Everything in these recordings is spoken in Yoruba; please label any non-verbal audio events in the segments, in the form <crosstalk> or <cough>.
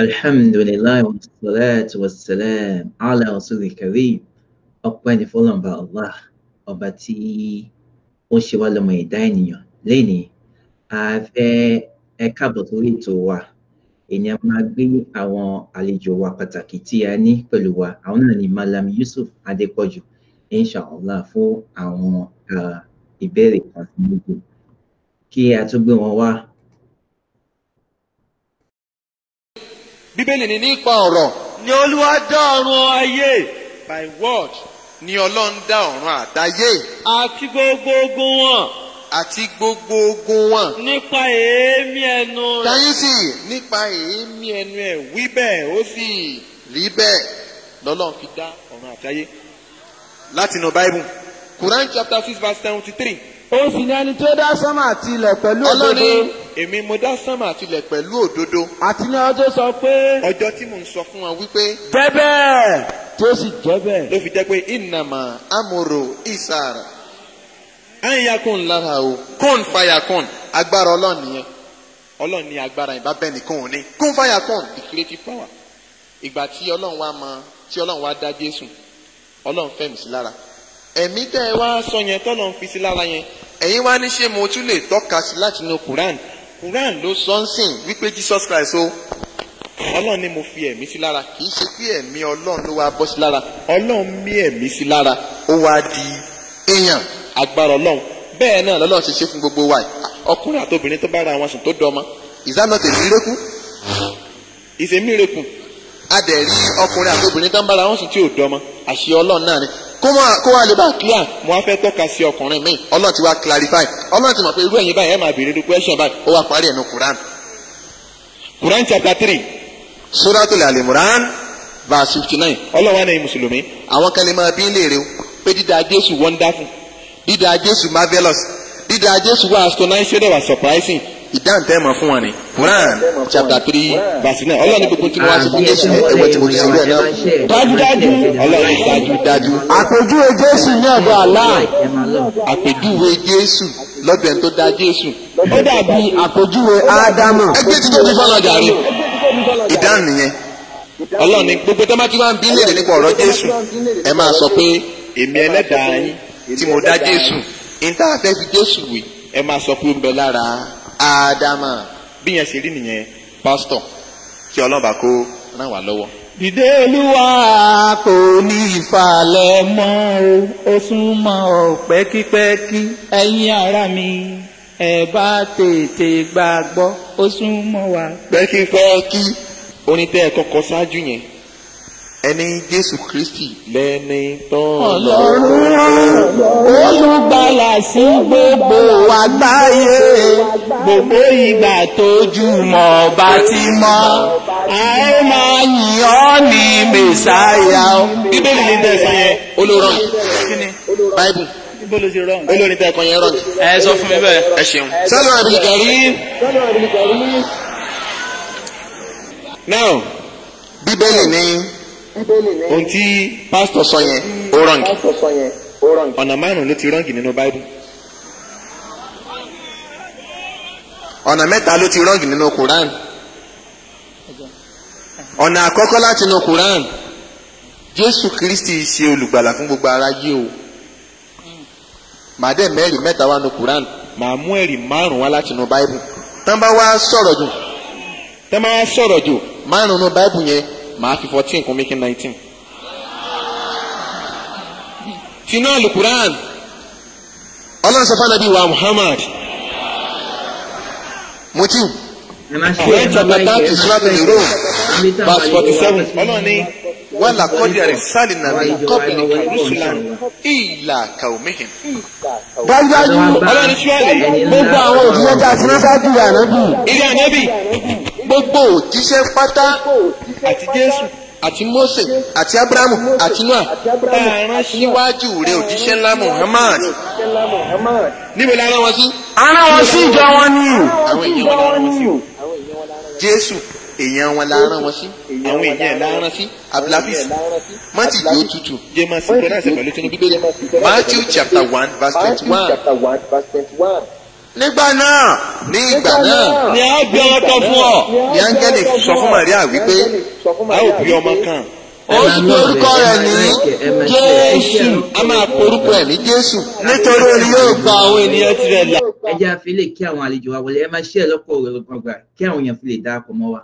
Alhamdulillah wassalatu wassalam ala rasulil karim ọpẹ́ ni fọlọ́nba Allah ọba tí ó ṣe wá lọ́mọ ẹ̀dá ènìyàn lẹ́nìí a fẹ́ ẹ káàbọ̀ sórí ètò wa ènìyàn máa gbé àwọn àlejò wa pàtàkì tí a ní pẹ̀lú wa àwọn náà ni Malam Yusuf Adépọ̀jù inshallah fún àwọn ìbéèrè kan sí kí a tún gbé wọn wá. bíbélì ni nípa ọ̀rọ̀. ni olúwa dá ọ̀run ayé. by word. ni ọlọ́run dá ọ̀run àtayé. àti gbogbo ogun wọn. àti gbogbo ogun wọn. nípa èémí ẹnu rẹ̀. dáyísì nípa èémí ẹnu ẹ̀ wí bẹ́ẹ̀ ó sì rí bẹ́ẹ̀ lọ́lọ́run fi dá ọ̀run àtayé. látinú báíbù. Quran chapter six verse seventy-three ó sì ní ẹni tí ó dá sánmà àti ilẹ̀ pẹ̀lú òdodo. ọlọ́ni èmi mo dá sánmà àti ilẹ̀ pẹ̀lú òdodo. àti ní ọjọ́ sọ pé. ọjọ́ tí mò ń sọ fún wọn wípé. bẹ́bẹ̀ tí ó sì jẹ́ bẹ́ẹ̀. ló fi jẹ́ pé ìnàmà amòrò ìsàrà àyà kún lára o kún fàyà kún agbára ọlọ́ọ̀ni yẹn ọlọ́ọ̀ni ni agbára ìbá bẹ́ẹ̀ nìkan ò ní kún fàyà kún the creative power ìgbà tí ọlọ́run wa mọ tí ọlọ́run wa dá Jésù ọlọ́run fẹ́mi sí ẹ̀mí tẹ́ ẹ wá sọ yẹn tọ́lọ̀ ń fi sí lára yẹn ẹ̀yin wá ní ṣé mo tún lè tọ́ka sí láti inú Quran Quran ló sọ ń sìn wípé Jesus Christ o ọlọ́run ni mo fi ẹ̀mí sí lára kì í ṣe pé ẹ̀mí ọlọ́run ló wá bọ́ sí lára ọlọ́run mí ẹ̀mí sí lára ó wá di èèyàn agbára ọlọ́run bẹ́ẹ̀ náà lọ́lọ́run ṣe ṣe fún gbogbo wa ọkùnrin àti obìnrin tó bá ra àwọn sùn tó dọ́mọ is that not a miracle? is a miracle. a dẹ̀ rí ọkùnrin àti obìnrin tó ń bára wọn sùn tí ò dọ́mọ àṣẹ ọlọ́run náà ni kó mọ kó wà lè bá clear mo á fẹ́ tọ́ka sí ọkùnrin mi ọlọ́run ti wá clarify ọlọ́run ti mọ̀ pé irú ẹ̀yin báyìí ẹ̀ máa béèrè irú question báyìí ó wá parí ẹ̀ nu Quran Quran chapter three Surah suratul alimuran verse fifty nine ọlọ́run wa náà yìí mùsùlùmí àwọn kan lè máa bí léèrè o pé dídá Jésù wonderful dídá Jésù marvellous dídá Jésù wà astonishing wà surprising ìdáhùn tẹ́ ẹ̀ fún wọn ni Quran chapter three verse nine ọlọ́run gbogbo tí wọ́n á ṣe fún Jésù ẹ̀wọ̀n tí mo ti ṣe rí ẹ̀ náà. dájúdájú ọlọ́run dájúdájú. àpèjúwe Jésù ní ọ̀dọ̀ Allah. àpèjúwe Jésù lọ́dọ̀ ẹni tó dá Jésù. ó dàbí àpèjúwe Ádámù. ẹgbẹ́ tí tó ti fọ́nà jàre ìdáhùn nìyẹn. ọlọ́run ní gbogbo tó má ti wá ń bí léèrè nípa ọ̀rọ̀ Jésù ẹ máa sọ pé èmi ẹlẹ́dàá yín tí mo dá Jésù ìta fi Jésù wì ẹ máa sọ pé ó ń bẹ lára ádámà bí yẹn ṣe rí nìyẹn pásítọ̀ kí ọlọ́ba kó ràn wá lọ́wọ́. dìde olúwa kò ní ìfàlẹ̀ mọ́ o ó sún mọ́ ọ pẹ́kípẹ́kí ẹ̀yin ará mi ẹ bá tètè gbàgbọ́ ó sún mọ́ wa. pẹ́kípẹ́kí orin tẹ́ ẹ kọ́kọ́ ṣáájú yẹn ẹni jésù kristi lẹni tán lọ́rùn olùgbàlà sí gbogbo àgbáyé gbogbo ìgbà tójú mọ́ bá ti mọ́ a ó máa yìn ọ́ ní mẹsáyà ó. bíbélì ní tẹ̀sán yẹn olóràn báìbù olórin tẹ ẹ̀kọ́ yẹn rọ̀ ẹ sọ fún mi bẹ́ẹ̀ ẹ ṣeun. sọlá abdulkarim. now bíbélì ni ohun tí pásítọ̀ sọ yẹn ó rọ̀ǹgì ọ̀nà márùn-ún ló ti rọ̀ǹgì nínú báíbù ọ̀nà mẹ́ta ló ti rọ̀ǹgì nínú Quran ọ̀nà àkọ́kọ́ láti inú Quran Jésù Kristi ṣe olùgbàlà fún gbogbo aráyé o màá mẹ́rin mẹ́ta wá nu Quran màá mú ẹ̀rí márùn-ún wá láti inú báíbù tán bá wá sọ̀rọ̀ jù tán bá wá sọ̀rọ̀ jù márùn-ún nu báíbù yẹn Mark 14 can make 19. If the Quran, Allah subhanahu Nabi wa Muhammad. Mutim. Quran chapter 30, Surah Al-Rum, verse 47. Allah ni, wala kodi arisalina min qabli ka rusulan ila kaumihim. Dájúdájú, ọlọ́run ṣúwẹ́lì, gbogbo àwọn òṣìṣẹ́ tá a ti rán ṣáájú ànábì. Ilé ànábì gbogbo òjíṣẹ́ pátá àti Jésù àti Mósè àti Ábúráhámù àti Nóà tá a rán síwájú rẹ̀ òjíṣẹ́ ńlá Muhammad níbo la rán wọn sí. a rán wọn sí ìjọ wọn ni. àwọn èèyàn wọn la rán wọn sí o. Jésù èèyàn wọn la rán wọn sí àwọn èèyàn la rán sí abdulhafiz mati di o tutu Matthew chapter one verse twenty one nígbà náà ní ìgbà náà ni a gbé ọtọ fún ọ. ní áńgẹ́lì sọ fún Màríà wípé a ò bí ọmọ kan. ó sì orúkọ rẹ̀ ní Jésù a máa porúkọ ẹ̀ ní Jésù nítorí orí yóò gba àwọn ènìyàn tirẹ̀ là. ẹ jẹ́ àfi lè kí àwọn àlejò wa wọlé ẹ máa ṣe ẹ lọ́pọ̀ òwe lọ́pọ̀ gbà kí àwọn èèyàn fi lè darapọ̀ mọ́ wa.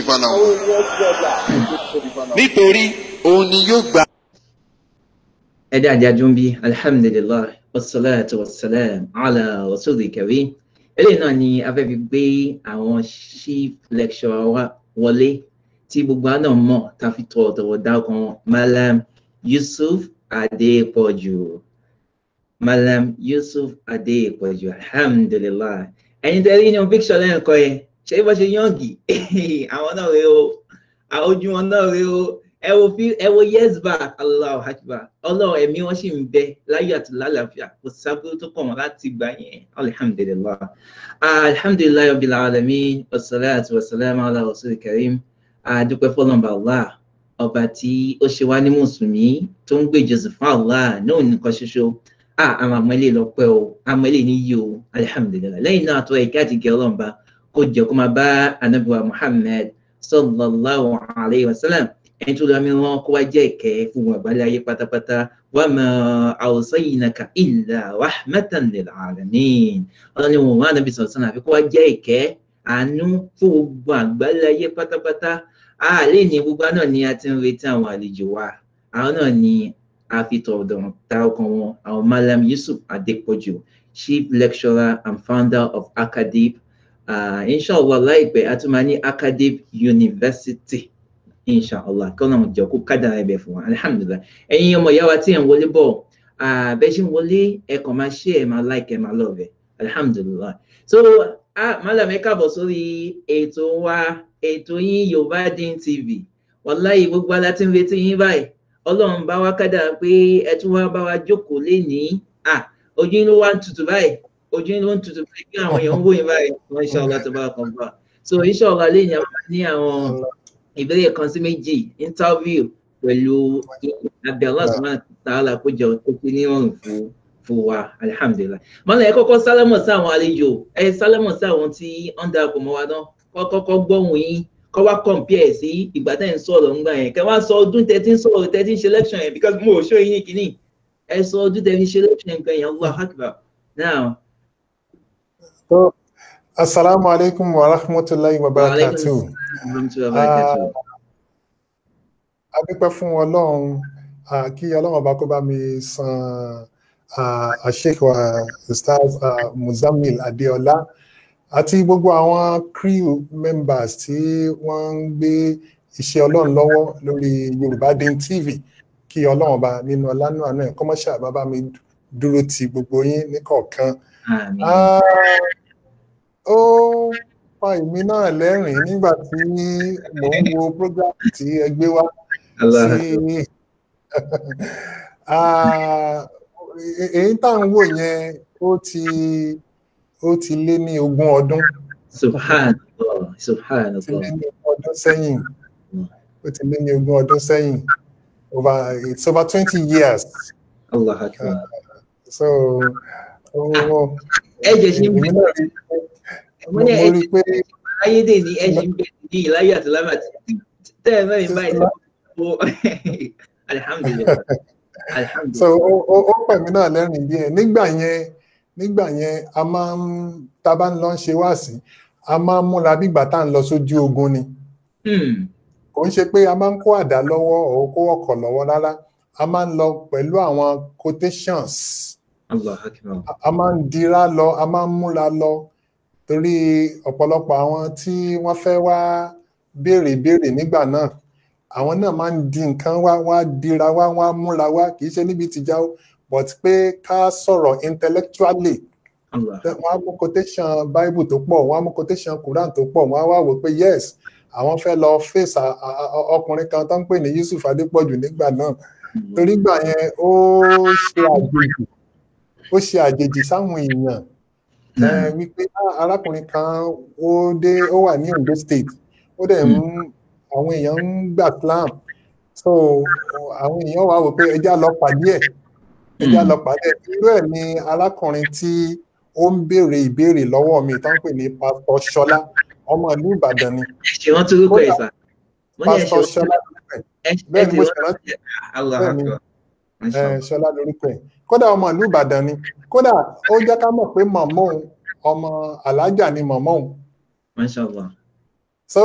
nítorí òun ni yóò gbà. ẹ dáadáa dún bí alhamdulilayi wasalaatu wasalaam ala rasulil karim eléyìí náà ni a fẹ́ gbé àwọn chief lecturer wa wọlé tí gbogbo wa náà mọ̀ tá a fi tọ̀wọ̀tọ̀wọ̀ dákọ̀ wọn Malam Yusuf Adepoju. Malam Yusuf Adepoju. alhamdulilah ẹ̀yin tẹ́lẹ̀ yìí ni wọ́n picture lẹ́yìn kọ́ yẹn ṣé bó ṣe yọ̀ǹgì <laughs> àwọn náà rèé o àwọn ojú wọn náà rèé o ẹ wo fi ẹ wo years back Allahu Akbar Ọlọ́run ẹ̀mí wọn sì ń bẹ láyé àti lálàáfíà kò sábúrú tó kàn wọn láti gbà yẹn alhamdulillah alhamdulillah rabbil alamin wassalatu wassalamu ala rasulil karim adúpẹ́ fọlọmọba Allah ọba tí ó ṣe wá ní mùsùlùmí tó ń gbé jésù fún Allah náà nìkan ṣoṣo àwọn àmọ́ ilé lọ́pẹ́ o àmọ́ níyì o alhamdulillah lẹ́yìn náà tó ẹ̀ka àti gẹ̀ ọlọ́mọba kó jẹ́ kó máa bá anábìwá Muhammad sallallahu alayhi wa sallam ẹni tó dá mi rán kó wá jẹ́ ìkẹ́ fún wọn àgbálẹ̀ ayé pátápátá wa ma arsalnaka illa rahmatan lil alamin ọlọ́ni wọn wọn ànábì sọ̀rọ̀ sọ́nà àfi kó wá jẹ́ ìkẹ́ àánú fún gbogbo àgbálẹ̀ ayé pátápátá àlẹ́ ní gbogbo náà ni a ti ń retí àwọn àlejò wa àwọn náà ni a fi tọ̀dọ̀ ta ọkàn wọn àwọn Malam Yusuf Adepoju chief lecturer and founder of ACADIP uh, ah, inshallah láìpẹ́ a tún University inshallah kọ́nà jọ kó kádàrá ibẹ̀ fún wa alhamdulillah ẹ̀yin ọmọ ìyá wa tí ẹ̀ ń wọlé bọ̀ bẹ́ẹ̀ ń wọlé ẹ̀ máa share ẹ̀ máa like ẹ̀ máa love ẹ̀ alhamdulillah so madam ẹ káàbọ̀ sórí ètò wa ètò yín Yorùbá Deen TV wàláyé gbogbo aláti ń retí yín báyìí ọlọ́run bá wa kádàrá pé ẹ tún wá bá wa jókòó lénìí ah, ojú yín ló wá ń tutù báyìí ojú yín ló ń tutù báyìí kí àwọn èèyàn ń wòyìn báyìí wọn inshallah tó bá kàn bá so inshallah léyìn àwọn ní ìbéèrè kan sí méjì interview pẹ̀lú abdulhasan tààlà kó jẹun tó fi ní ọrùn fún fún wa alihamdulilayi mọ́nà ẹ kọ́kọ́ sálámọ̀ sí àwọn àlejò ẹ sálámọ̀ sí àwọn tí ó ń darapọ̀ mọ́ wa náà kọ́kọ́ gbọ́hùn yín kọ́ wá compare sí ìgbà tẹ́ ń sọ̀rọ̀ ńgbà yẹn kẹ́ wá sọ ọdún tẹ́ ti ń sọ̀rọ̀ tẹ́ yẹn because mo ò ṣó yín ní kínní ẹ sọ ọdún tẹ́ ti ń ṣe election yẹn wá hakiba now. asalaamualeykum wa rahmatulahi wa barakatuh. Ah, a dúpẹ́ fún ọlọ́run kí ọlọ́run ọba kó bá mi san àṣekọ stars Muzamil Adéọlá àti gbogbo àwọn crew members tí wọ́n ń gbé iṣẹ́ ọlọ́run lọ́wọ́ lórí Yorùbá Deen TV kí ọlọ́run ọba nínú ọlánú àná ẹ̀ kọ́mọ́ṣà bàbá mi dúró ti gbogbo yín níkọ̀ọ̀kan. Ah, ó pa èmi náà lẹ́rìn nígbà tí mò ń wo program tí ẹ gbé wá sí <laughs> ah, èyí tá à ń wò yẹn ó ti ó ti lé ní ogún ọdún. subhanallah subhanallah. ó ti lé ní ogún ọdún sẹ́yìn mm. over it's over twenty years. Allah akbar. Uh, so. oh, oh. jẹ́ ṣe mo rí i pé ayédè ní ẹjì ń bẹ ní ìláyà tó so ó pẹ̀mí náà lẹ́rìn bí ẹ nígbà yẹn nígbà yẹn a máa ń tá a bá ń lọ ṣe wáàsí a máa ń múra bí ìgbà tá à ń lọ sójú ogun ni hmm. kò ń ṣe pé a máa ń kó àdá lọ́wọ́ ò kó ọkọ̀ lọ́wọ́ rárá a máa ń lọ pẹ̀lú àwọn quotations a máa ń dira lọ a máa ń múra lọ torí ọ̀pọ̀lọpọ̀ àwọn tí wọ́n fẹ́ wá béèrè béèrè nígbà náà àwọn náà máa ń di nǹkan wá wá dira wá wá múra wá kì í ṣe níbi tìjà o but pé ká sọ̀rọ̀ intellectually wọ́n á mú quotation bible tó pọ̀ wọ́n á mú quotation quran tó pọ̀ wọ́n á wá wò pé yes àwọn fẹ́ lọ face ọkùnrin kan tó ń pè ní Yusuf Adépọ̀jù nígbà náà torí gbà yẹn ó ṣe àjèjì ó ṣe àjèjì sáwọn èèyàn wípé hmm. arákùnrin kan ó dé ó wà ní Ondo State ó dẹ̀ hmm. ń àwọn èèyàn ń gbà Islam so àwọn èèyàn wà wò pé ẹja lọ pàdé ẹ̀ ẹja lọ hmm. pàdé ẹ̀ irú ẹ̀ ni arákùnrin tí ó ń béèrè ìbéèrè lọ́wọ́ mi tó ń pè ní pásítọ̀ Ṣọlá ọmọ ìlú Ìbàdàn ni. ṣé wọ́n tún rúkọ ẹ̀ sà. pásítọ̀ Ṣọlá bẹ́ẹ̀ ni mo ṣe rántí bẹ́ẹ̀ ni mo ṣe rántí ṣọlá lórúkọ ẹ̀ kódà ọmọ ìlú ìbàdàn ni kódà ó jẹ́ ká mọ̀ pé mọ̀mọ́ òun ọmọ alájà ni mọ̀mọ́ òun. so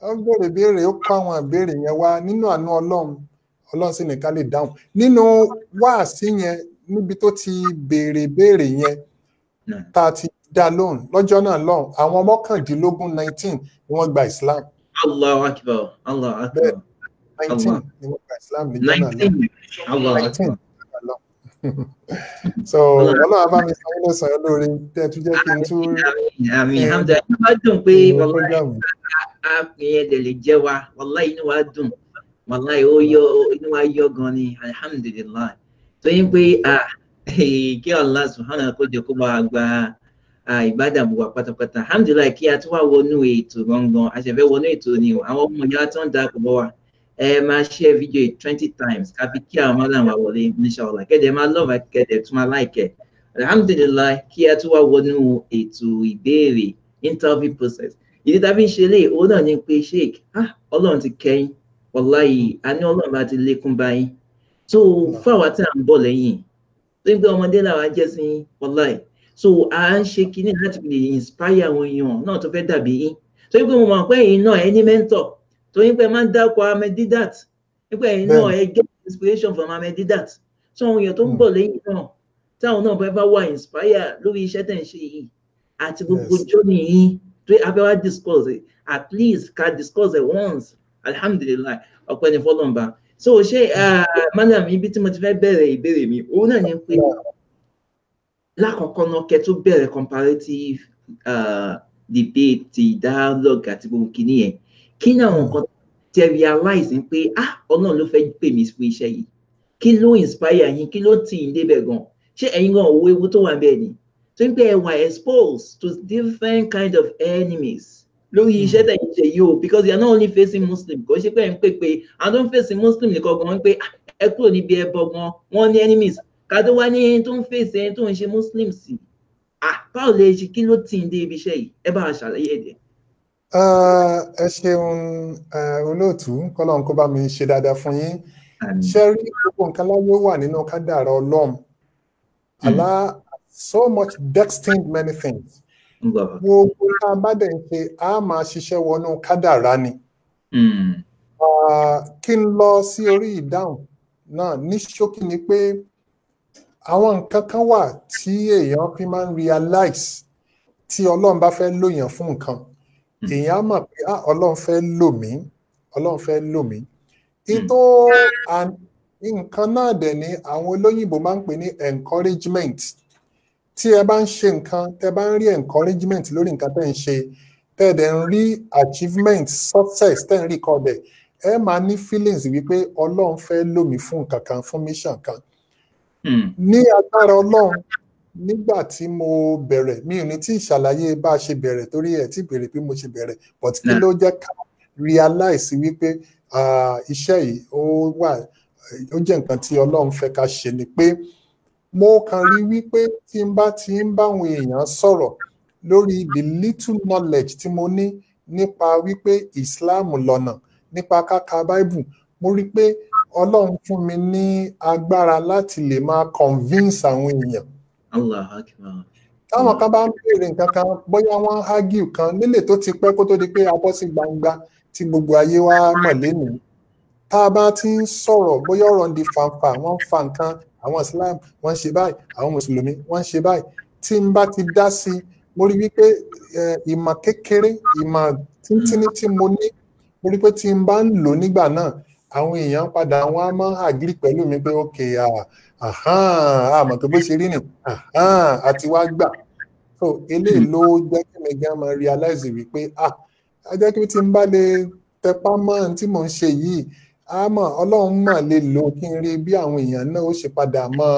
ó béèrè béèrè ó kọ́ àwọn ìbéèrè yẹn wá nínú àánú ọlọ́run ọlọ́run sì nìkan lè dáhùn nínú wáàsí yẹn níbi tó ti béèrè béèrè yẹn tá a ti dá lóhùn lọ́jọ́ náà lọ́hùn àwọn mọ́kàndínlógún nineteen ni wọ́n gba islam. allah akbar allah akbar. bẹ́ẹ̀ nineteen ni wọ́n gba islam níjọ́ náà lọ́hùn. Allah <laughs> so ọlọ́run bá mi sanwó ló sàn lórí tẹ́ tún jẹ́ kí n tún àmì hamza inú wa dùn pé àpèyẹ dẹ̀ lè jẹ́ wa wàláhì inú wa dùn wàláhì ó yọ inú wa yọ gan ni alhamdulilayi tó yín pé <laughs> kí Allah subhanahu kó jẹ́ kó bá gba ìbádàmú wa pátápátá alhamdulilayi kí a tún wá wọnú ètò gangan a wọnú ètò ni àwọn ọmọ ìyá tó ń da kò bọ́ wa ẹ máa share video yìí twenty times kábí kí àwọn mọ́lá wa wọlé inshallah kẹ́dẹ̀ máa lọ́ọ̀bà kẹ́dẹ̀ tún máa láìkẹ́ alhamdulillah kí ẹ tún wá wọnú ètò ìbéèrè interview process ìdí tàbí ń ṣe lè ó náà ní pé sheik ah ọlọ́run ti kẹ́yìn wàláyé a ní ọlọ́run bá ti lékún báyìí so fáwa tí à ń bọ̀ lẹ́yìn tó ń gbé ọmọdé làwa jẹ́ sí wàláyé so à ń ṣe kinní láti lè inspire àwọn èèyàn náà tó fẹ́ dàbí yín tó ń gbé ọmọ pẹ́yìn náà ẹni mẹ́ńtọ̀ torí pé máa ń dákọ Ahmed Didat nípa ẹ̀yin náà ẹ get inspiration from Ahmed Didat tí àwọn èèyàn tó ń hmm. bọ̀ lẹ́yìn náà táwọn náà bẹ́ẹ̀ bá wà inspire lórí iṣẹ́ tẹ̀ ń ṣe yìí àti gbogbo journey yìí tó abẹ́wá discuss it at least ká discuss it once alhamdulilayi ọpẹ́ ní fọlọ́nba so ṣé hmm. ah, madam ibi tí mo ti fẹ́ bẹ̀rẹ̀ ìbéèrè mi òun náà ni pé lákọ̀ọ́kọ́ náà kẹ́ tó bẹ̀rẹ̀ comparative uh, debate dialogue àti gbogbo kìnìyẹn kí ni àwọn nǹkan tí realize ni pé ah ọlọ́run ló fẹ́ pè mí fún iṣẹ́ yìí kí ló inspire yín kí ló tì yín débẹ̀ gan ṣé ẹ̀yin gan owó ewu tó wà bẹ́ẹ̀ ni tó ń pẹ́ ẹ wà exposed to different kind of enemies lórí hmm. iṣẹ́ tẹ̀ ń ṣe yìí o because you are not only facing muslim kò ṣe pé ẹ̀ ń pè pé àwọn tó ń muslim nìkan gan pé ah, ẹ kúrò níbi ẹbọ gan wọn ní enemies kàdó wá ní tó ń facing tó ń ṣe muslim sí ah báwo lè ṣe kí ló tì yín dé ibi iṣẹ́ yìí ẹ bá wa ṣàlàyé ẹ̀ dẹ̀ ẹ ṣeun olóòtú kọ́lọ́n kó bá mi ṣe dáadáa fún yín ṣe rí gbogbo nǹkan láyé wà nínú kádàrá ọlọ́run hmm. àlá so much destined many things gbogbo tá a bá dẹ̀ ń ṣe a máa ṣiṣẹ́ wọnú kádàrá ni hmm. kí n lọ sí orí ìdáhùn náà ní ṣókí ni pé àwọn nǹkan kan wà tí èèyàn fi máa ń realize tí ọlọ́run bá fẹ́ lòyàn fún nǹkan èèyàn á mọ̀ pé ah, ọlọ́run fẹ́ lò mí ọlọ́run fẹ́ lò mí hmm. ìtò nǹkan náà dẹ̀ ni àwọn olóyìnbó máa ń pè ní encouragement tí ẹ bá ń ṣe nǹkan tẹ bá ń rí encouragement lórí nǹkan tẹ ń ṣe tẹ dẹ̀ ń rí achievement success tẹ ń rí kọ dẹ̀ ẹ máa ní feelings wípé ọlọ́run fẹ́ lò mí fún nǹkan kan fún mission kan hmm. ní agbára ọlọ́run nígbà tí mo bẹ̀rẹ̀ mi ò ní tí ìṣàlàyé bá a ṣe bẹ̀rẹ̀ torí ẹ̀ tí bèrè bí mo ṣe bẹ̀rẹ̀ but kí ló jẹ́ ká realize wípé iṣẹ́ yìí ó wà ó jẹ́ nǹkan tí Ọlọ́run fẹ́ ká ṣe ni pé mo kàn rí wípé tí n bá ti ń báwọn èèyàn sọ̀rọ̀ lórí the little knowledge tí mo ní nípa wípé Islam lọ́nà nípa káka Bible mo rí pé Ọlọ́run fún mi ní agbára láti lè máa convince àwọn èèyàn Allah akbar. táwọn kan bá ń béèrè nǹkan kan bóyá wọ́n ń hágìl kan nílé tó ti pẹ́ kó tó di pé abọ́ sí gbangba tí gbogbo ayé wa mọ̀ lénìí tá a bá ti ń sọ̀rọ̀ bóyá ọ̀rọ̀ ń di fanfa wọ́n ń fa nǹkan àwọn Islam wọ́n ń ṣe báyìí àwọn mùsùlùmí wọ́n ń ṣe báyìí tí n bá ti dá sí i mo rí wípé ìmọ̀ kékeré ìmọ̀ tíntínní tí mo ní mo rí pé tí n bá ń lò nígbà náà àwọn èèyàn padà wọn á máa àgírí pẹ̀lú mi pé ok àmọ̀ tó bó ṣe rí nì àti wá gbà so eléyìí ló jẹ́ kí mi gan máa realize wípé ah ajẹ́ kí tí n bá lè tẹpá mọ́ tí mò ń ṣe yìí àmọ́ ọlọ́run mà lè lò kí n rí bí àwọn èèyàn náà ó ṣe padà mọ́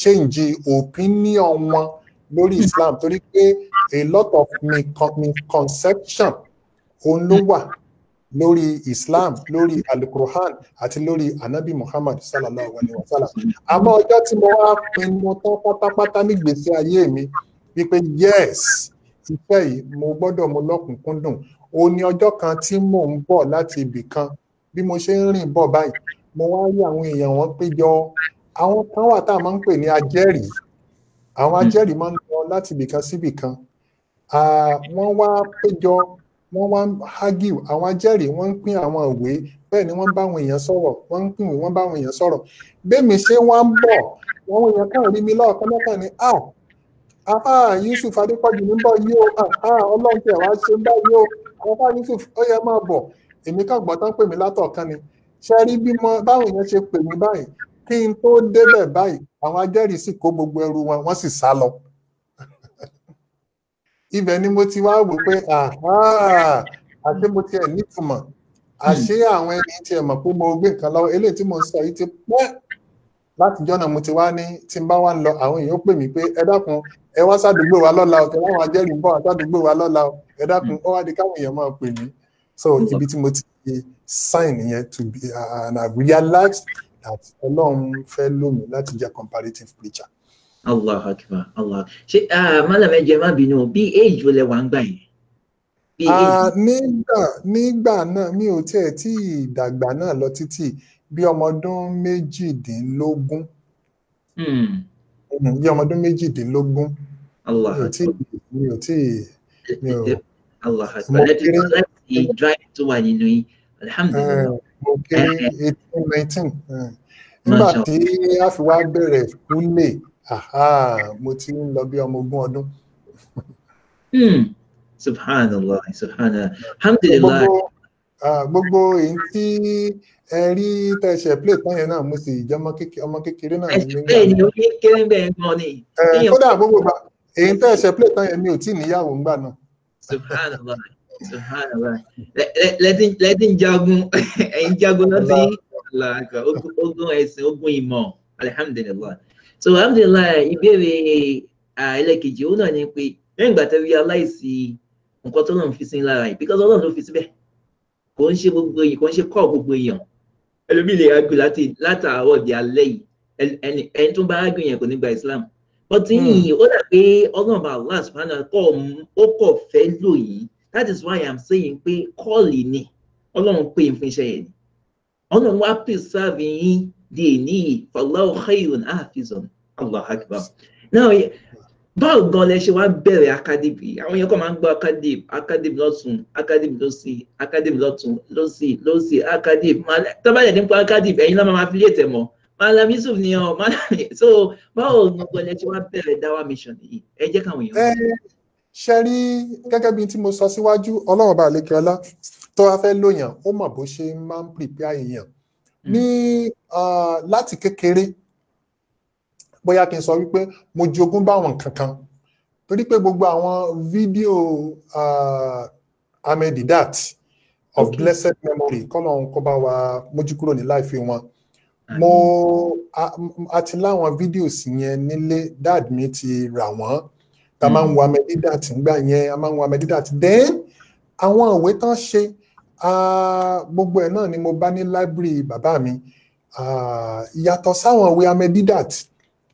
change opinion wọn lórí Islam torí pé a lot of misconception òun ló wà lórí islam lórí alukuruhan àti lórí anabi muhammad sallallahu alayhi wa sallam àmọ́ ọjọ́ tí mo wá pinnu tán pátápátá nígbèsè ayé mi wípé yes iṣẹ́ yìí mo gbọ́dọ̀ mo lọ́kùnkúndùn ó ní ọjọ́ kan tí mò ń bọ̀ láti ibì kan bí mo ṣe ń rìn bọ̀ báyìí mo wá rí àwọn èèyàn wọn péjọ àwọn kan wà tá a máa ń pè ní ajẹ́rìí àwọn ajẹ́rìí máa ń lọ láti ibì kan síbì kan wọ́n wá péjọ wọ́n wá ń argue àwọn ajẹ́rìí wọ́n ń pín àwọn ìwé bẹ́ẹ̀ ni wọ́n bá àwọn èèyàn sọ̀rọ̀ wọ́n ń pín ìwé wọ́n bá àwọn èèyàn sọ̀rọ̀ bẹ́ẹ̀mi ṣé wọ́n ń bọ̀ wọ́n wọ̀nyẹn kàn rí mi lọ́ọ̀kan lọ́kàn ni a afa Yusuf Adépọ̀jù ń bọ̀ yìí o Ọlọ́run tí àwa ṣe ń bá yìí o afa Yusuf ó yẹ máa bọ̀ èmi kàn gbọ́ tán pè mí látọ̀ọ̀kan ni ṣe rí bí báwọn èèyàn ṣe pè mí báyìí kí n tó débẹ̀ báyìí àwọn ajẹ́rìí sì kó gbogbo ẹrù wọn wọ́n sì sá lọ ibẹ̀ ni mo ti wá wò pé àṣé mo tiẹ̀ nítumọ̀ àṣé àwọn ẹni tiẹ̀ mọ̀ pé mo gbé nǹkan lọ́wọ́ eléyìí tí mo ń sọ yìí ti pẹ́ látijọ́ náà mo ti wá ní tí n bá wá ń lọ àwọn èèyàn pè mí pé ẹ dákun ẹ wá sádùúgbò wa lọ́la o tẹ láwọn ajẹ́rìí ń bọ̀ wá sádùúgbò wa lọ́la o ẹ dákun ó wá di káwọn èèyàn máa pè mí so ibi tí mo ti sign yẹn to be uh, and I realized that Ọlọ́run fẹ́ lómi láti jẹ́ comparative preacher allah akbar allah ṣe mọ́lẹ̀mẹ́ jẹ́ má bínú bí age wo lẹ wà ń gbà yẹn. nígbà nígbà náà mi ò tiẹ̀ tí ìdàgbà náà lọ títí bí ọmọ ọdún méjìdínlógún hmm. Hmm, bí ọmọ ọdún méjìdínlógún mi ò tí mi ò tí mi ò allah akbar ẹ ti sọ láti drive tó wà nínú yín alhamdulilayi. Eh, mo kéré eh. eighteen nineteen hmm. nígbà tí a fi wá bẹ̀rẹ̀ kúlẹ̀ mo ti ń lọ bí ọmọ ogún ọdún. Hmm. subhanallah subhanallah alhamdulillah. gbogbo èyí tí ẹ rí tẹsẹ̀ plate tán yẹn náà mo sì jẹ́ ọmọ kékeré náà. ẹsẹ̀ bẹ́ẹ̀ ni ó kékeré bẹ́ẹ̀ gan ni. kódà gbogbo bá èyí tẹsẹ̀ plate tán yẹn mi ò tí ì níyàwó ńgbà náà. subhanallah subhanallah lẹ́tìn jagun <laughs> ẹ̀yin jagun lọ́sí ogun ẹ̀sìn ogun ìmọ̀ alhamdulillah so alhamdulillah ìbéèrè ẹlẹ́kejì òun náà ni pé lẹ́yìn ìgbà tẹ́ realize nǹkan tó lọ́n fi sí lára yìí because ọlọ́run ló fi síbẹ̀ kò ń ṣe gbogbo èèyàn kò ń ṣe kọ́ gbogbo èèyàn ẹlòmíì lè rágbé láti látàárọ̀ di alẹ́ yìí ẹni ẹni tó bá rágbé yẹn kò ní gba Islam but hmm. yìnyín ó dà pé ọlọ́run bá Allah subhanahu kọ́ ó kọ̀ fẹ́ lò yìí that is why i'm saying pé kọ́ọ̀lì ni ọlọ́run pè é fún iṣẹ́ yẹn ni ọlọ́run wá preserve yín dini fallahu khayrun hafizun allah akbar náà báwo gan lẹ ṣe wá bẹ̀rẹ̀ akadib àwọn yẹn kọ́ máa ń gbọ́ akadib akadib lọ́tún akadib lọ́sì akadib lọ́tún lọ́sì lọ́sì akadib tọ́bàjẹ́ nípa akadib ẹ̀yin lọ́mọ máa fi lè tẹ̀ malam yusuf ni ọ malam so báwo gan lẹ ṣe wá bẹ̀rẹ̀ dawa mission yìí ẹ jẹ́ káwọn èèyàn. Eh, ṣe rí gẹ́gẹ́ bí tí mo sọ síwájú ọlọ́run ọba àlekèrè ọlá tó wá fẹ́ lóyàn ó mọ̀ bó ṣe máa ń pèpè Mm-hmm. ní láti kékeré bóyá kí n sọ wípé mo jogún báwọn kankan torí pé gbogbo àwọn fídíò Ahmed of blessed memory kọ́nà òun bá wa mójú kúrò ní láìfi wọn mo a ti láwọn fídíòs yẹn nílé dad mi ti rà wọ́n ta máa ń mm-hmm. wo Ahmed Didat yẹn a máa ń wo Ahmed then àwọn ìwé tán ṣe gbogbo ẹ̀ náà ni mo bá ní library bàbá mi yàtọ̀ sáwọn ìwé amedidat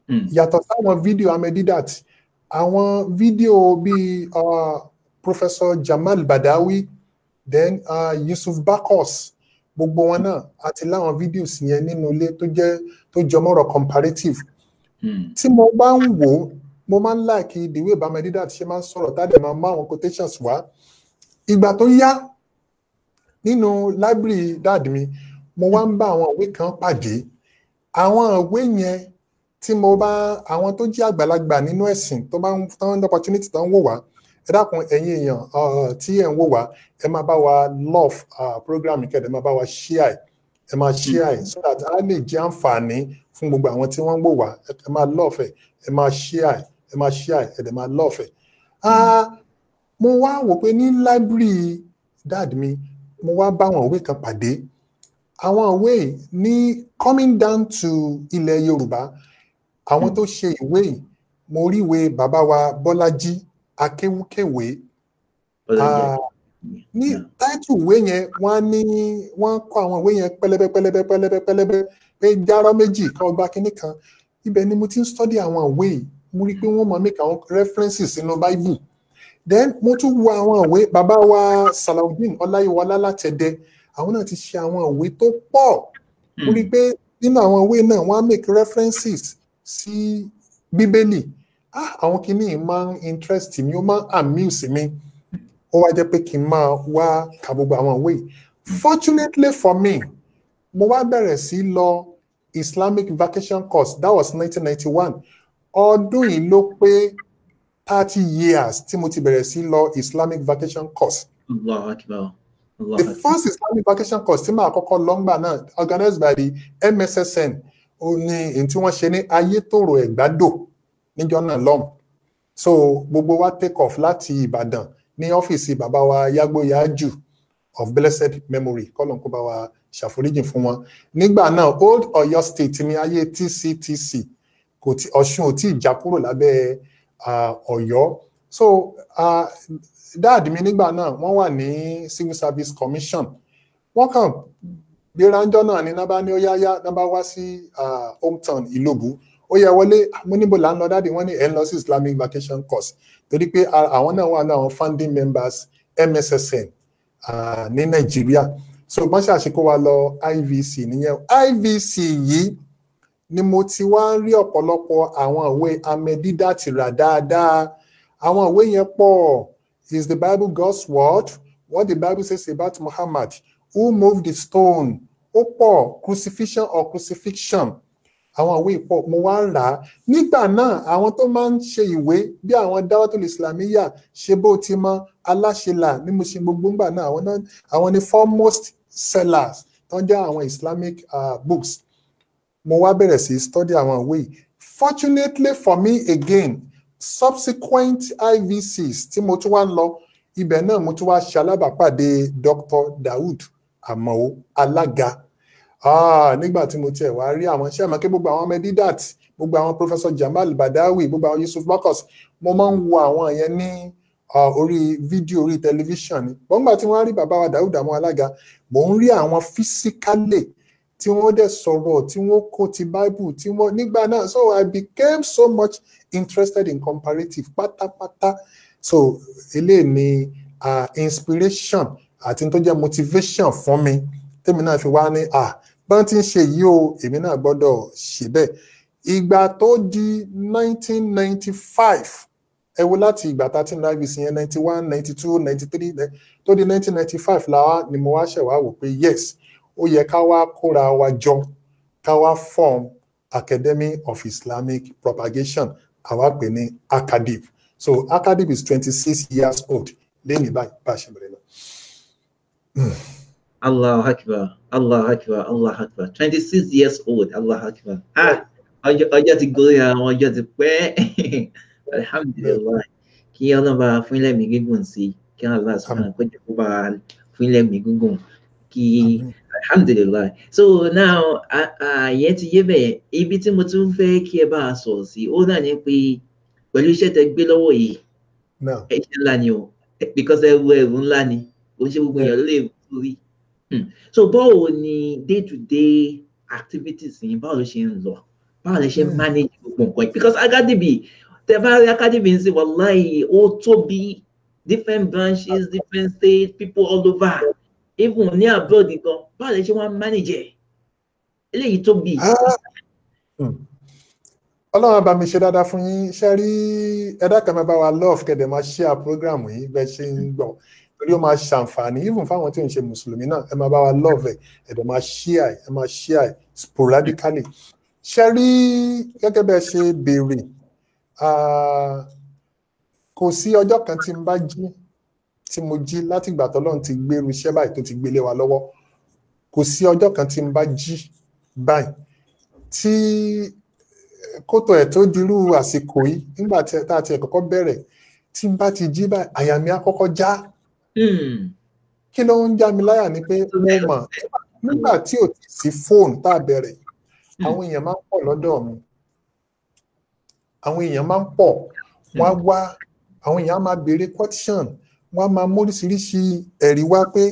hmm. yàtọ̀ sáwọn fídíò amedidat àwọn fídíò bíi professor Jamal Badawi then uh, Yusuf Bakos gbogbo wọn náà àti láwọn fídíò sì yẹn nínú ilé tó jẹ́ tó jọmọ́rọ̀ comparative hmm. tí mo bá ń wò ó mo máa ń láàkì ìdíwé bàmẹ́dídà tí ṣe máa ń sọ̀rọ̀ tádẹ̀ máa máa àwọn quotations wá ìgbà tó yá nínú library dáàdì mi mo wá ń bá àwọn ìwé kan pàdé àwọn ìwé yẹn tí mo bá àwọn tó jẹ́ àgbàlagbà nínú ẹ̀sìn tó bá ń tán ní opportunity tó ń wò wá ẹ dákun ẹ̀yin èèyàn tí ẹ ń wò wá ẹ máa bá wa love program kẹ́dẹ̀ máa bá wa share ẹ máa share so that a lè jẹ́ àǹfààní fún gbogbo àwọn tí wọ́n ń wò wá ẹ máa love ẹ máa share ẹ máa share ẹ dẹ̀ máa love ẹ. mo wá wò pé ní library dad mi mo wá bá àwọn òwe kan pàdé àwọn òwe ní coming down to ilẹ̀ Yorùbá àwọn tó ṣe ìwé yìí mo rí ìwé bàbá wa Bọ́lájí Akéwúkéwé ah, ní táìtù ìwé yẹn wọ́n ní wọ́n kọ àwọn ìwé yẹn pẹlẹbẹ pẹlẹbẹ pẹlẹbẹ pẹlẹbẹ pé járọ méjì kan ọgbà kínní kan ibẹ̀ ni mo ti ń study àwọn ìwé mo rí i pé wọ́n máa make àwọn references sínú Bible then mo tún wo àwọn ìwé bàbá wa Salaudeen Ọláyíwọlá Látẹ̀dẹ àwọn náà ti ṣe àwọn ìwé tó pọ̀ mo hmm. rí i pé nínú àwọn ìwé náà wọ́n á make references sí bíbélì ah àwọn kìíní máa ń interest mi ó máa ń amuse mi ó wá jẹ́ pé kí n máa wá ka gbogbo àwọn ìwé fortunately for me mo wá bẹ̀rẹ̀ sí lọ Islamic vacation course that was 1991 ọdún yìí ló pé thirty years tí mo ti bẹ̀rẹ̀ sí lọ islamic vacation course. Allah Akbar. the first islamic vacation course tí màá kọ́kọ́ lọ́ngbà náà organized by the MSSN ó ní èyí tí wọ́n ṣe ní ayétòrò ẹ̀gbádò níjọ́ náà lọ́hùn so gbogbo wa take off láti Ìbàdàn ní ọ́fíìsì bàbá wa Yágbóyájù of blessed memory kọ́lọ̀ kó bá wa ṣàforíjìn fún wọn nígbà náà old Ọ̀yọ́ state ní ayé TCTC kò tí Ọ̀ṣun ò tí ì kúrò lábẹ́ ẹ̀ Ọ̀yọ́ so uh, dad mi nígbà náà wọ́n wà ní civil service commission wọ́n kàn gbéranjọ́ náà ní nábà ní ó yáyá nábà wá sí hometown ìlóbù ó yẹ wọlé mo níbo là ń lọ dáàdi wọ́n ní ẹ̀ ń lọ sí islamic vacation course torí pé àwọn náà wà láwọn founding members mssn uh, ní nàìjíríà so bọ́n ṣàṣekó wa lọ ivc nìyẹn ivc yìí ni mo ti wá ń ọ̀pọ̀lọpọ̀ àwọn ìwé amẹ́dídá ti rà dáadáa àwọn ìwé yẹn pọ̀ is the bible god's word what the bible says about muhammad who moved the stone ó pọ̀ crucifixion or crucifixion àwọn ìwé ìpọ̀ mo wá ń á nígbà náà àwọn tó máa ń ṣe ìwé bí àwọn dáwọ́tò islamiyà ṣe bó ti mọ aláṣẹlà ní mo ṣe gbogbo ńgbà náà àwọn ni foremost sellers tó i jẹ́ àwọn islamic uh, books mo wá bẹ̀rẹ̀ sí study àwọn ìwé yìí fortunately for me again subsequent ivcs tí mo tún wá ń lọ ibẹ̀ náà mo tún wá ṣe alábàápàdé dr daoud amao alága ah, nígbà tí mo tiẹ̀ wá rí àwọn iṣẹ́ àmọ́kẹ́ gbogbo àwọn ọmọ gbogbo àwọn professor jamal badawi gbogbo àwọn yusuf marcus mo máa ń wo àwọn yẹn ní orí fídíò orí tẹlifíṣàn ni gbọ́ngbà tí wọ́n á rí bàbá wa daoud amao alága mò ń rí àwọn físíkálẹ̀ tí wọ́n dẹ̀ sọ̀rọ̀ tí wọ́n kó ti bible tí wọ́n nígbà náà so i became so much interested in comparative pátápátá so eléyìí ni uh, inspiration àti tó jẹ́ motivation fún mi tèmi náà fi wá ní à bá ti ń ṣe yìí o èmi náà gbọ́dọ̀ ṣe bẹ́ẹ̀ ìgbà tó di 1995 ẹ wo láti ìgbà tá a ti ń rábì sí yẹn 91 92 93 tó di 1995 làwa ni mo wá ṣẹ̀ wá wò pé yes ó yẹ ká wá kóra wa jọ ká wá form academy of islamic propagation àwa pè ní acadip so Akadib is twenty six years old lẹ́yìn báyìí bá a ṣe bẹ̀rẹ̀ lọ. Hmm. allah akbar allah akbar allah akbar twenty six years old allah akbar ah ọjọ́ ti gorí àwọn ọjọ́ ti pẹ́ <laughs> alhamdulilayi kí ọlọ́ba fúnlẹ̀ mi gígùn sí kí ọlọ́ba sọ̀rọ̀ kó jẹ́ kó bá fun le mi gígùn kí so now I ti yé bẹ́ẹ̀ ibi tí mo tún fẹ́ kí ẹ bá a sọ̀rọ̀ sí ó náà ní pé pẹ̀lú iṣẹ́ tẹ gbé lọ́wọ́ yìí ẹ ńlá ni o because ẹrù ẹrù ńlá ni kò ṣe gbogbo èèyàn lè rí hmm. so báwo ni day to day activities yìí báwo ló ṣe ń lọ báwo lè ṣe hmm. manage gbogbo nǹkan because academy tẹ bá rí academy ń sìn wàláì ó tóbi different branches different states people all over. even ní abroad gan báwo lè ṣe wọn manager eléyìí tó bí. Ah. Hmm. ọlọ́run bá mi ṣe dáadáa fún yín ṣe rí ẹ̀dá kan máa bá wa love kẹ̀dẹ̀ máa share program yìí bẹ́ẹ̀ ṣe ń gbọ́ torí ó máa ṣàǹfààní even fáwọn tí ò ń ṣe mùsùlùmí náà ẹ máa bá wa love ẹ̀ ẹ̀dọ̀ máa share ẹ̀ ẹ máa share ẹ̀ sporadically ṣe rí gẹ́gẹ́ bẹ́ẹ̀ ṣe béèrè ah, kò sí ọjọ́ kan tí n bá jí tí mo jí látìgbà tọ́lọ́run ti gbèrú iṣẹ́ báyìí tó ti gbélé wa lọ́wọ́ kò sí ọjọ́ kan tí n bá jí báyìí tí kótó ẹ̀ tó dirú àsìkò yìí nígbà tí tá a ti kọ́kọ́ bẹ̀rẹ̀ tí n bá ti jí báyìí àyà mi á kọ́kọ́ já hmm. kí ló ń já mi láyà ni pé mo hmm. mọ̀ nígbà tí ò ti sí fóònù tá a bẹ̀rẹ̀ hmm. àwọn èèyàn máa ń pọ̀ lọ́dọ̀ mi àwọn èèyàn máa ń pọ̀ wọ́n wá àwọn èèyàn máa béèrè question wọ́n á máa móríṣiríṣi ẹ̀rí wá pé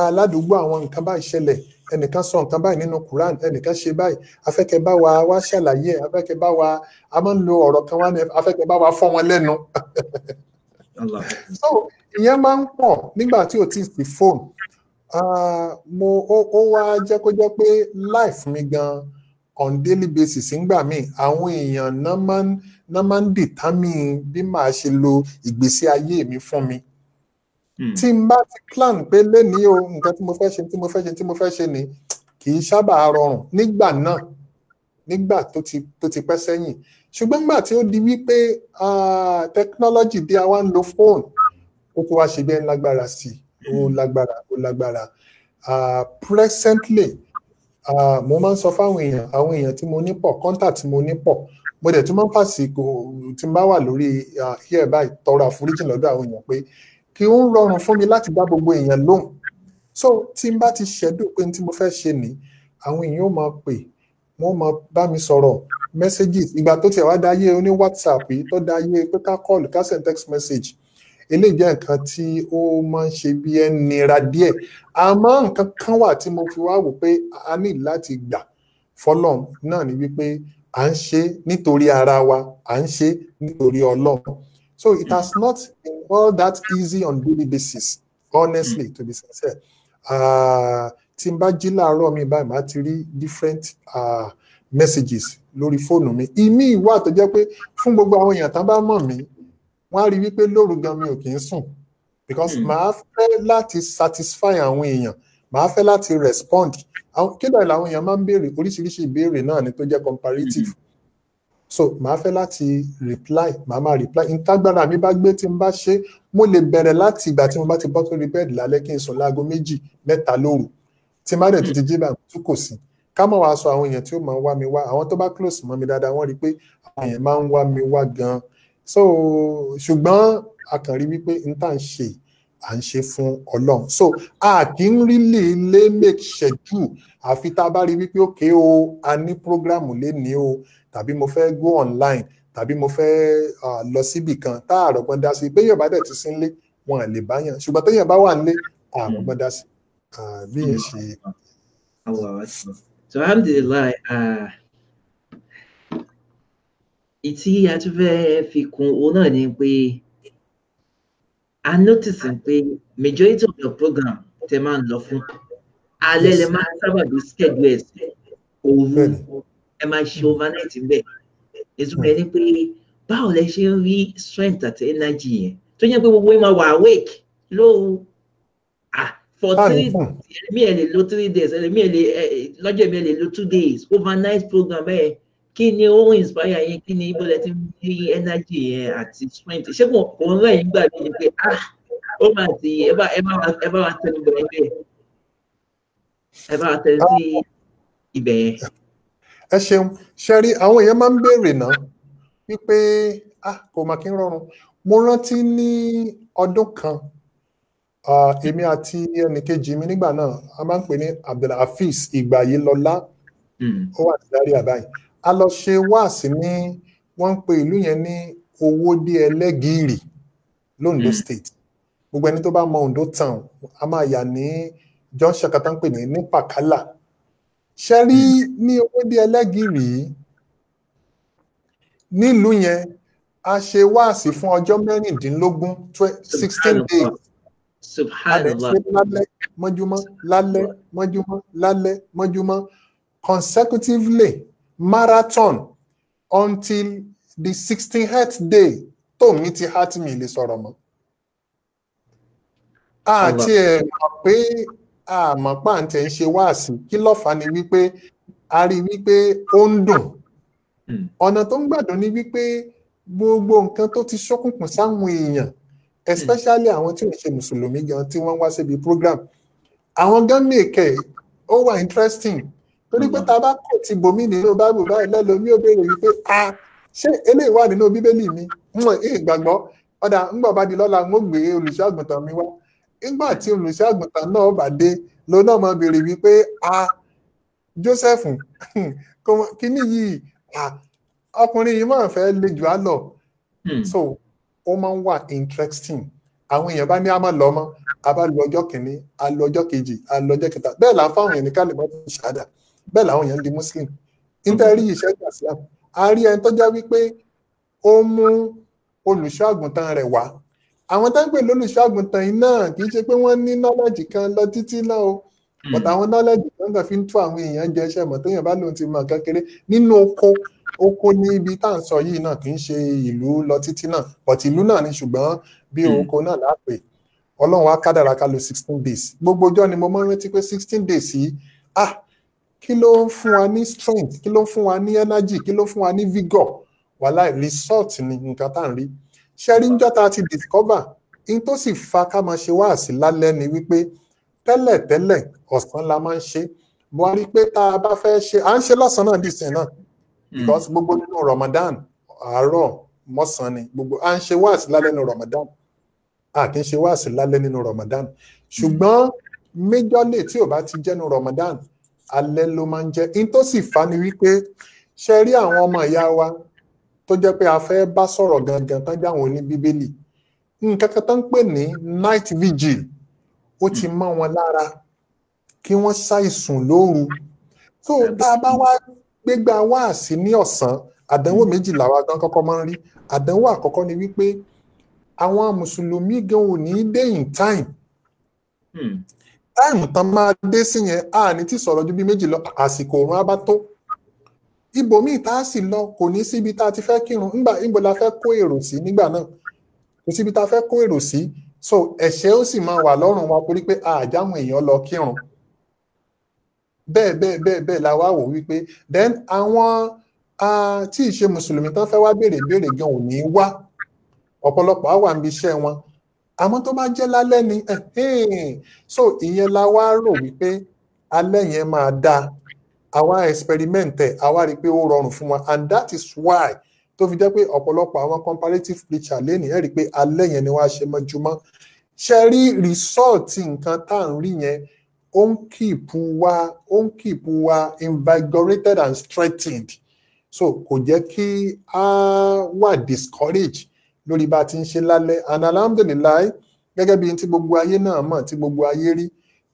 aládùúgbò àwọn nǹkan báyìí ṣẹlẹ̀ ẹnìkan sọ nǹkan báyìí nínú Quran ẹnìkan ṣe báyìí afẹ́kẹ́ bá wa wá ṣàlàyé afẹ́kẹ́ bá wa a máa ń lo ọ̀rọ̀ kan wá ní afẹ́kẹ́ wa fọ́ wọn lẹ́nu. <laughs> so ìyẹn máa ń pọ̀ nígbà tí o ti sì fóònù mo ó wá jẹ́ kó jẹ́ pé life mi gan on daily basis ńgbà míì àwọn èèyàn náà máa ń determine bí màá ṣe lo ìgbésí ayé mi fún mi. Hmm. tí n bá ti plan pé lénìí o nǹkan tí mo fẹ́ ṣe tí mo fẹ́ ṣe tí mo fẹ́ ṣe ni kì í sábà rọrùn nígbà náà nígbà tó ti tó ti pẹ́ sẹ́yìn ṣùgbọ́n nígbà tí ó di wípé technology bí a wá ń lo phone ó ti wá ṣe bí lágbára sí ó hmm. lágbára ó lágbára presently mo máa ń sọ fáwọn èèyàn àwọn èèyàn tí mo ní pọ̀ contact tí mo ní pọ̀ mo dẹ̀ tún máa ń fàṣìkò tí n bá wà lórí here tọrọ àforíjì lọ́dọ̀ àwọn èèyàn pé kí ó ń rọrùn fún mi láti dá gbogbo èèyàn lóhùn so tí n bá ti ṣẹdú pé tí mo fẹ́ ṣe ní àwọn èèyàn ó máa pè wọ́n máa bá mi sọ̀rọ̀ messages ìgbà tó tiẹ̀ wá dáyé oní whatsapp yìí tó dáyé pé ká call ká text message eléyìí jẹ́ nǹkan tí ó máa ń ṣe bí ẹ nira díẹ̀ àmọ́ nǹkan kan wà tí mo fi wá wò pé a ní láti gbà fọlọ́n náà ni wípé à ń ṣe nítorí ara wa à ń ṣe nítorí ọlọ́run So it has not been all that easy on daily basis, honestly, mm. to be sincere. Uh, tí n bá jí láàárọ̀ different uh, messages lórí fóònù mi. Ìmí ìwà tó jẹ́ pé fún gbogbo àwọn èèyàn tán bá mọ̀ mí, wọ́n á rí wípé lóru Because mm. màá fẹ́ láti satisfy àwọn èèyàn, màá fẹ́ láti respond. Kí lóò làwọn èèyàn máa ń béèrè oríṣiríṣi ìbéèrè náà ni tó comparative. Mm -hmm so màá fẹ́ láti reply màá máa reply ìtagbára mi bá gbé tí n bá mo lè bẹ̀rẹ̀ láti ìgbà tí mo bá ti bọ́ sórí bẹ́ẹ̀dì lálẹ́ kí n sùn láago méjì mẹ́ta lóru tí má dẹ̀ tó ti jí báyìí tún kò sí ká má wàá sọ àwọn èèyàn tí ó máa ń mi wá àwọn tó bá close mọ́ mi dáadáa wọ́n rí i pé àwọn èèyàn máa mi wá gan so ṣùgbọ́n a kàn rí wípé n tá à ń ṣe à ń ṣe fún so a kì í rí lè lé make schedule àfi tá a bá rí wípé òkè o a ní program lé ní o tàbí mo fẹ́ go online tàbí mo fẹ́ lọ síbì kan tá àrọ̀gbọ́n dá sí pé yóò bá dẹ̀ ti sí nílé wọn lè bá yàn ṣùgbọ́n téèyàn bá wà nílé àrọ̀gbọ́n hmm. dá sí bí yẹn ṣe. so alhamdulilayi ìtí a tún fẹ́ fi kún òun náà ni pé a notice ah. pé majority of your program tẹ máa ń lọ fún alẹ́ lẹ máa ń sábà bí schedule ẹ̀ òru ẹ máa ṣe hmm. overnight bẹ́ẹ̀ ìtumọ̀ ẹni pé báwo lẹ ṣe ń rí strength àti energy yẹn tó yẹ pé gbogbo ẹ máa wà awake lóru ah for three ẹlẹ́mí ẹ̀ lè lo three days ẹlẹ́mí ẹ̀ lè lọ́jọ́ ẹ̀mí ẹ̀ lè lo two days overnight program ẹ̀ kí ni ó ń inspire yẹn kí ni ibo lẹ ti rí energy yẹn àti strength ṣé kò kò ń rẹ̀ yín gbà mí ni pé ah ó máa ti ẹ bá ẹ bá wa tẹnu bọ̀ ẹ bẹ́ẹ̀ ẹ bá wa tẹnu sí ibẹ̀ yẹn ẹ ṣeun ṣẹ́rí àwọn èèyàn máa ń béèrè náà wípé ah kò mà kí n rọrùn mo rántí ní ọdún kan èmi àti ẹnìkejì mi nígbà náà a máa ń pè ní abdulhafiz ìgbàyílọlá hmm. ó wà ní Zaria báyìí a lọ ṣe wáàsí ní wọ́n ń pe ìlú yẹn ní owó dé ẹlẹ́gìrì londo hmm. state gbogbo ẹni tó bá mọ Ondo town a máa yà ní John shakata ń pè ní ní pàkálà ṣe rí ní owóde ẹlẹ́gìrì nílùú yẹn a ṣe wáàsí fún ọjọ́ mẹ́rìndínlógún sixteen days subhanallah lálẹ́ mọ́júmọ́ lálẹ́ mọ́júmọ́ lálẹ́ mọ́júmọ́ consecutively marathon until the sixteenth day tòmí ti mi lè sọ̀rọ̀ mọ́ àti ẹ̀ pé àmọ́ pàǹtẹ̀ ń ṣe wáàsí kí lọ́fà ni wípé a rí wípé ó ń dùn hmm. ọ̀nà tó ń gbàdùn ni wípé gbogbo nǹkan tó ti ṣókùnkùn sáwọn èèyàn hmm. especially àwọn tí ò ń ṣe mùsùlùmí gan tí wọ́n wá síbi program àwọn gan mèkẹ́ ó wà interesting torí pé hmm. tá a bá kọ̀ ti bomi nínú báàbù báyìí lẹ́lọ́mí ó béèrè wípé a ṣé eléyìí wà nínú bíbélì mi ń gbàgbọ́ ọ̀dà ńgbọ̀ bá di lọ́la ń gbé olùṣọ́ àgùntàn mi wá nígbà tí olùṣọ́ àgùntàn náà bá dé ló náà wípé a Joseph hmm, kíní yìí ọkùnrin yìí máa fẹ́ le jù á lọ hmm. so ó máa ń wà interesting àwọn èèyàn bá ní a máa lọ mọ́ a bá lu ọjọ́ kìíní a lu ọjọ́ kejì a lu ọjọ́ kẹta bẹ́ẹ̀ làá fáwọn èèyàn ní kálí mọ́tò ṣáádà bẹ́ẹ̀ làwọn èèyàn di muslim nítorí iṣẹ́ ìgbà sílámù a ẹni tó jẹ́ wípé ó mú olùṣọ́ àgùntàn rẹ̀ wá àwọn tó ń pè lólùṣọ́ àgùntàn yìí náà kì í ṣe pé wọ́n ní nọ́lẹ́jì kan lọ títí náà o hmm. bọ̀tà àwọn nọ́lẹ́jì kan kàn fi ń tú àwọn èèyàn jẹ iṣẹ́ mọ̀ téèyàn bá ti mọ̀ kékeré nínú oko oko ní ibi tá à ń sọ yìí náà kì í ṣe ìlú lọ títí náà bọ̀t ìlú náà ni ṣùgbọ́n bí hmm. oko náà lápè ọlọ́run wá kádàrá ká lo sixteen days gbogbo ọjọ́ ni mo máa ń rántí pé sixteen days yìí ah kí ló ń fún wa ní strength kí ló ń fún wa ní energy kí ló ń fún wa ní vigor wàhálà result ni nǹkan tá à ń rí ṣẹ́rí ńjọ́ tá ti discover in tó sì fa ká máa ṣe wáàsí lálẹ́ ni wípé tẹ́lẹ̀tẹ́lẹ̀ ọ̀sán la máa ń ṣe buhari pé tá a bá fẹ́ ṣe à ń ṣe lọ́sàn-án náà dìsẹ̀ náà hmm. because gbogbo nínú Ramadan àárọ̀ mọ́sàn-án ni gbogbo à ń ṣe wáàsí lálẹ́ nínú Ramadan à kì í ṣe wáàsí lálẹ́ nínú Ramadan ṣùgbọ́n méjọ́lè tí ò bá ti jẹ́ nínú Ramadan alẹ́ ló máa ń jẹ́ in tó sì fa ni wípé ṣe rí àwọn ọmọ ìyá wa tó jẹ́ pé a fẹ́ bá sọ̀rọ̀ gangan tán jáwọn oní bíbélì nǹkan kan tó ń pè ní night vigil ó ti hmm. mọ́ wọn lára kí wọ́n ṣàìsùn lóru tó tá a bá wá gbégbá wáàsí ní ọ̀sán àdánwò hmm. méjì làwọn gan kọ́kọ́ máa ń rí àdánwò àkọ́kọ́ ni wípé àwọn mùsùlùmí gan ò ní dé in time hmm. táìmù tán máa dé sí yẹn a ní ti sọ̀rọ̀ ju bí méjì àsìkò òun á bá tó. Hmm ibòmíì tá a sì lọ kò ní síbi tá a ti fẹ́ kírun ńgbà ńbo la fẹ́ kó èrò sí nígbà náà kò síbi tá a fẹ́ kó èrò sí so ẹ̀ṣẹ̀ ó sì máa wà lọ́rùn wa torí pé àjáwọn èèyàn lọ kírun bẹ́ẹ̀ bẹ́ẹ̀ bẹ́ẹ̀ bẹ́ẹ̀ la wá wò wípé then àwọn tí ì ṣe mùsùlùmí tán fẹ́ wá béèrè béèrè gan ò ní wá ọ̀pọ̀lọpọ̀ á wà níbi iṣẹ́ wọn àmọ́ tó bá jẹ́ lálẹ́ ni so ìyẹn la wá rò wípé alẹ́ yẹn máa dáa àwa experiment ẹ̀ àwa rí i pé ó rọrùn fún wa and that is why tó fi jẹ́ pé ọ̀pọ̀lọpọ̀ àwọn comparative preacher lẹ́nìí ẹ̀ rí i pé alẹ́ yẹn ni wọ́n á ṣe mọ́júmọ́ ṣe rí result nǹkan tá à ń rí yẹn ó ń kìpù wa ó ń kìpù wa invigorated and strengthened so kò jẹ́ kí a wà discouraged lórí bá a ti ń ṣe lálẹ́ and alhamdulilayi gẹ́gẹ́ bí ti gbogbo ayé náà mọ̀ tí gbogbo ayé rí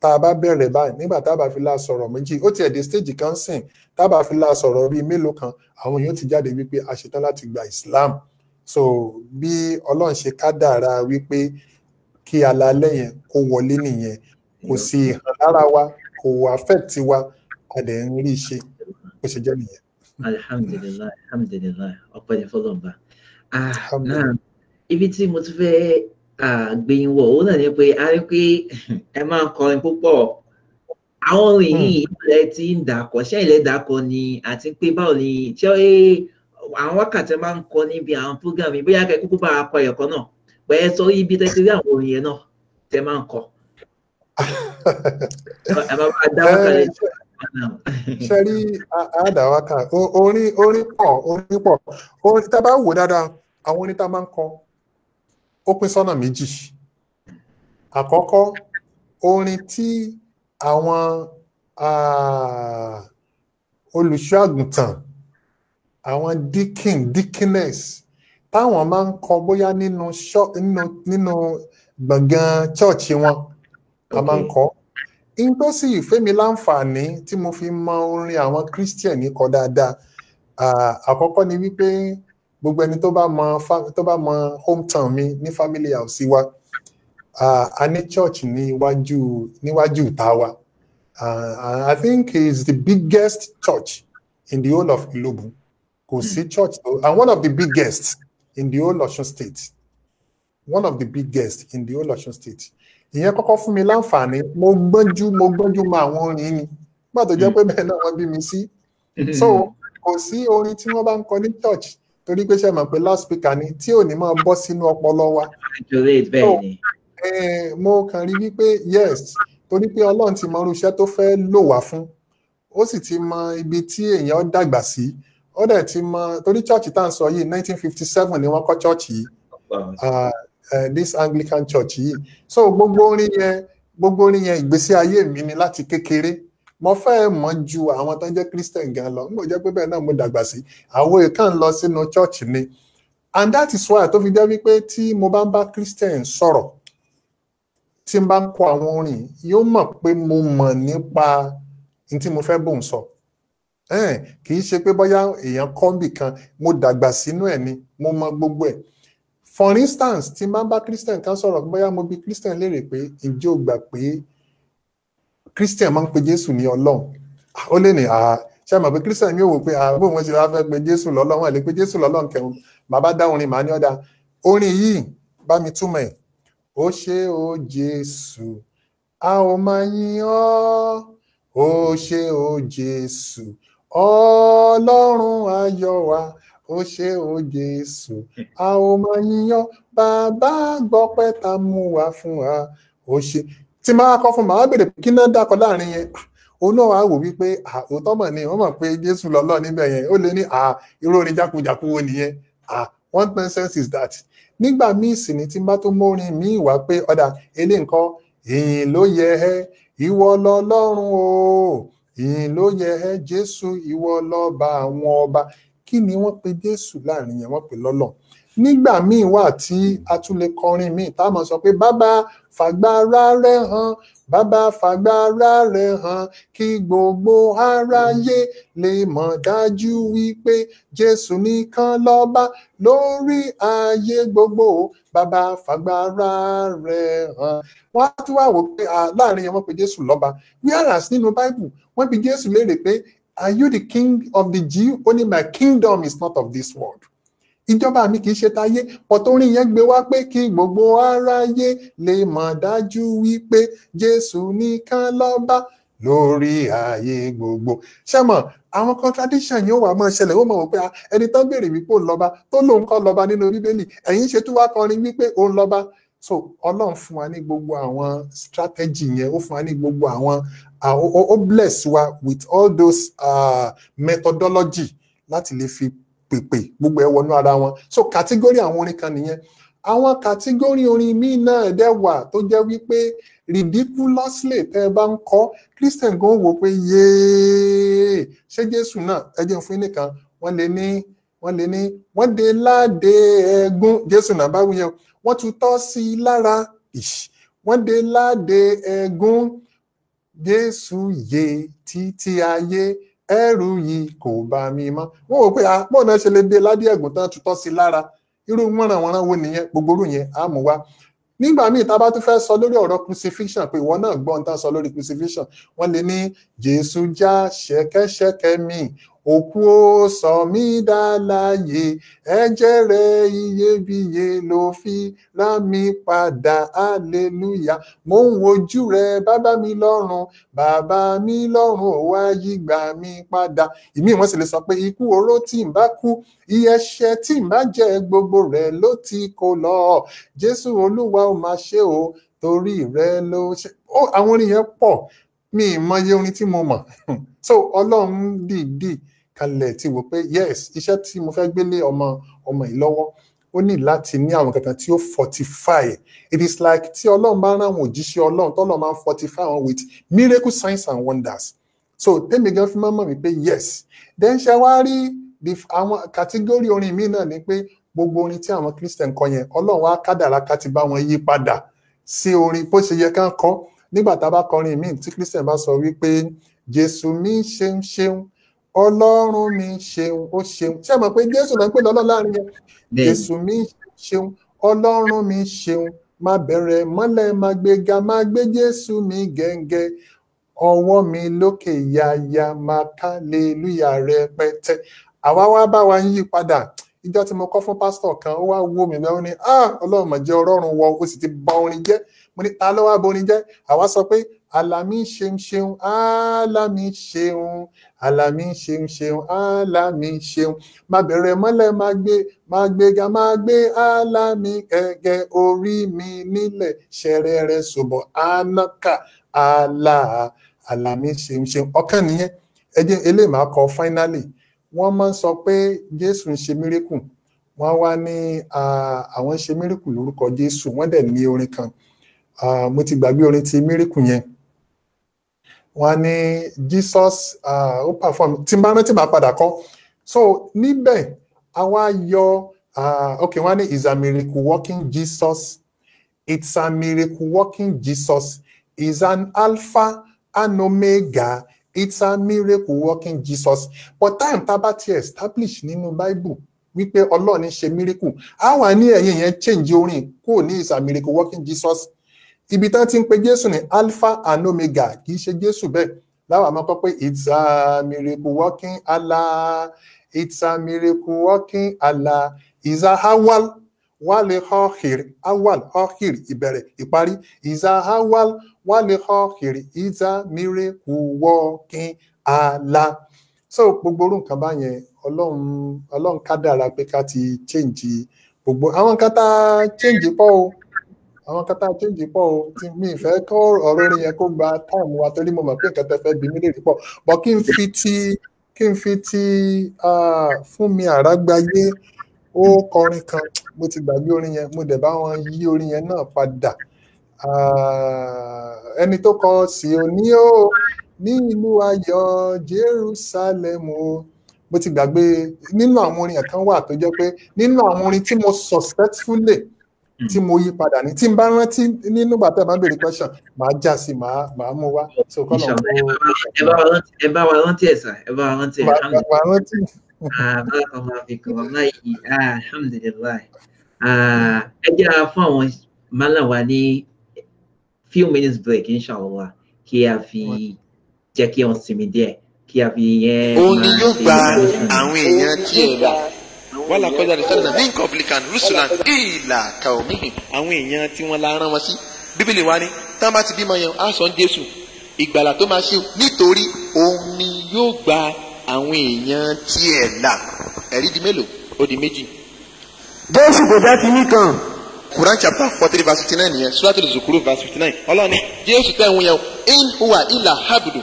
tá a bá bẹ̀rẹ̀ báyìí nígbà tá a bá fi la sọ̀rọ̀ méjì ó tiẹ̀ dé stage kan sìn tá a bá fi la sọ̀rọ̀ bíi mélòó kan àwọn èèyàn ti jáde wípé a ṣetán láti gba Islam so bí ọlọ́run ṣe kádàrá wípé kí alalẹ́ yẹn kó wọlé nìyẹn kò sí ìhàn lára wa kò affect wa a dẹ̀ ń rí ṣe bó ṣe jẹ́ nìyẹn. alhamdulilayi alhamdulilayi ọpẹ́ ni fọlọmba ah, ibi tí mo ti fẹ́ àgbéyìnwó òun náà ni pé a rí pé ẹ máa ń kọrin púpọ̀ àwọn orin yìí hmm. ilẹ̀ ti ń dàkọ ṣé ilẹ̀ dàkọ ni àti pé báwo ni ṣé eh, àwọn wákàtí máa ń kọ níbi àwọn program yìí bóyá kẹkọọ bá akọ ẹ̀kọ́ náà pẹ̀lú sọ ibi tẹ́ ti rí àwọn orin yẹn náà tẹ́ máa ń kọ. ẹ máa bá dá wákàtí <laughs> ṣe rí àdáwákà orin pọ̀ orin pọ̀ orin tá a bá wò dáadáa àwọn orin máa ń kọ ó pín sọ́nà méjì àkọ́kọ́ orin tí àwọn olùṣọ́ àgùntàn àwọn deacon deaconess táwọn máa ń kọ bóyá nínú nínú gbọ̀ngàn chọ́ọ̀chì wọn a máa ń kọ in tó sì fẹ́mi láǹfààní tí mo fi mọ orin àwọn christian kọ dáadáa àkọ́kọ́ ni wípé gbogbo ẹni tó bá mọ tó bá hometown mi ní family house wa a ní church níwájú níwájú ìta wa I think is the biggest church in the whole of Ilobu kò sí hmm. church and one of the biggest in the whole Osun state one of the biggest in the whole Osun state ìyẹn kọ́kọ́ fún mi láǹfààní mo gbọ́njú mo gbọ́njú mọ àwọn orin ni nígbà tó jẹ́ hmm. pé bẹ́ẹ̀ náà wọ́n bí mi sí hmm. so kò sí orin tí wọ́n bá ń kọ ní church torí pé ṣe mọ̀ pé loudspeaker ni tí ò ní máa bọ́ sínú ọpọlọ wa. mo kàn rí wípé yes torí pé ọlọ́run ti mọ irú iṣẹ́ tó fẹ́ lò wá fún ó sì ti mọ ibi tí èèyàn dàgbà sí ó dẹ̀ ti mọ torí church tá à ń sọ yìí 1957 ni wọ́n kọ́ church yìí ah, this Anglican church yìí so gbogbo orin yẹn gbogbo orin yẹn ìgbésí ayé mi ni láti kékeré mo fẹ́ mọ̀ ju àwọn tó ń jẹ́ christian gan lọ nígbà jẹ́ pé bẹ́ẹ̀ náà mo dàgbà sí àwọn èèkàn lọ sínú church ni and that is why tó fi jẹ́ wípé tí mo bá ń bá christian sọ̀rọ̀ tí n bá ń kọ àwọn orin yóò mọ̀ pé mo mọ̀ nípa n tí mo fẹ́ bò ń sọ kì í ṣe pé bóyá èèyàn kọ́ńbì kan mo dàgbà sínú ẹ̀ ni mo mọ̀ gbogbo ẹ̀ for instance tí n bá ń bá christian kan sọ̀rọ̀ bóyá mo bi christian léèrè pé ǹjẹ́ o gbà pé christian máa ń pe jésù ní ọlọ́run ah, ó lè ní ah, ṣe mọ̀ pé christian yóò wò pé ah, bó wọn ṣe wá fẹ́ pe jésù lọ́lọ́run ẹ̀ lè pe jésù lọ́lọ́run kẹrin bàbá dá orin màá ní ọ̀dà orin yìí bá mi túmọ̀ ẹ̀ ó ṣe ó jésù a ò máa yìn ọ́ ó ṣe ó jésù ọlọ́run ayọ̀ wa ó ṣe ó jésù a ò máa yìn ọ́ bàbá gbọ́pẹ́ ta mú wa fún wa ó ṣe tí máa kọ́ fún màá bèrè kí náà dákọ láàrin yẹn ah, òun náà wàá wò wípé òótọ́ mọ̀ ni wọ́n mọ̀ pé Jésù lọ́lọ́ níbẹ̀ yẹn ó lè ní irú orin jákujàku wo nìyẹn one nonsense is that nígbà míì sì ni tí n bá tó mórin míì wá pé ọ̀dà elé nǹkan ìyìn ló yẹ ẹ́ ìwọ lọ́lọ́run o ìyìn ló yẹ ẹ́ Jésù ìwọ lọ́ba àwọn nígbà míì wà tí a tún lè kọrin míì tá a máa sọ pé bàbá fàgbára rẹ hàn bàbá fàgbára rẹ hàn kí gbogbo aráyé lè mọ̀ dájú wípé Jésù nìkan lọ́ba lórí ayé gbogbo bàbá fàgbára rẹ hàn wọ́n á tún wá wò pé láàrin yẹn wọ́n pe Jésù lọ́ba whereas nínú Bible wọ́n bi Jésù léèrè pé are you the king of the Jew only my kingdom is not of this world ìjọba mi kì í ṣe tayé ọ̀tọ́rin yẹn gbé wá pé kí gbogbo aráyé lè mọ̀ dájú wípé Jésù nìkan lọ́ba lórí ààyè gbogbo ṣẹ́mọ̀ àwọn contradiction yóò wà máa ṣẹlẹ̀ ó mọ̀ wípé ah, ẹni tán béèrè wípé òun lọ́ba tó lóun kọ́ lọ́ba nínú bíbélì ẹ̀yin ṣe tún wá kọrin wípé òun lọ́ba so ọlọ́run fún wa ní gbogbo àwọn strategy yẹn ó fún wa ní gbogbo àwọn ó bless wa with all those uh, methodology láti lè fi pèpè gbogbo ẹ wọnú ara wọn so kàtígórì àwọn orin kan nìyẹn àwọn kàtígórì orin míì náà dẹ̀ wà tó jẹ́ wípé ridiculously tẹ́ ẹ bá ń kọ christian gan wò pé yéé ṣé jésù náà ẹ jẹun fún nìkan wọ́n lè ní wọ́n lè ní wọ́n dé láde ẹ̀gún jésù náà bá wúyẹ wọ́n tún tọ́ sí i lára wọ́n dé láde ẹ̀gún jésù yé títí ayé ẹrù yìí kò bá mi mọ́ wọn ò pé àpọ̀nà ah, ṣe lè dé ládé ẹ̀gùn tán tutọ́ sí lára irú wọ́nranwọ́nran wo nìyẹn gbogbo orú yẹn á mú wá nígbà míì tá a bá tún fẹ́ sọ lórí ọ̀rọ̀ crucifixion pé ìwọ náà gbọ́n tá a sọ lórí crucifixion wọ́n lè ní jésù já ṣẹ̀kẹ̀ṣẹ̀kẹ̀ mi òkú ó sọ mí dáláyé ẹ̀jẹ̀ rẹ iyebíye ló fi rà mí padà hallelujah mò ń wojú rẹ bàbá mi lọ́run bàbá mi lọ́run ò wá yí gbà mí padà ìmí wọn sì lè sọ pé ikú oró tí n bá kú iye ẹ̀ṣẹ̀ tí n bá jẹ gbogbo rẹ ló ti kó lọ jésù olúwa ó máa ṣe o torí rẹ ló ṣe àwọn orin yẹn pọ̀ mi ì mọye orin tí mo mọ̀ <laughs> so ọlọ́run dìídì kalẹ̀ tí wò pé yes iṣẹ́ tí mo fẹ́ gbélé ọmọ ọmọ yìí lọ́wọ́ ó ní láti ní àwọn kankan tí ó fortify it is like tí ọlọ́run bá rán àwọn òjíṣẹ́ ọlọ́run tọ́lọ́run máa ń fortify wọn with miracle signs and wonders so tèmi gan fi máa mọ̀ mí pé yes then ṣe wá rí àwọn kàtígórì orin mi náà ni pé gbogbo orin tí àwọn Christian kọ yẹn ọlọ́run wá kádàrá ká ti bá wọn yí padà sí orin bó ṣe yẹ ká kọ nígbà tá a bá kọrin míì tí Christian bá sọ wípé Jésù mi ṣeun ṣeun ọlọ́run mi ṣeun ó ṣeun ṣé mọ̀ pé jésù náà ń pè lọ́lọ́ láàrin yẹn jésù mi ṣeun ọlọ́run mi ṣeun máa bẹ̀rẹ̀ mọ́lẹ̀ máa gbéga máa gbé jésù mi gẹ́ngẹ́ ọwọ́ mi lókè yáyà máa ká lélúyà rẹpẹtẹ àwa wá bá wa ń yí padà ìjọ tí mo kọ́ fún pásítọ̀ kan ó wá wo mi lọ́wọ́ ni ah ọlọ́run mà jẹ́ ọlọ́run wọ ó sì ti bà orin jẹ́ mo ní ta ló wá borin jẹ́ àwa sọ pé àlàmí ṣeun ṣeun àlàmí ṣeun àlàmí ṣeun ṣeun àlàmí ṣeun má bẹ̀rẹ̀ mọ́lẹ̀ má gbé má gbéga má gbé àlàmí gẹ́gẹ́ orí mi nílẹ̀ ṣẹrẹrẹ ṣùgbọ́n ànákà àlà àlàmí ṣeun ṣeun ọ̀kan nìyẹn ẹ jẹ́ eléyìí máa kọ finally wọ́n máa ń sọ pé jésù ń ṣe mírèkù wọ́n wá ní àwọn ṣe mírèkù lórúkọ jésù wọ́n dẹ̀ ní orin kan mo ti gbàgbé orin ti mírèkù yẹn wọ́n ní Jesus ó perform tí bá rántí máa padà kọ́ so níbẹ̀ àwa yọ uh, ok wọ́n ní is a miracle working Jesus it's a miracle working Jesus is an alpha and omega it's a miracle working Jesus but time tá a bá ti establish nínú Bible wípé Ọlọ́run ṣe miracle àwa ní ẹ̀yìn yẹn change orin kò ní is a miracle working Jesus ibi tán ti ń pe jésù ní alpha and omega kì í ṣe jésù bẹ́ẹ̀ láwọn àmọ́ kọ́ pé it's a miracle working Allah it's a miracle working Allah is a awal wale ọ̀hìr awal ọ̀hìr ìbẹ̀rẹ̀ ìparí is a awal wale ọ̀hìr is a miracle working Allah so gbogbo orú nǹkan báyẹn ọlọ́run ọlọ́run kádàrá pé ká ti change gbogbo àwọn nǹkan tá change pọ̀ o àwọn kata change pọ̀ o ti mi ìfẹ́ kọ́ ọ̀rọ̀ eré yẹn kó gba táìmù wa torí mo mọ̀ pé nǹkan tẹ́ fẹ́ bí mi lè rí pọ̀ bọ́ kí n fi ti kí n fi ti fún mi àrágbáyé ó kọrin kan mo ti gbàgbé orin yẹn mo dẹ̀ bá wọn yí orin yẹn náà padà ẹni tó kọ Síónì o ní ìlú ayọ̀ Jerusalem o mo ti gbàgbé nínú àwọn orin yẹn wà tó jẹ́ pé nínú àwọn orin tí mo successfully Hmm. tí mo yí padà ní tí n bá rántí nínú bàtà máa ń béèrè question máa já sí máa máa mú wá. ẹ bá wa rántí ẹ sà ẹ bá wa rántí ẹ rántí. bákan àfikún ọláyí alhamdulilayi ẹ jẹ́ a fún àwọn mọ́là wa ní few minutes break inshallah kí a fi jẹ́ kí wọ́n sinmi díẹ̀ kí a fi yẹn. òun ni yóò gba àwọn èèyàn tí ó rà wàhálà kọjá rẹ̀ sẹ́lẹ̀ náà ní kọ̀pìlìkan rúṣùlán ìlà kàómìhì àwọn èèyàn tí wọ́n la rán wọn sí bíbélì wa ni tá a bá ti bímọ yẹn á sọ jésù ìgbàlà tó máa ṣe nítorí òun ni yóò gba àwọn èèyàn tiẹ̀ là ẹ̀rí di mélòó ó di méjì. jésù kò dá kínní kan. Quran chapter forty verse fifty nine yẹn Suratul Zukhruf verse fifty nine ọlọ́ni jésù tẹ̀ ń wọ̀nyẹn in huwa ila habdu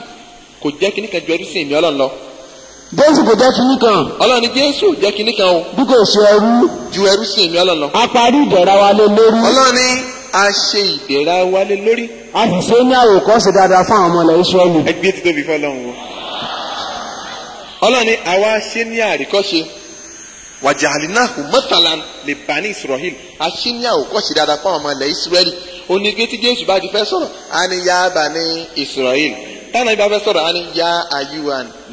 kò jẹ́ kínní kan ju ẹrú sí ìmí ọlọ́run lọ jésù kò jẹ́ kinní kan. ọlọ́run ni jésù jẹ́ kinní kan o. bí kò ṣe ẹrú. ju ẹrú sí mi ọlọ́run a parí ìdẹ̀ra wa lé lórí. ọlọ́run ni a ṣe ìdẹ̀ra wa lé lórí. a sì ṣe ní àwòkọ́ṣe dáadáa fún àwọn ọmọ ilẹ̀ israẹli. ẹgbẹ́ ti tóbi fọlọ́run o. ọlọ́run ni àwa ṣe ní àríkọ́ṣe wàjàlínáhù mọ́tàlán lè bá ní israẹli a ṣe ní àwòkọ́ṣe dáadáa fún àwọn ọmọ ilẹ̀ israẹli. onígbé tí jésù bá ti fẹ́ sọ̀rọ̀ á ní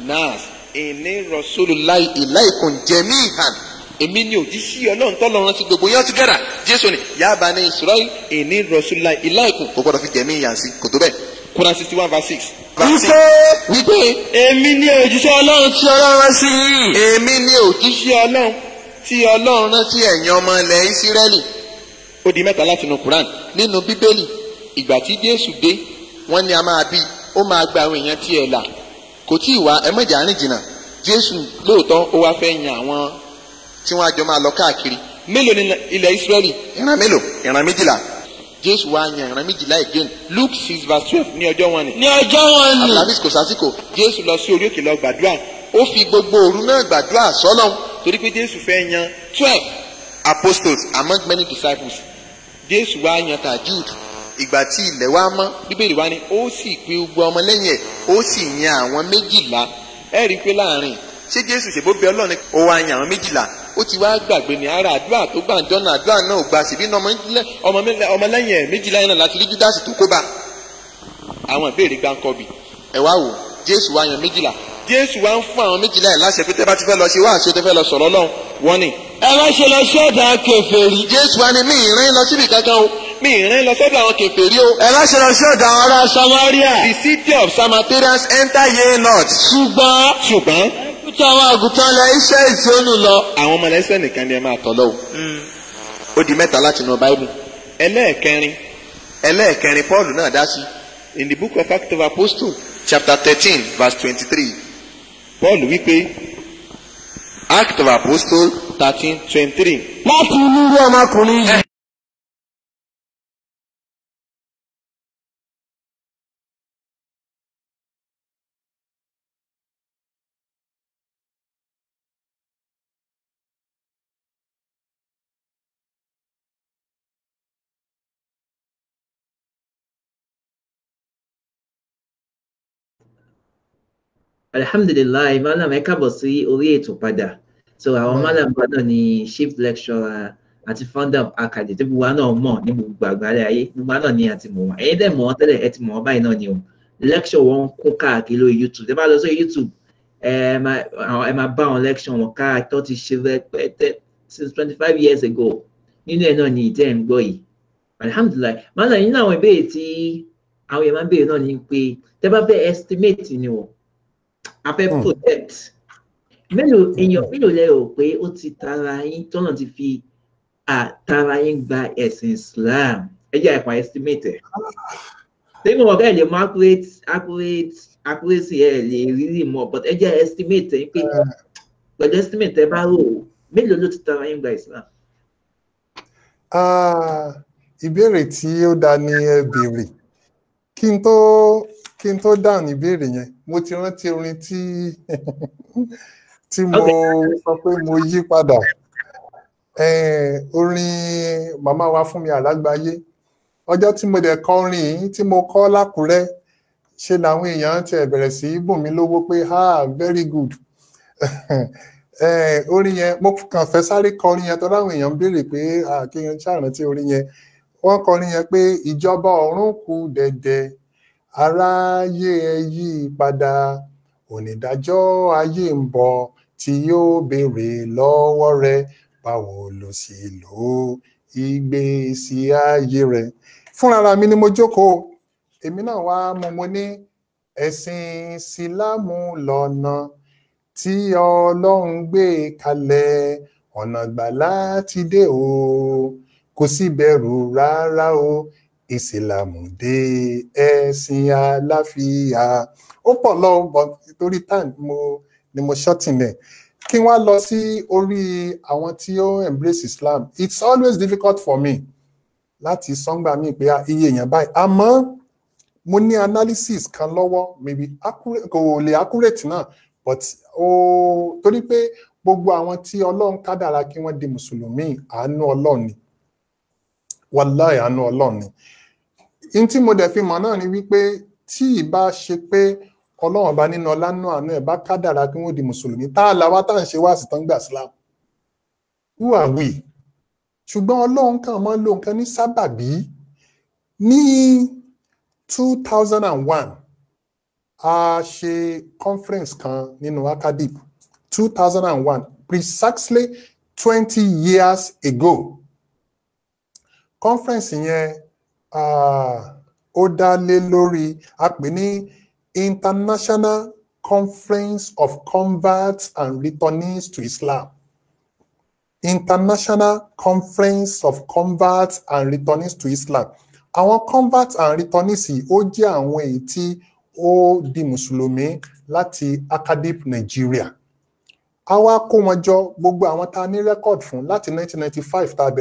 nas ìní rasulullah ilaykum jami'an èmi ni òjíṣẹ́ ọlọ́run tọ́lọ́ rántí gbogbo yẹn together jésù ni ya bani israel ìní rasulullah ilaykum kò gbọdọ̀ fi jami'an sí kò tó bẹ́ẹ̀. Quran sixty one verse six. wípé wípé èmi ni òjíṣẹ́ ọlọ́run tí ọlọ́run rán sí yìí. èmi ni òjíṣẹ́ ọlọ́run tí ọlọ́run rán sí ẹ̀yin ọmọ ilẹ̀ ìsírẹ́lì. ó di mẹ́ta láti nu Quran nínú bíbélì ìgbà tí jésù dé wọ́n ní a máa bí ó máa gba àwọn èèyàn tiẹ̀ là kò tí ì wá ẹ mọ̀jà àárín jìnnà jésù lóòótọ́ ó wá fẹ́ yan àwọn tí wọ́n àjọ máa lọ káàkiri. mélòó ni ilẹ̀ israẹli. ìran mélòó ìran méjìlá. jésù wá yan ìran méjìlá again luke six verse twelve ní ọjọ́ wọn ni. ní ọjọ́ wọn ni. alamis kò sásìkò jésù lọ sí orí òkè lọ gbàdúrà ó fi gbogbo òru náà gbàdúrà sọ́lọ́hún torí pé jésù fẹ́ yan twelve apostles among many disciples jésù wá yan tajud ìgbà tí ilẹ̀ wá mọ́ bíbélì wá ní ó sì pé gbogbo ọmọlẹ́yìn ẹ̀ ó sì yan àwọn méjìlá ẹ rí i pé láàrin ṣé jésù ṣèbó bẹ ọlọ́run ó wá yan àwọn méjìlá ó ti wá gbàgbé ní ara àdúrà tó gbà ń jọ́nà àdúrà náà ò gba síbí ọmọlẹ́yìn ẹ̀ méjìlá yẹn náà láti rí júdásì tó kó bá àwọn ìbéèrè gbáǹkọ́bì ẹ wá wò jésù wá yan méjìlá jésù wa ń fún àwọn méjìlá ẹ̀ láṣẹ pé tẹ́ bá ti fẹ́ lọ ṣe wá àṣẹ tẹ́ fẹ́ lọ sọ̀rọ̀ lọ́hùn wọ́n ni. ẹ wá ṣe lọ sọ́dọ̀ kèfèrí. jésù wa ni mi ìrìn lọ síbi kankan o mi ìrìn lọ sọ́dọ̀ àwọn kèfèrí o. ẹ wá ṣe lọ sọ́dọ̀ àwọn samaria. the city of samaritans enter ye not. ṣùgbọ́n. ṣùgbọ́n. ẹkútọ àwọn àgùntàn lọ iṣẹ́ ìsónù lọ. àwọn ọmọ ẹlẹ́sẹ̀ nìkan ni ẹ máa tọ̀ lọ o. Hmm. ó di mẹ́ta láti inú báíbù. ẹlẹ́ẹ̀kẹrin. ẹlẹ́ẹ̀kẹrin paul náà dá sí. in the book of acts of apostles chapter thirteen verse twenty-three. Paul wípé Act of Apostles thirteen twenty three. láti inú ilé ọmọkùnrin yìí. alhamdulillah malam ẹ káàbọ̀ sí orí ètò padà so àwọn malam padà ni chief lecturer àti founder of akadé tó gbogbo wa náà mọ̀ ní gbogbo àgbáyé ayé gbogbo wa náà ni àti mọ̀ wọn ẹ̀yin dẹ̀ mọ̀ wọn tẹ́lẹ̀ ẹ ti mọ̀ wọn báyìí náà ni o lecture wọn kún káàkiri lórí youtube tẹ́ lọ sórí youtube ẹ máa bá wọn lecture wọn káàkiri tó ti ṣe rẹpẹtẹ since twenty five years ago nínú ẹ̀ náà ni ìtẹ́ ń gbọ́ yìí alhamdulillah malam nínú àwọn ìbéèrè tí àwọn èèyàn máa ń béèrè náà ni pé tẹ́ fẹ́ estimate ni o abẹ́pòtẹ́t hmm. mélòó èèyàn mélòó lẹ rò pé ó ti tara yín tọ́nà ti fi tara yín gba ẹ̀sìn Islam ẹ jẹ́ àìpa estimate ẹ̀ tẹ́mi wọ̀gá ẹ̀ lè mọ accurate accurate accuracy ẹ̀ lè really mọ̀ but ẹ jẹ́ estimate ẹ̀ pé eh. pẹ̀lú estimate ẹ bá rò mélòó ló ti tara yín gba Islam. Ah, ìbéèrè tí ó dá ní ẹ béèrè kí n tó kí n tó dáhùn ìbéèrè yẹn mo ti rántí orin tí tí mo sọ pé mo yí padà orin màmá wa fún mi àlágbáyé ọjọ́ tí mo dẹ̀ kọ orin yìí tí mo kọ lákùrẹ́ ṣe làwọn èèyàn ti bẹ̀rẹ̀ sí bùn mí lówó pé ha very good <laughs> orin yẹn mo kàn fẹ́ sáré kọ orin yẹn tó láwọn èèyàn béèrè pé kí n ṣàrántí orin yẹn wọ́n kọ orin yẹn pé ìjọba ọ̀run kù dẹ̀dẹ̀ aráyé ẹ yí padà onídàájọ́ ayé ń bọ̀ tí yóò béèrè lọ́wọ́ rẹ báwo ló sì lò ó ìgbésí ayé rẹ fúnra mi ni mo jókòó èmi náà wá mo mo ní ẹ̀sìn sílámù lọ́nà tí ọlọ́run gbé kalẹ̀ ọ̀nà gbà láti dé o kò sí bẹ̀rù rárá o ìsìlámù dé ẹ̀sìn àlàáfíà ó pọ̀ lọ́wọ́ torí tán ni mo ṣọ́tìn ẹ̀ kí wọ́n lọ sí orí àwọn tí ó embrace Islam it's always difficult for me láti sọ́ngbà mi pé iye èèyàn báyìí àmọ́ mo ní analysis kan lọ́wọ́ maybe kò lè accurate náà but ó torí pé gbogbo àwọn tí Ọlọ́run kádàrá kí wọ́n di mùsùlùmí àánú Ọlọ́run ni wàláì àánú Ọlọ́run ni n tí mo dẹ̀ fi mọ̀ náà ni wípé tí ìbá ṣe pé ọlọ́run ọba nínú ọlá náà àánú ẹ̀ bá kádàrá kí wọ́n di mùsùlùmí tá a làwa tá à ń ṣe wá àsìtàn gbà sílámù who are ṣùgbọ́n ọlọ́run kan mọ́ ló nǹkan ní sábàbí ní two thousand and one a ṣe conference kan nínú acadip two thousand and one precisely twenty years ago conference yẹn ó dá lé lórí a pè ní international conference of converts and returnees to Islam international conference of converts and returnees to Islam àwọn converts and returnees ó jẹ́ àwọn èyí tí ó di mùsùlùmí láti acadip Nigeria a wá kó wọn jọ gbogbo àwọn tá ní rẹ́kọ̀dì fún láti 1995 tá a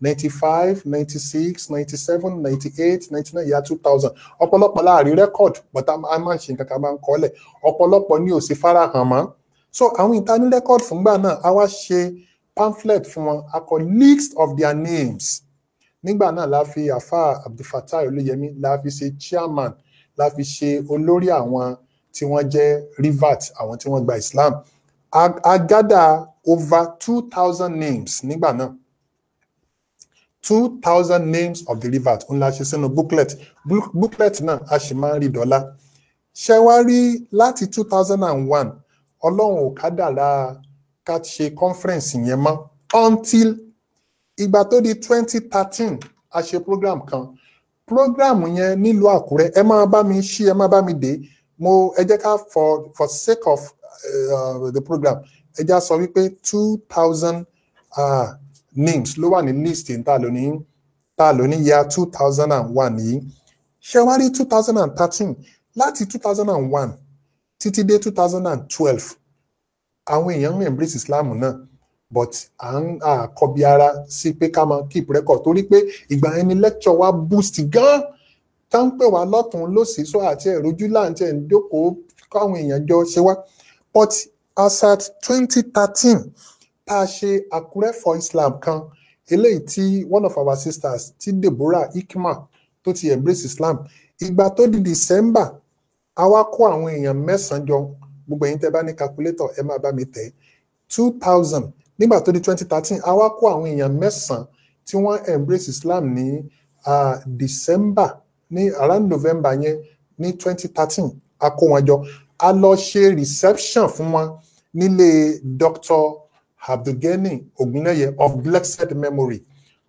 Ninety-five, 95 96 97 98 99 ìyá 2000 ọ̀pọ̀lọpọ̀ láàrin record but a máa ń ṣe nǹkan kan I'm ń kọ́lẹ̀ ọ̀pọ̀lọpọ̀ ni ò sí farahàn mọ́ so àwọn ìtaní record fúngbà náà a wá ṣe pamphlet fún wọn a kọ list of their names nígbà náà la fi afa abdulfatai olóyèmí la fi ṣe chairman la fi ṣe olórí àwọn tí wọ́n jẹ́ rivert àwọn tí wọ́n gba Islam a gádà over two thousand names nígbà náà 2000 names of delivered. rivers ńlá ṣe sínú booklet booklet náà a sì máa ń rí dọ́là ṣe wá rí láti 2001 ọlọ́run ò kádàrá ká ṣe conference yẹn mọ́ until ìgbà tó di 2013 a ṣe program kan program yẹn nílùú àkúrẹ́ ẹ máa bá mi ṣí ẹ máa bá mi dé mo ẹ jẹ́ ká for for sake of eh, uh, the program ẹ já sọ wípé 2000 uh, names ló wà ní list tá a lò ní tá a lò ní year two thousand and one yìí ṣé wá rí two thousand and thirteen láti two thousand and one títí dé two thousand and twelve àwọn èèyàn ń embrace Islam náà but à ń àkọbi ara sí pé ká máa keep record torí pé ìgbà yẹn ni lecture wa boost gan tá ń pè wá lọ́tún lọ́sì sọ àti ẹ̀rọjú láǹtí ẹ̀ ń dókòó káwọn èèyàn jọ ṣe wá but as at twenty thirteen tá a ṣe àkúrẹ́ for islam kan eléyìí tí one of our sisters ti deborah ikma tó ti embrace islam ìgbà tó di december a wá kó àwọn èèyàn mẹ́sàn-án jọ gbogbo ẹ̀yin tẹ́ bá ní calculator ẹ máa bá mi tẹ̀ two thousand nígbà tó di twenty thirteen a wá kó àwọn èèyàn mẹ́sàn-án tí wọ́n embrace islam ní uh, december ní around november yẹn ní twenty thirteen a kó wọn jọ a lọ ṣe reception fún wọn nílé doctor abdulgani ogunlẹyẹ of blessed memory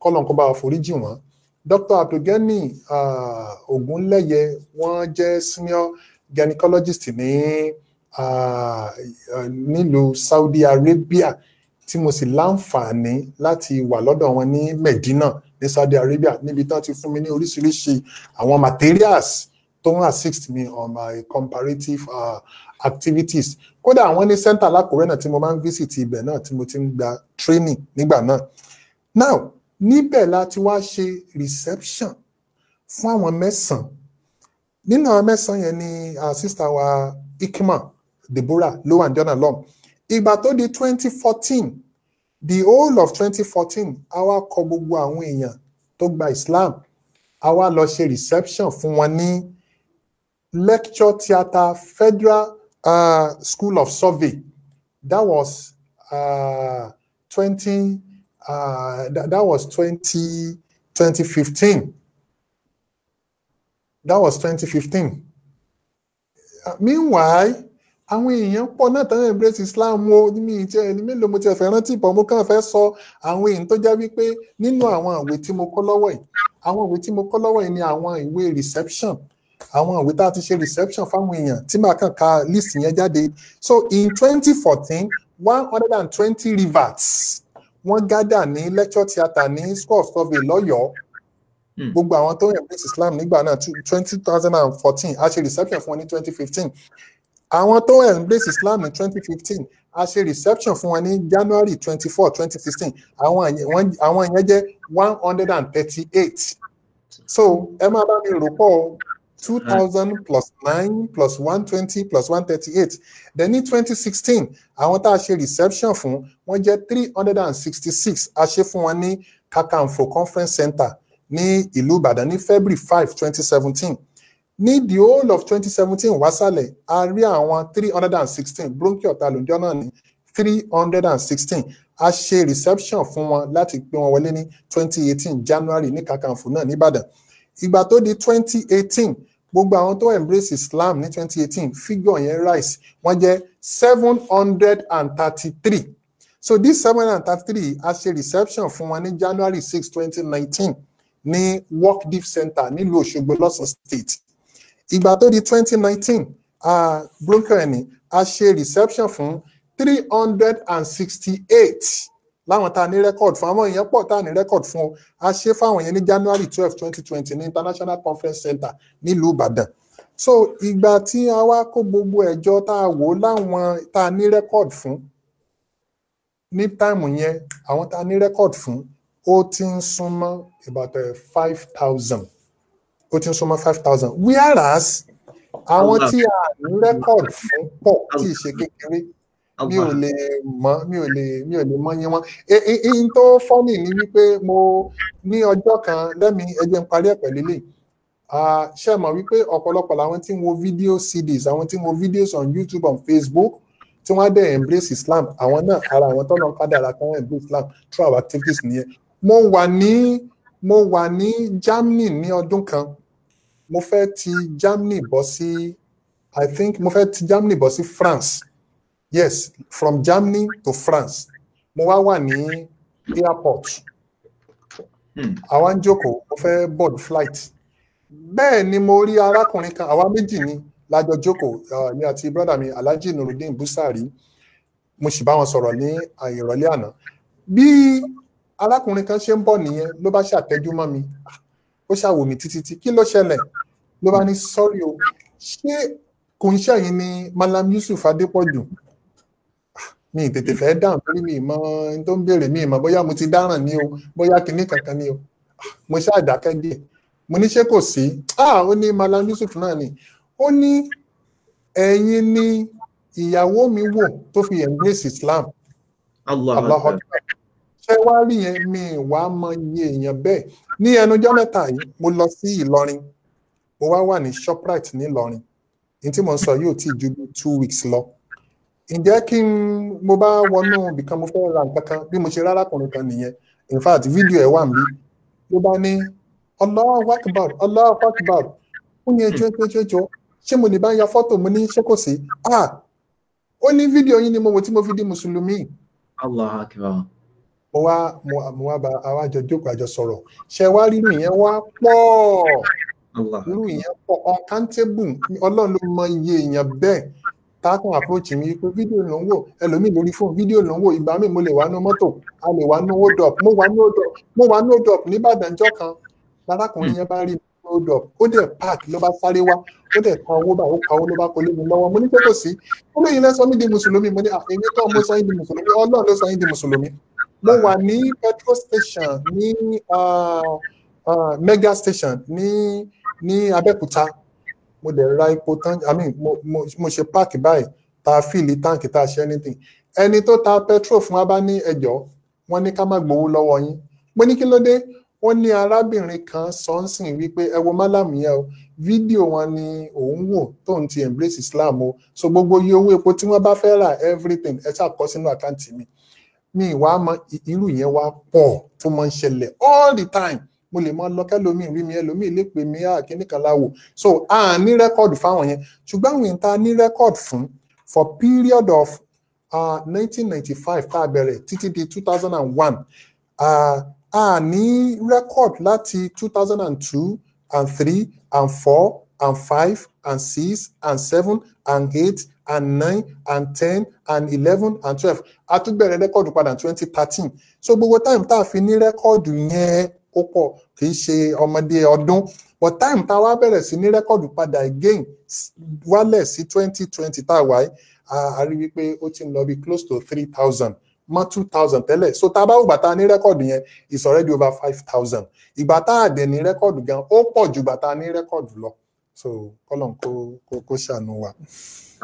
kọlọn kọba àforíjì wọn dr abdulgani uh, ogunlẹyẹ wọn jẹ senior gynecologist ní uh, uh, nílùú saudi arabia tí mo sì láǹfààní láti wà lọ́dọ̀ wọn ní medina ní saudi arabia níbi tán ti fún mi ní oríṣiríṣi àwọn materials tó ń assist me on my comparative uh, activities kódà àwọn ní center lákùrẹ́ náà tí mo máa ń visit ibẹ̀ náà tí mo ti ń gba training nígbà náà now níbẹ̀ la ti wá ṣe reception fún àwọn mẹ́sàn-án nínú àwọn mẹ́sàn-án yẹn ni sista wa ikima deborah lowan jona lom ìgbà tó di 2014, the whole of 2014, fourteen a wá kọ gbogbo àwọn èèyàn tó gba islam a wá lọ ṣe reception fún wọn ní lecture theatre federal uh, School of Survey. That was uh, 20, uh, that, that was 20, 2015. That was 2015. Uh, meanwhile, àwọn èèyàn pọ̀ náà tán embrace Islam o mi ìjẹ́ ẹni mélòó mo ti ẹ̀fẹ̀ rántí ìbọn mo kàn fẹ́ sọ àwọn èèyàn tó já wípé nínú àwọn ìwé tí mo kọ́ lọ́wọ́ yìí àwọn ìwé tí mo kọ́ lọ́wọ́ yìí ni àwọn ìwé reception àwọn ìwé tá a ti ṣe reception fáwọn èèyàn tí màá kàn ka list yẹn jáde so in twenty fourteen one hundred and twenty rivers wọ́n gádà ní lecture theatre ní school of survey lọ́yọ̀ọ́ hmm. gbogbo àwọn tó embrace Islam nígbà náà twenty thousand and fourteen a ṣe reception fún wọn ní twenty fifteen àwọn tó embrace Islam ní twenty fifteen a ṣe reception fún wọn ní January twenty four twenty sixteen àwọn ìyẹn jẹ́ one hundred and thirty eight so ẹ máa bá mi rò pọ̀ 2000 right. plus 9 plus 120 plus 138 then ní 2016 àwọn tá a ṣe reception fún wọ́n jẹ́ 366 a ṣe fún wọn ní kakanfo conference center ní ìlú ìbàdàn ní february 5 2017 ní the whole of 2017 wásálẹ̀ a rí àwọn 316 bronchial talonjọ́ náà ní 316 a ṣe reception fún wọn láti gbé wọn wọlé ní 2018 january ní kakanfo náà ní ìbàdàn ìgbà tó di 2018 gbogbo àwọn tó embrace Islam ní 2018. eighteen figure yẹn rise wọ́n jẹ́ 733. so this 733 hundred a ṣe reception fún wọn ní January 6, 2019, nineteen ní Deep Center nílùú Òṣogbo lọ́sùn state ìgbà tó di 2019, nineteen Bronco ẹni a ṣe reception fún 368 láwọn tá a ní rẹ́kọ̀d fún àwọn èèyàn pọ̀ tá a ní rẹ́kọ̀d fún o a ṣe fáwọn yẹn ní January twelve twenty twenty ní International Conference Center nílùú Ìbàdàn so ìgbà tí a wá kó gbogbo ẹ̀jọ tá a wò láwọn tá a ní rẹ́kọ̀d fún ní táìmù yẹn àwọn tá a ní rẹ́kọ̀d fún ó ti ń súnmọ́ about eh, five thousand ó ti ń súnmọ́ five thousand whereas àwọn tí a ní rẹ́kọ̀d fún pọ̀ tí ì ṣe kékeré mi ò lè mọ mi ò lè mi ò lè mọ yín wọn e, e, eyín tó fọ́nì ni wípé mo ní ọjọ́ kan lẹ́mi ẹjẹ́ ń parí ẹ̀ pẹ̀lú lè ṣe mọ̀ wípé ọ̀pọ̀lọpọ̀ làwọn tí ń wo video CDs àwọn tí ń wo videos on YouTube and Facebook tí wọ́n á dẹ̀ embrace Islam àwọn náà ara àwọn tọ́nà kádàrà kan embrace Islam through our activities nìyẹn mo wà ní mo wà ní Germany ní ọdún kan mo fẹ́ ti Germany bọ́ sí I think mo fẹ́ ti Germany bọ́ sí France yes from Germany to France mo wá wà ní airport hmm. àwa ń jókòó mo fẹ́ board flight bẹ́ẹ̀ ni mo rí arákùnrin kan àwa méjì ni lájọ jókòó ní ah, àti brọ́dà mi Alhaji Nurudeen Busari mo sì bá wọn sọ̀rọ̀ ní ìrọ̀lẹ́ àná bí arákùnrin kan ṣe ń bọ̀ nìyẹn ló bá ṣàtẹ́jú mọ́ mi ah, ó ṣàwò mí títí tí kí ló ṣẹlẹ̀ ló bá ní sọ́rí o ṣé kò ń ṣẹ̀yìn ni Malam Yusuf Adépọ̀jù mi tètè fẹ́ dáhùn lórí mi mọ tó ń béèrè mi mọ bóyá mo ti dáràn ni o bóyá kinní kankan ni o mo ṣáà dákẹ́ díẹ̀ mo ní ṣé kò sí ah ó ní malam yusuf náà ni ó ní ẹ̀yin ni ìyàwó mi wò tó fi embrace islam Allah. ṣé wàá rí yẹn mi wàá mọ iye èèyàn bẹ́ẹ̀ ní ẹnujọ́ mẹ́ta yìí mo lọ sí ìlọrin mo wá wà ní shoprite nílọrin ní tí mo ń sọ yóò ti ju two weeks lọ. ǹjẹ́ kí n mo bá wọnú ibìkan mo fẹ́ ra nǹkan kan bí kan nìyẹn in fact fídíò ẹ̀ wà mí ló bá ní Allahu Akbar Allahu Akbar ó ní ẹjọ́ ẹjọ́ ẹjọ́ ẹjọ́ ṣé mo bá ya fọ́tò mo ní ṣé kò ah ó ní fídíò yín ni mo wò tí mo fi di mùsùlùmí. mo wá mo wá ba jọ jókòó àjọ ṣe wá yẹn wá pọ̀ ìyẹn pọ̀ tákàn approach mi pé fídíò ló ń wò ẹlòmíì lórí fóònù fídíò ló ń ìgbà míì mo lè wà ní mọ́tò a lè wà ní hold up mo wà ní hold up mo wà ní hold up nìbàdàn jọ kan lárákùnrin yẹn bá rí hold up ó dẹ̀ park ló bá sáré wá ó dẹ̀ kan owó bá ó pa owó ló bá kọ lé mi lọ́wọ́ mo ní pé kò sí ó lóyìn lẹ́sọ mí di mùsùlùmí mo ní àfẹ́yìn ah, tó mo sọ yín di mùsùlùmí ọlọ́run ló sọ yín di mùsùlùmí mo wà ní petrol station ní ah, ah, mega station ní ní Abẹ́òkúta mo dẹ̀ ra epo tank i mean mo mo mo ṣe páàkì báyìí ta fíìlì táǹkì ta ṣe anything ẹni tó ta petrol fún wa bá ní ẹjọ́ wọ́n ní ká má gbowó lọ́wọ́ yín mo ní kí ló dé wọ́n ní arábìnrin kan sọ́nsìn wípé ẹ wo málàmù yẹn o fídíò wọn ni òun wò tóun ti embrace islam o so gbogbo iye owó epo tí wọ́n bá fẹ́ rà everything ẹ ṣàkọ sínú àkáǹtì mi mi ìwà mọ irú yẹn wá pọ̀ tó máa ń ṣẹlẹ̀ all the time mo lè máa lọ kẹlòmíì rí mi ẹlòmíì lè pè mí àkíní kan láwò so a ní rẹ́kọ̀dù fáwọn yẹn ṣùgbọ́n àwọn ìta ní rẹ́kọ̀dù fún for period of uh, 1995 tá a bẹ̀rẹ̀ títí di 2001 uh, a ní rẹ́kọ̀dù láti 2002 and 3 and 4 and 5 and 6 and 7 and 8 and nine and ten and eleven and twelve a tún bẹ̀rẹ̀ rẹ́kọ̀dù padà twenty thirteen so gbogbo táìmù tá a fi ní rẹ́kọ̀dù yẹn ó pọ̀ kì í ṣe ọmọdé ọdún but time tá a wá bẹ̀rẹ̀ sí ní rẹ́kọ̀dù padà again wálẹ̀ sí twenty twenty tá a wáyé a rí wípé ó ti ń lọ bí close to three thousand mọ́ two thousand tẹ́lẹ̀ so tá a bá wò bàtà ní rẹ́kọ̀dù yẹn it's already over five thousand ìgbà tá a dẹ̀ ní rẹ́kọ̀dù gan ó pọ̀ ju bàtà ní rẹ́kọ̀dù lọ so kọ́lọ̀n kó kó kó ṣàánú wa.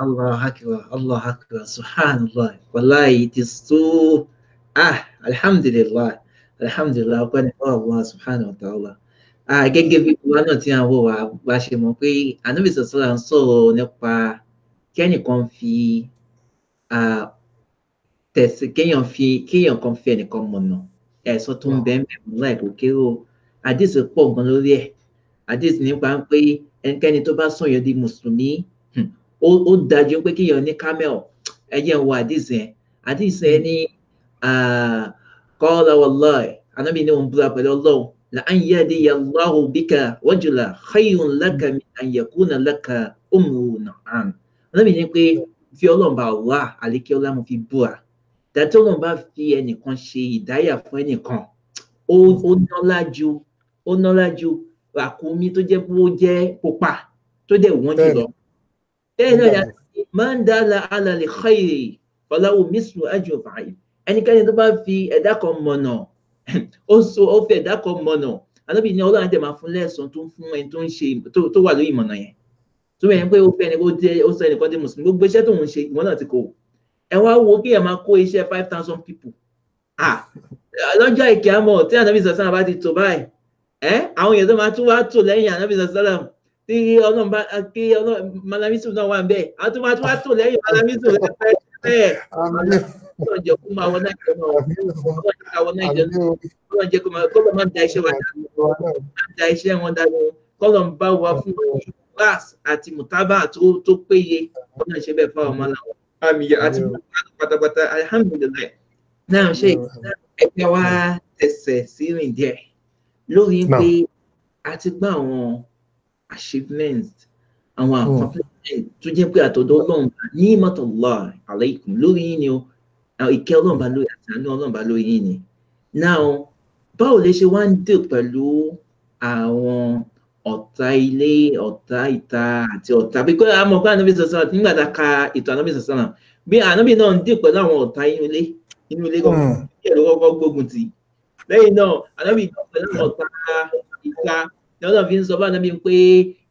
allah akbar allah akbar subhanallah wallahi it is so ah alhamdulillah alhamdulillah ọpẹ́ ní fún Allah subhanahu wa ta'ala gẹ́gẹ́ bí wa náà tí a wò wá bá ṣe mọ̀ pé ànábì sọ̀sọ́ra ń sọ̀rọ̀ nípa kẹ́nìkan fi tẹ̀sí kéèyàn fi kéèyàn kan fi ẹnìkan mọ̀nà ẹ̀sọ́ tó ń bẹ́ẹ̀ bẹ́ẹ̀ mọ́ láì kò o àdìsí pọ̀ gan lórí ẹ̀ àdìsí nípa ń pé ẹnikẹ́ni tó bá sọ̀yàn di mùsùlùmí hmm, ó dájú pé kéèyàn ní kámẹ́ọ̀ ẹ̀yẹ̀ ń àdìsí yẹn àdìsí yẹn ní qala wallahi anábì ní òun búra pẹ̀lú ọlọ́run la an yadiyallahu bika wajula khayrun laka min an yakuna laka umrun an anábì ní pé fi ọlọ́run bá wà àlékẹ́ ọlá mo fi búra dàtí ọlọ́run bá fi ẹnìkan ṣe ìdáyà fún ẹnìkan ó nọ́lá ju ó nọ́lá ju ràkúnmí tó jẹ́ bó jẹ́ pupa tó dẹ̀ wọ́n jù lọ bẹ́ẹ̀ náà yàtọ̀ máa ń dá la alàlẹ́ khairi falahu mislu ajri fàáyì ẹnikẹ́ni tó bá fi ẹ̀dá kan mọ̀nà <clears throat> ó so ó fi ẹ̀dá kan mọ̀nà ànábì ní ọlọ́run tẹ̀ máa fún lẹ́sàn-án tó ń fún ẹni tó ń ṣe tó wà lórí ìmọ̀nà yẹn tó bẹ̀rẹ̀ pé ó fẹ́ ẹni ó sọ ẹnìkan dé mùsùlùmí gbogbo iṣẹ́ tó ń ṣe ìwọ náà ti kó ẹ wá wo kí ẹ máa kó iṣẹ́ five thousand people ah lọ́jọ́ ìkẹ́ àmọ́ tí ànábì sàṣàlám bá ti tò báyìí ẹ́ àwọn èèyàn tó máa tún wá tò lẹ́yìn ànábì sàṣàlám tí ọlọ́run bá kí ọlọ́run malamisu náà wà ń bẹ́ẹ̀ àwọn tó máa tún wá tò lẹ́yìn malamisu náà bẹ́ẹ̀ ọlọ́run jẹ́ kó máa wọn náà jẹ́ máa wọ̀ ọlọ́run jẹ́ káwọn náà jẹ́ ọlọ́run jẹ́ kó máa kọ́lọ̀ máa da iṣẹ́ wa dànù máa da iṣẹ́ wọn dànù kọ́lọ̀ ń bá wa fún class àti mutaba tó péye ọlọ́run ṣe bẹ́ẹ̀ fáwọn ọmọ náà àmì àti pátápátá alhamdulilayi náà ṣe ẹgbẹ́ wa tẹ̀sẹ̀ sí rìn díẹ̀ lórí pé a ti gbọ́ àwọn achievements àwọn àkọ́kọ́ hmm tó jẹ́ pé àtọ̀dọ̀ ọlọ́run ní ìmọ̀tọ̀lá alaykum lórí yín ni o ìkẹ́ ọlọ́run bá lórí àti àánú ọlọ́run bá lórí yín ni. now báwo lè ṣe wá ń dè pẹ̀lú àwọn ọ̀tá ilé ọ̀tá ìta àti ọ̀tá bí kò àmọ́ pé ànábì sọ̀sọ̀ nígbà tá a ka ètò ànábì sọ̀sọ̀ náà bí ànábì náà ń dè pẹ̀lú àwọn ọ̀tá inú ilé inú ilé kọ̀ọ̀kan bí hmm. ẹ̀rọ kọ́kọ́ gbógun tì lẹ́yìn náà ànábì náà pẹ̀lú ọ̀tá ìta lọ́nà fi ń sọ bá nàbí pé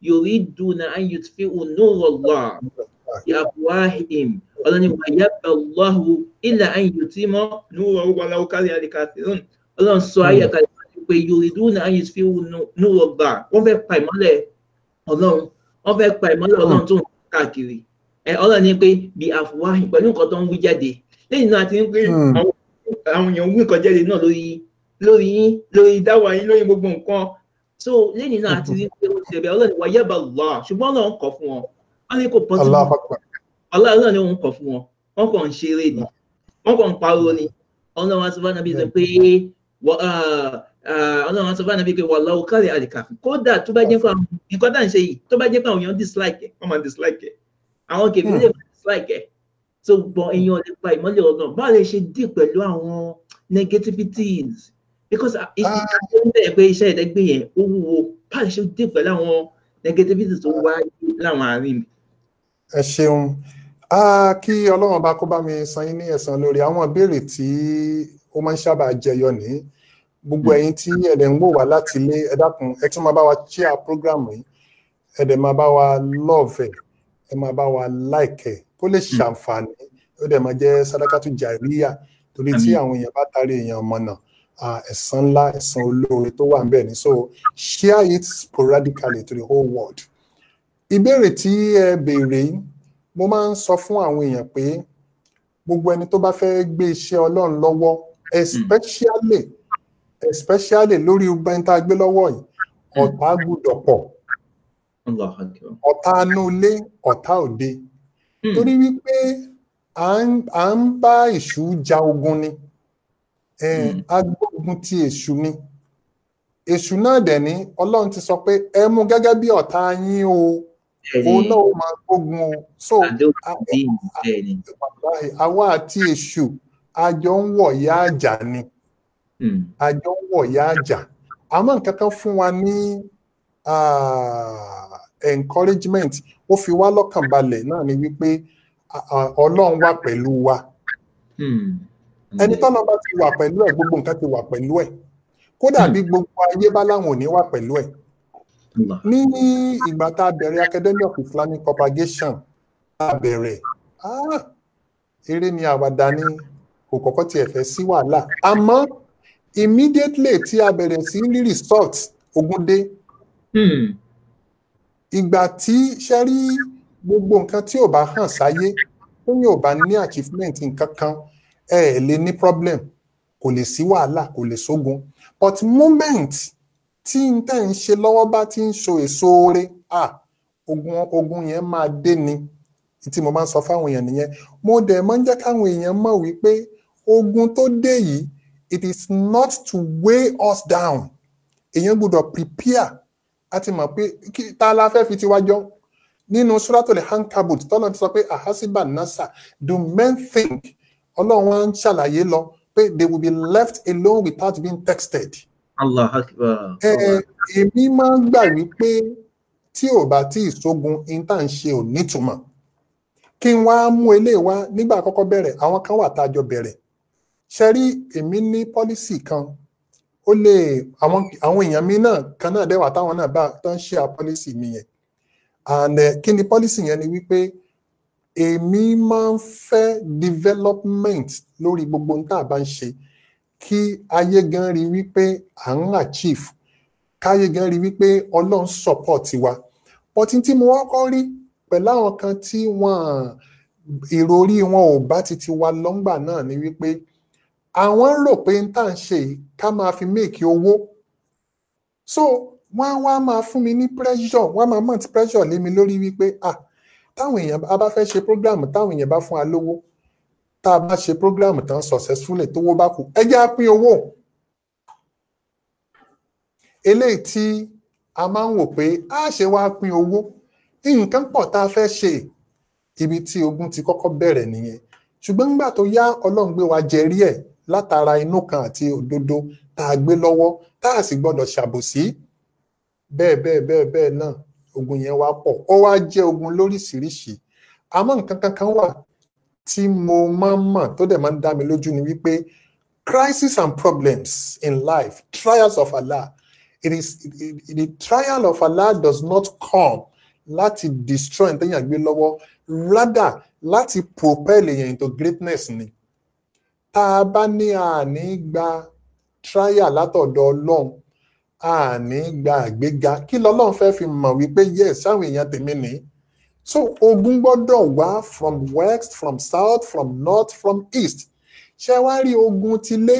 yorí dùnà ayùtfí ònúrọ̀lá yàbùwáhìm ọlọ́ni wàyàbà lọ́hù ilà ayùtí mọ́ núrọ̀ wàlá kárí àríkàfẹ́rún ọlọ́run sọ ayàkàlẹ̀ hmm. pé yorí dùnà ayùtfí ònúrọ̀lá wọ́n fẹ́ pa ìmọ́lẹ̀ ọlọ́run wọ́n fẹ́ pa ìmọ́lẹ̀ ọlọ́run tó ń káàkiri ọlọ́run ni pé bí àfùwáhìm pẹ̀lú nǹkan tó ń wí jáde lẹ́yìn náà àti pé hmm. àwọn èèyàn wí nǹkan so lẹ́yìn náà àti rí pé wọ́n ti ẹ̀bẹ̀ ọlọ́run wà yẹ́bà lọ́ ṣùgbọ́n ọlọ́run kọ̀ fún wọn wọ́n ní kò pọ́n sí ọlọ́run ni òun kọ̀ fún wọn wọ́n kàn ń ṣeré ni wọ́n kàn ń pariwo ni ọlọ́run wa sọ fún anabi sọ pé ah, ah, ọlọ́run wa sọ fún anabi pé wà lọ́wọ́ kárí àlìkàfí kódà tó bá jẹ́ pé àwọn nǹkan tá à ń ṣe yìí tó bá jẹ́ pé àwọn èèyàn dislike ẹ̀ wọ́n máa dislike ẹ̀ àwọn kèmí lè máa dislike ẹ̀ tó gbọ́ èèyàn lè pa ìmọ́lẹ̀ ọlọ́run báwo lè ṣe dì pẹ̀lú àwọn negativities because ìṣe uh, ah. pé iṣẹ́ ìdẹ́gbẹ́ yẹn ó wúwo báyìí ṣe dé pẹ̀lú àwọn negativity tó wá láwọn àárín mi. ẹ ṣeun kí ọlọ́run bá kó bá mi san yín ní ẹ̀san lórí àwọn ìbéèrè tí ó máa ń sábà jẹyọ ní gbogbo hmm. ẹ̀yin tí ẹ̀dẹ̀ ń wò wá láti ilé ẹ ẹ tún máa bá wa chair program yìí ẹ máa bá wa love ẹ ẹ máa bá wa like ẹ kó lè hmm. ṣàǹfààní ó dẹ̀ máa jẹ́ sadakatu jàríyà torí tí àwọn èèyàn bá tarí èèyàn mọ̀nà ẹ̀san ńlá ẹ̀san olóore tó wà níbẹ̀ ni so share it sporadically to the whole world. ìbéèrè tí ẹ béèrè yìí mo máa ń sọ fún àwọn èèyàn pé gbogbo ẹni tó bá fẹ́ gbé iṣẹ́ ọlọ́run lọ́wọ́ especially especially lórí ọgbà ẹni tá a gbé lọ́wọ́ yìí ọ̀tá gbúdọ̀ pọ̀ ọ̀tá inú ilé ọ̀tá òde hmm. torí wípé à ń bá ìṣú ja ogun ni. Mm. Hmm. agbógun ti èṣù ni èṣù náà dẹ̀ ní ọlọ́run ti sọ pé ẹ mú gẹ́gẹ́ bí ọ̀tá yín o òun náà ó máa gbógun o so àwa àti èṣù àjọ ń wọ̀ yá àjà ni àjọ hmm. ń wọ̀ yá àjà àmọ́ nkankan fún wa ní encouragement ó fi wá lọ́kàn balẹ̀ náà ni wípé ọlọ́run wà pẹ̀lú wa. Hmm. ẹni tọ́nà bá ti wà pẹ̀lú ẹ̀ gbogbo nǹkan ti wà pẹ̀lú ẹ̀ kódà bí gbogbo ayé bá láwọn ò ní wà pẹ̀lú ẹ̀ ní ìgbà tá a bẹ̀rẹ̀ academy of islamic propagation tá a bẹ̀rẹ̀ ah, eré ni àwàdà ni kò kọ́kọ́ tiẹ̀ fẹ́ sí wàhálà àmọ́ immediately tí a bẹ̀rẹ̀ sí ní resort ogunde hmm. ìgbà tí sẹ́rí gbogbo nǹkan tí ò bá hàn sáyé tó yóò bá ní achievement nǹkan kan. Hmm ẹ ẹ lè ní problem kò lè sí wàhálà kò lè sógun but moment tí n tẹ́ ń ṣe lọ́wọ́ bá ti ń so èso oore ah ogun ogun yẹn máa dé ni tí mo máa ń sọ fáwọn èèyàn nìyẹn mo dẹ̀ máa ń jẹ́ káwọn èèyàn mọ̀ wípé ogun tó dé yìí it is not to weigh us down èèyàn gbọ́dọ̀ prepare a ti mọ̀ pé ta la fẹ́ fi tiwa jọ nínú suratul hankabut tọ́lọ́ ti sọ pé ahasiba nasa do men think ọlọ́run wa ń ṣàlàyé lọ pé they will be left alone without being texted. Allah akbar. ẹ èmi máa ń gbà wípé tí ò bá tí ìṣógun intan ṣe ò nítumọ̀ kí n wá mú eléyìí wá nígbà àkọ́kọ́ bẹ̀rẹ̀ àwọn kan wà tájọ bẹ̀rẹ̀ ṣe rí èmi ní pọ́lísì kan ó lè àwọn àwọn èèyàn mi náà kan náà dẹ́wà táwọn náà bá tó ń ṣe àpọ́lísì mi yẹn and eh, kí ni pọ́lísì yẹn ni wípé èmi máa ń fẹ́ development lórí gbogbo ohun tá a bá ń ṣe kí ayé gan rí wípé à ń achieve káyé gan rí wípé ọlọ́run support wa ọtí tí mo wá kọ́ rí pẹ̀lú àwọn kan tí wọ́n ìròrí wọn ò bá ti ti wa lọ́ngbà náà ni wípé àwọn rò pé n tá à ń ṣe ká máa fi make owó so wọ́n á wá máa fún mi ní pressure wọ́n á máa mount pressure lé mi lórí wípé ah táwọn èèyàn a bá fẹ́ ṣe program táwọn èèyàn bá fún wa lówó tá a bá ṣe program tán successfully tówó bá kù ẹ jẹ́ pín owó eléyìí tí a máa ń wò pé a ṣe wá pín owó nǹkan pọ̀ tá a fẹ́ ṣe ibi tí ogun ti kọ́kọ́ bẹ̀rẹ̀ nìyẹn ṣùgbọ́n nígbà tó yá ọlọ́run gbé wa jẹrí ẹ̀ látara inú kan àti òdodo tá a gbé lọ́wọ́ tá a sì gbọ́dọ̀ ṣàbòsí bẹ́ẹ̀ bẹ́ẹ̀ bẹ́ẹ̀ bẹ́ẹ̀ náà ogun yẹn wá pọ̀ ó wá jẹ́ ogun lóríṣiríṣi àmọ́ nǹkan kankan wà tí mo máa ń mọ̀ tó dẹ̀ máa ń dá mi lójú ni wípé crisis and problems in life trials of Allah it is it, it, the trial of Allah does not come láti destroy ntẹ́yìn àgbé lọ́wọ́ rather láti propel èèyàn into greatness ni tá a bá ní àní gba trial látọ̀dọ̀ Ọlọ́run àní gba àgbéga kí lọ́lọ́run fẹ́ fi mọ̀ wípé yes sáwọn èèyàn tèmi ni so ogun gbọ́dọ̀ wá from west from south from north from east ṣé wàá rí ogun ti lé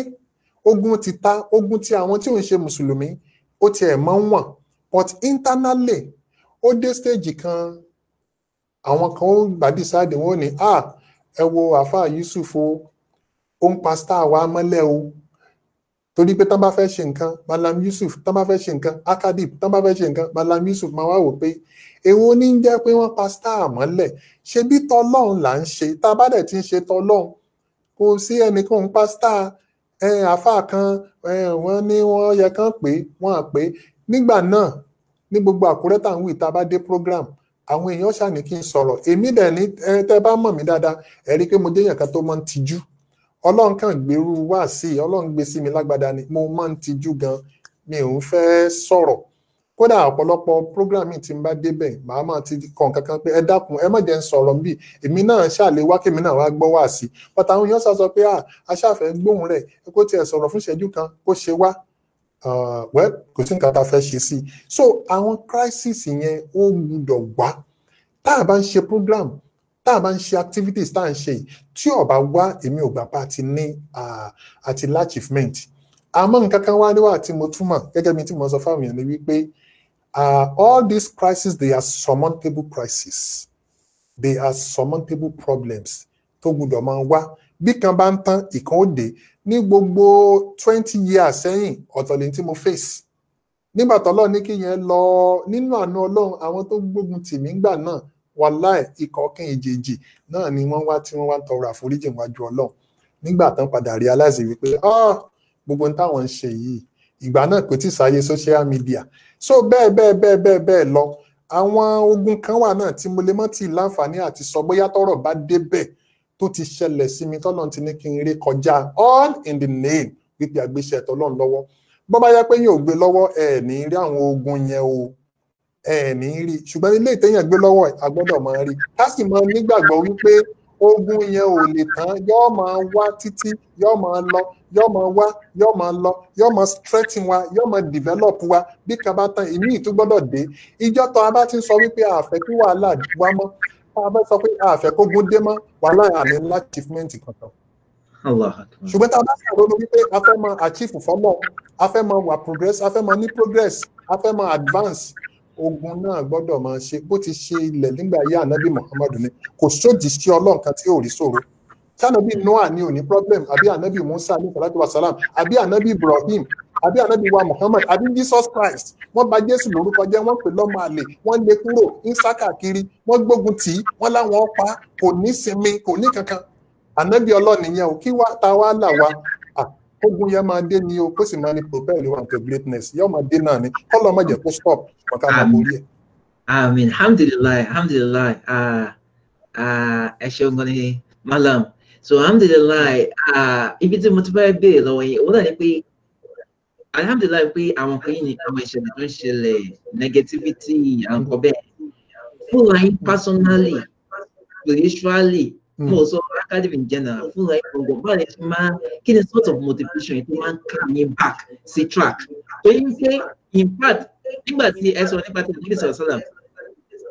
ogun ti ta ogun ti àwọn tí ò ṣe mùsùlùmí ó tiẹ̀ mọ́ wọ̀n but internally ó dé stage kan àwọn kan ó gbà decide wọn ò ah ẹ wo àáfàá Yusuf o ó ń pa star wa mọ́lẹ̀ o torí pé tán bá fẹ́ ṣe nǹkan malam yusuf tán bá fẹ́ ṣe nǹkan akadib tán bá fẹ́ ṣe nǹkan malam yusuf máa wá wò pé èwo ní jẹ́ pé wọ́n pa star mọ́lẹ̀ ṣe bí tọlọ́run là ń ṣe tá a bá dẹ̀ ti ń ṣe tọlọ́run kò sí ẹnìkan ń pa star àfa kan wọ́n ní wọ́n yẹ kán pé wọ́n à pé nígbà náà ní gbogbo àkúrẹ́ tá à ń wí tá a bá dé program àwọn èèyàn ṣàní kí n sọ̀rọ̀ èmi dẹ̀ ní tẹ́ bá mọ̀ mí dáadáa ẹ̀rí pé mo jẹ́ èèyàn kan tó máa ń tijú ọlọ́run kàn gbèrú wá sí i ọlọ́run gbé sí mi lágbádá ni mo máa ń tijú gan mi ò ń fẹ́ sọ̀rọ̀ kódà ọ̀pọ̀lọpọ̀ program mi ti ń bá débẹ̀ màá máa ti kàn kankan pé ẹ dákun ẹ má jẹ́ ń sọ̀rọ̀ bí èmi náà ṣàlè wá kémi náà wá gbọ́ wá sí i bàtà àwọn èèyàn sọ pé a gbóhùn rẹ̀ kó tiẹ̀ sọ̀rọ̀ fún ìṣẹ́jú kan kó ṣe wá well kò sí nǹkan tá a fẹ́ ṣe sí i so àwọn crisis yẹn ó gbúdọ̀ wá tá a bá ń ṣe program tá a bá ń ṣe activities tá a ń ṣe yìí tí ó bá wá èmi ò gbà pa àti ní àti achievement àmọ́ nǹkan kan wá níwà tí mo túmọ̀ gẹ́gẹ́ bí tí mo sọ fáwọn èèyàn ni wípé all these crises they are surmountable crises they are surmountable problems tó gbọ́dọ̀ máa wá bí kan bá ń tán ìkan ó dé ní gbogbo twenty years sẹ́yìn ọ̀tọ̀ lè tí mo face nígbà tọ́lọ́ ní kí yẹn lọ nínú àánú ọlọ́run àwọn tó gbógun tì mí gbà náà wàláì ìkọ̀ọ̀kan èjèèjì náà ni wọ́n wá tí wọ́n wá ń tọrọ àforíjì wájú ọlọ́run nígbà tán padà realize wípé ah, gbogbo táwọn ń ṣe yìí ìgbà náà kò tí sáyé social media so bẹ́ẹ̀ bẹ́ẹ̀ bẹ́ẹ̀ bẹ́ẹ̀ bẹ́ẹ̀ lọ àwọn ogun kan wà náà tí mo lè mọ́ tí láǹfààní àti sọ bóyá tọ́rọ̀ bá débẹ̀ tó ti ṣẹlẹ̀ sí mi tọ́lọ́run ti ní kí n rí kọjá all in the name wípé àgbéṣẹ́ tọ́lọ́run lọ́wọ́ bó bá yá pé yóò gbé lọ́wọ́ ẹ̀ ní rí àwọn ogun yẹn o ẹ ní rí ṣùgbọ́n ilé ìtẹ̀yàn gbé lọ́wọ́ a gbọ́dọ̀ máa rí ká sì máa nígbàgbọ́ wípé ogun yẹn ò lè tán yóò máa wá títí yóò máa lọ yóò máa wá yóò máa lọ yóò máa strengthen wa yóò máa develop wa bí kan bá tán ìmí ìtú gbọ́dọ̀ dé ìjọ tó a bá ti sọ wípé a fẹ́ kí wàhálà wá mọ́ tá a bá sọ pé a fẹ́ kógun dé mọ́ wàhálà àmì ńlá achievement kankan ṣùgbọ́n tá a bá ṣàrònú wípé a fẹ́ máa achieve fọ́mọ̀ a fẹ́ máa wà progress a fẹ́ máa ní progress a fẹ́ máa advance ogun náà gbọ́dọ̀ máa ṣe bó ti ṣe ilẹ̀ nígbà ayé ànábì muhammadu ni kò sójì sí ọlọ́run kan tí ò rí ṣòro kánàbí noah ni ò ní problem àbí anabi musa ní salatu wa salam àbí ànábì ibrahim àbí anabi wa muhammad àbí jesus christ wọ́n bà jésù lórúkọ jẹ́ wọ́n pè lọ́mọ àlè wọ́n lé kúrò ń sá káàkiri wọ́n gbógun tì í wọ́n láwọn pa kò ní sinmi kò ní kankan ànábì ọlọ́run nìyẹn ò kí wá ta wá là wá ogun yẹn máa dé ni o kó sì máa ní propel wa to greatness yóò máa dé náà ni kọ́lọ́ má jẹ́ kó stop ọ̀ká máa borí ẹ̀. amin alhamdulilayi alhamdulilayi ah, ah, ẹ ṣeun gan ni malam so alhamdulilayi ah, ibi tí mo ti fẹ́ béèrè lọ́wọ́ yìí ó dàbí pé alhamdulilayi pé àwọn kan yìí ni àwọn ìṣẹ̀lẹ̀ tó ń ṣẹlẹ̀ negativity àwọn kan bẹ́ẹ̀ fún wa yín personally spiritually. more so academic in general, fún ẹ gbogbo báwo ni máa kí ni sort of motivation tó máa ń calm back see track tó yín pé in fact nígbà tí ẹ sọ nípa tí ànábì sọ̀rọ̀ sọ́là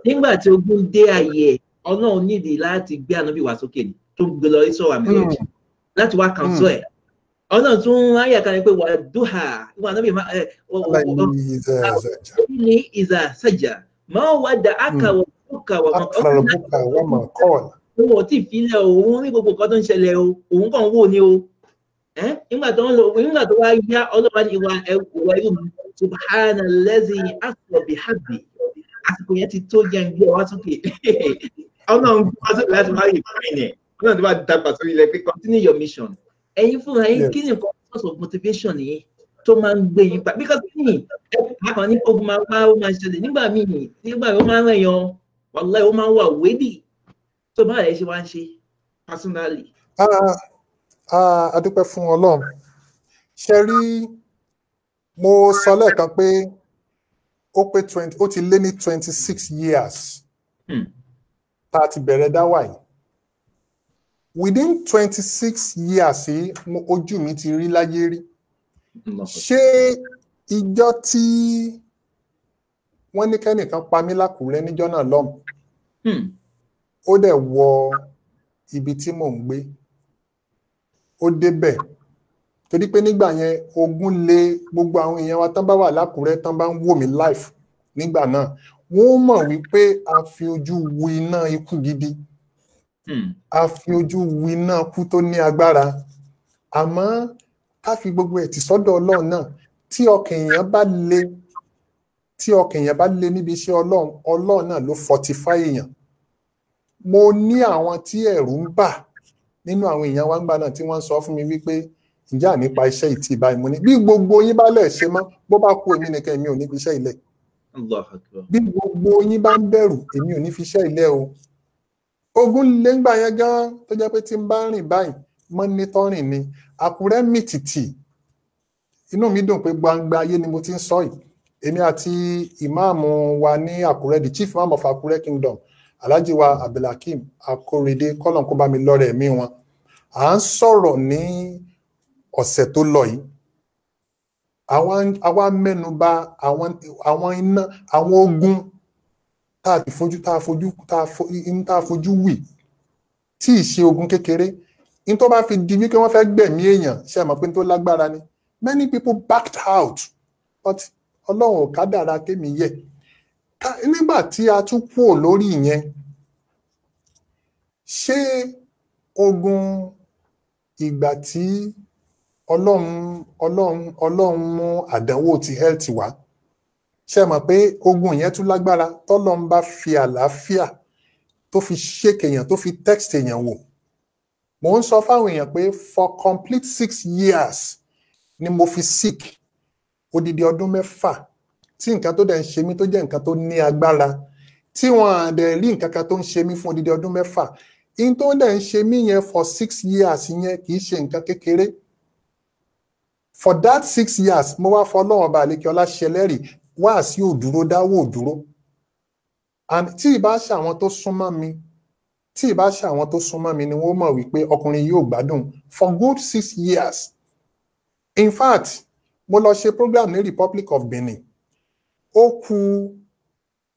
nígbà tí ogun dé ayé ẹ̀ ọlọ́run nídìí láti gbé ànábì wá sókè ni tó gbé lọ sọ̀rọ̀ àmì ẹ̀jẹ̀ láti wá kàn sọ ẹ̀ ọlọ́run tún ayé àkàrà pé wà á dúhà ìwà ànábì máa ẹ̀ ọ̀ọ̀ọ̀ọ̀ ìzà sàjà máa wà dà ákà wọ̀ òun ò tí ì filẹ̀ òun ní gbogbo nǹkan tó ń ṣẹlẹ̀ o òun kàn ń wò ni o nígbà tó ń lò nígbà tó wá yá ọlọ́wà ní wa ẹwà irú subhana lẹ́sìn asọ̀bì hàbì àsìkò yẹn ti tó jẹ́ ìgbé wa sókè <laughs> ọlọ́run gbé wa sókè láti wáyé ìpín yẹn ọlọ́run tó bá dàgbà sórí ilẹ̀ pé continue your mission ẹ̀yin fúnra yín kí ni nǹkan source of motivation yìí tó máa ń gbé yín pa because ní àkànní ogun máa ń pa ó máa ń ṣẹlẹ̀ nígbà míì nígbà yìí máa ń rẹ̀yàn wàláì ó máa ń wà wédìí tó báwo ẹ ṣe wá ń ṣe personally. a dúpẹ́ fún ọlọ́run ṣe rí mo sọ lẹ́ẹ̀kan pé ó pé twenty ó ti lé ní twenty six years hmm. tá a ti bẹ̀rẹ̀ dáwà yìí within twenty six years yìí ojú mi ti rí láyé rí ṣé ìjọ́ tí wọ́n ní kẹ́nìkan pa mí lákùúrẹ́ níjọ́ náà lọ́hùn hmm ó dẹ̀ wọ ibi tí mò ń gbé ó débẹ̀ torí pé nígbà yẹn ogún lé gbogbo àwọn èèyàn wa tán bá wà lákùrẹ́ tán bá ń wò mí life nígbà náà wọ́n mọ̀ wípé a fi ojú wu iná ikú gidi hmm. a fi ojú wu iná kú tó ní agbára àmọ́ ká fi gbogbo ẹ̀ tì sọ́dọ̀ ọlọ́run náà tí ọkàn èèyàn bá le tí ọkàn èèyàn bá le níbi iṣẹ́ ọlọ́run ọlọ́run náà ló fortify èèyàn mo ní àwọn tí ẹ̀rù ń bà nínú àwọn èèyàn wa ń gbà náà tí wọ́n ń sọ fún mi wípé ǹjẹ́ ànípa iṣẹ́ ìtì báyìí mo ní bí gbogbo yín bá lẹ̀ ṣe mọ́ bó bá kú èmi nìkan èmi ò ní fi iṣẹ́ ilẹ̀ bí gbogbo yín bá ń bẹ̀rù èmi ò ní fi iṣẹ́ ilẹ̀ o ogun lè ń gbà yẹn gan tó jẹ́ pé tí ń bá rìn báyìí mọ́nítọ́rìn ni àkúrẹ́ mìtìtì inú mi dùn pé gbangba ayé ni mo ti ń sọ yìí èmi àti ìmáàmù wa ní àkúrẹ́ the chief imam of akure kingdom alhaji wa abdulhakeem akorede kọlọn kó bá mi lọ́rẹ̀ ẹ̀mí wọn à ń sọ̀rọ̀ ní ọ̀sẹ̀ tó lọ yìí àwa mẹ́nu bà àwọn iná àwọn ogun tá a ti fojú tá a fojú tá a fojú wì tí ì ṣe ogun kékeré in tó bá fi di wípé wọ́n fẹ́ gbẹ̀mí èèyàn ṣe mọ̀ pé n tó lágbára ni many people backed out but Ọlọ́run ò kádàrá kémi yẹ. Yeah nígbà tí a tún kúrò lórí ìyẹn ṣé ogun ìgbà tí ọlọ́run ọlọ́run ọlọ́run mú àdánwò ti health wá ṣe mọ̀ pé ogun yẹn tún lágbára tọ́lọ́run bá fi àlàáfíà tó fi ṣèkè èèyàn tó fi text èèyàn wò mo ń sọ fáwọn èèyàn pé for complete six years ni mo fi sick odidi ọdún mẹ́fà tí nǹkan tó dẹ̀ ń ṣe mí tó jẹ́ nǹkan tó ní agbára tí wọ́n dẹ̀ rí nǹkan kan tó ń ṣe mí fún odidi ọdún mẹ́fà in tó dẹ̀ ń ṣe mí yẹn for six years yẹn kì í ṣe nǹkan kékeré for that six years mo wá fọ ọlọ́run ọba àlekí ọlá ṣẹlẹ́rì wá sí òdúró dáwọ́ òdúró and tí ì bá ṣe àwọn tó súnmọ́ mi tí ì bá ṣe àwọn tó súnmọ́ mi ni wọ́n mọ̀ wípé ọkùnrin yóò gbádùn for good six years in fact mo lọ ṣe program ní Republic of Benin ó ku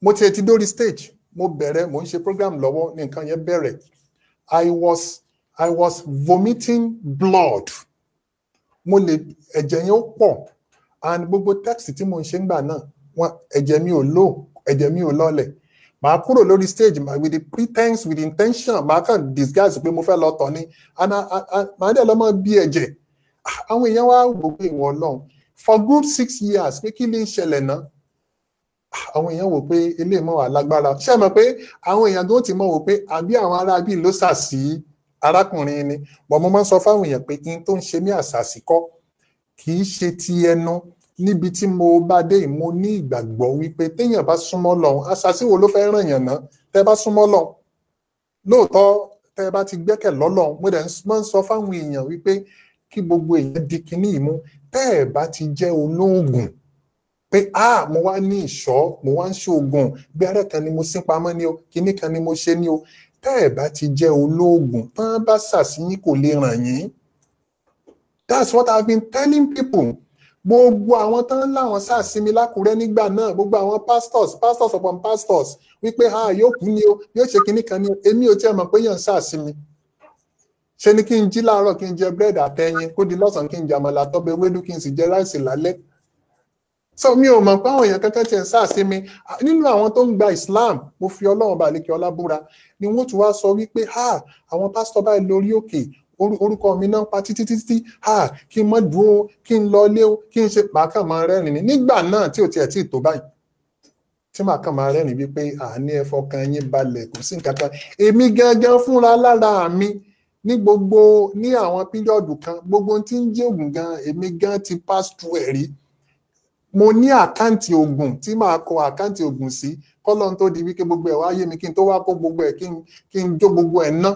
mo ti ti dórí stage mo bẹ̀rẹ̀ mo ń ṣe program lọ́wọ́ ní nǹkan yẹn bẹ̀rẹ̀ i was i was vomiting blood mo le ẹ̀jẹ̀ yẹn ó pọ̀ and gbogbo text tí mo ń ṣe ńgbà náà wọn ẹ̀jẹ̀ mi ò lò ẹ̀jẹ̀ mi ò lọlẹ̀ màá kúrò lórí stage ma with the pretense with the intention màá kàn disguise pé mo fẹ́ lọ tọ̀ ni and màá dẹ̀ lọ́mọ bí ẹ̀jẹ̀ ah, àwọn èèyàn wá wò pé ìwọ ọlọ́run for good six years pé kí ni ń ṣẹlẹ̀ náà àwọn èèyàn wò pé eléyìí mọ̀ wà lágbára ṣé ẹ mọ̀ pé àwọn èèyàn tó ti mọ̀ wò pé àbí àwọn ará bíi ló ṣàṣì arákùnrin ni bọ̀ mo máa ń sọ fáwọn èèyàn pé kí n tó ń ṣe mí àṣàṣì kọ́ kì í ṣe ti ẹnu níbi tí mo bá dé yìí mo ní ìgbàgbọ́ wípé téèyàn bá súnmọ́ lọ́hùn àṣàṣì wo ló fẹ́ ràn yàn ná tẹ́ bá súnmọ́ lọ́hùn lóòótọ́ tẹ́ bá ti gbẹ́kẹ̀ lọ́lọ́hùn mo dẹ̀ máa ń sọ fáwọn èèyàn wípé kí gbogbo èèyàn di kinní ìmú tẹ́ ẹ̀ bá ti jẹ́ olóògùn pé ah mo wá ní ìṣọ́ mo wá ń ṣoògùn bí ara kan ni mo sín pamọ́ ni o kinní kan ni mo ṣe ni o tẹ́ ẹ̀ bá ti jẹ́ olóògùn tán bá ṣàṣìyìn kò lè ràn yín that's what I've been telling people gbogbo àwọn tán láwọn ṣàṣìmí lákùrẹ́ nígbà náà gbogbo àwọn pastors pastors upon pastors wípé ha ah, yóò kú ni o yóò ṣe kinní kan ni o èmi ò tiẹ̀ mọ̀ pé yàn ṣàṣìmí ṣe ni kí n jí láàárọ̀ kí n jẹ búrẹ́dì àtẹyin kó di lọ́sàn-án kí n jẹ àmàlà tọ́bẹ̀ kí n sì jẹ ráìsì lálẹ́ so mi ò mọ̀ pé àwọn èèyàn kankan tiẹ̀ ń sáàsí mi nínú àwọn tó ń gba Islam mo fi Ọlọ́run balẹ̀kẹ́ ọlábúra ni wọ́n tún wá sọ wípé ha àwọn pásítọ̀ báyìí lórí òkè orúkọ mi náà pa títí títí ha kí n mọ́ dúró kí n lọ lé o kí n ṣe pàákàn máa rẹ́rìn ní nígbà náà tí ò tiẹ̀ tí ì tó báyìí tí màá kàn máa rẹ́rìn wípé àní ẹ fọkàn yín balẹ̀ kò sí nǹkan kan èmi gangan fúnra lára mi ní gbogbo ní àwọn píríọ̀dù kan gbogbo tí ń jẹ́ ògùn gan èmi gan ti pass through ẹ̀rí mo ní àkáǹtì oògùn tí màá kọ àkáǹtì oògùn sí kọ́lọ́n tó di wípé gbogbo ẹ̀ wá yé mi kí n tó wá kó gbogbo ẹ̀ kí n jó gbogbo ẹ̀ ná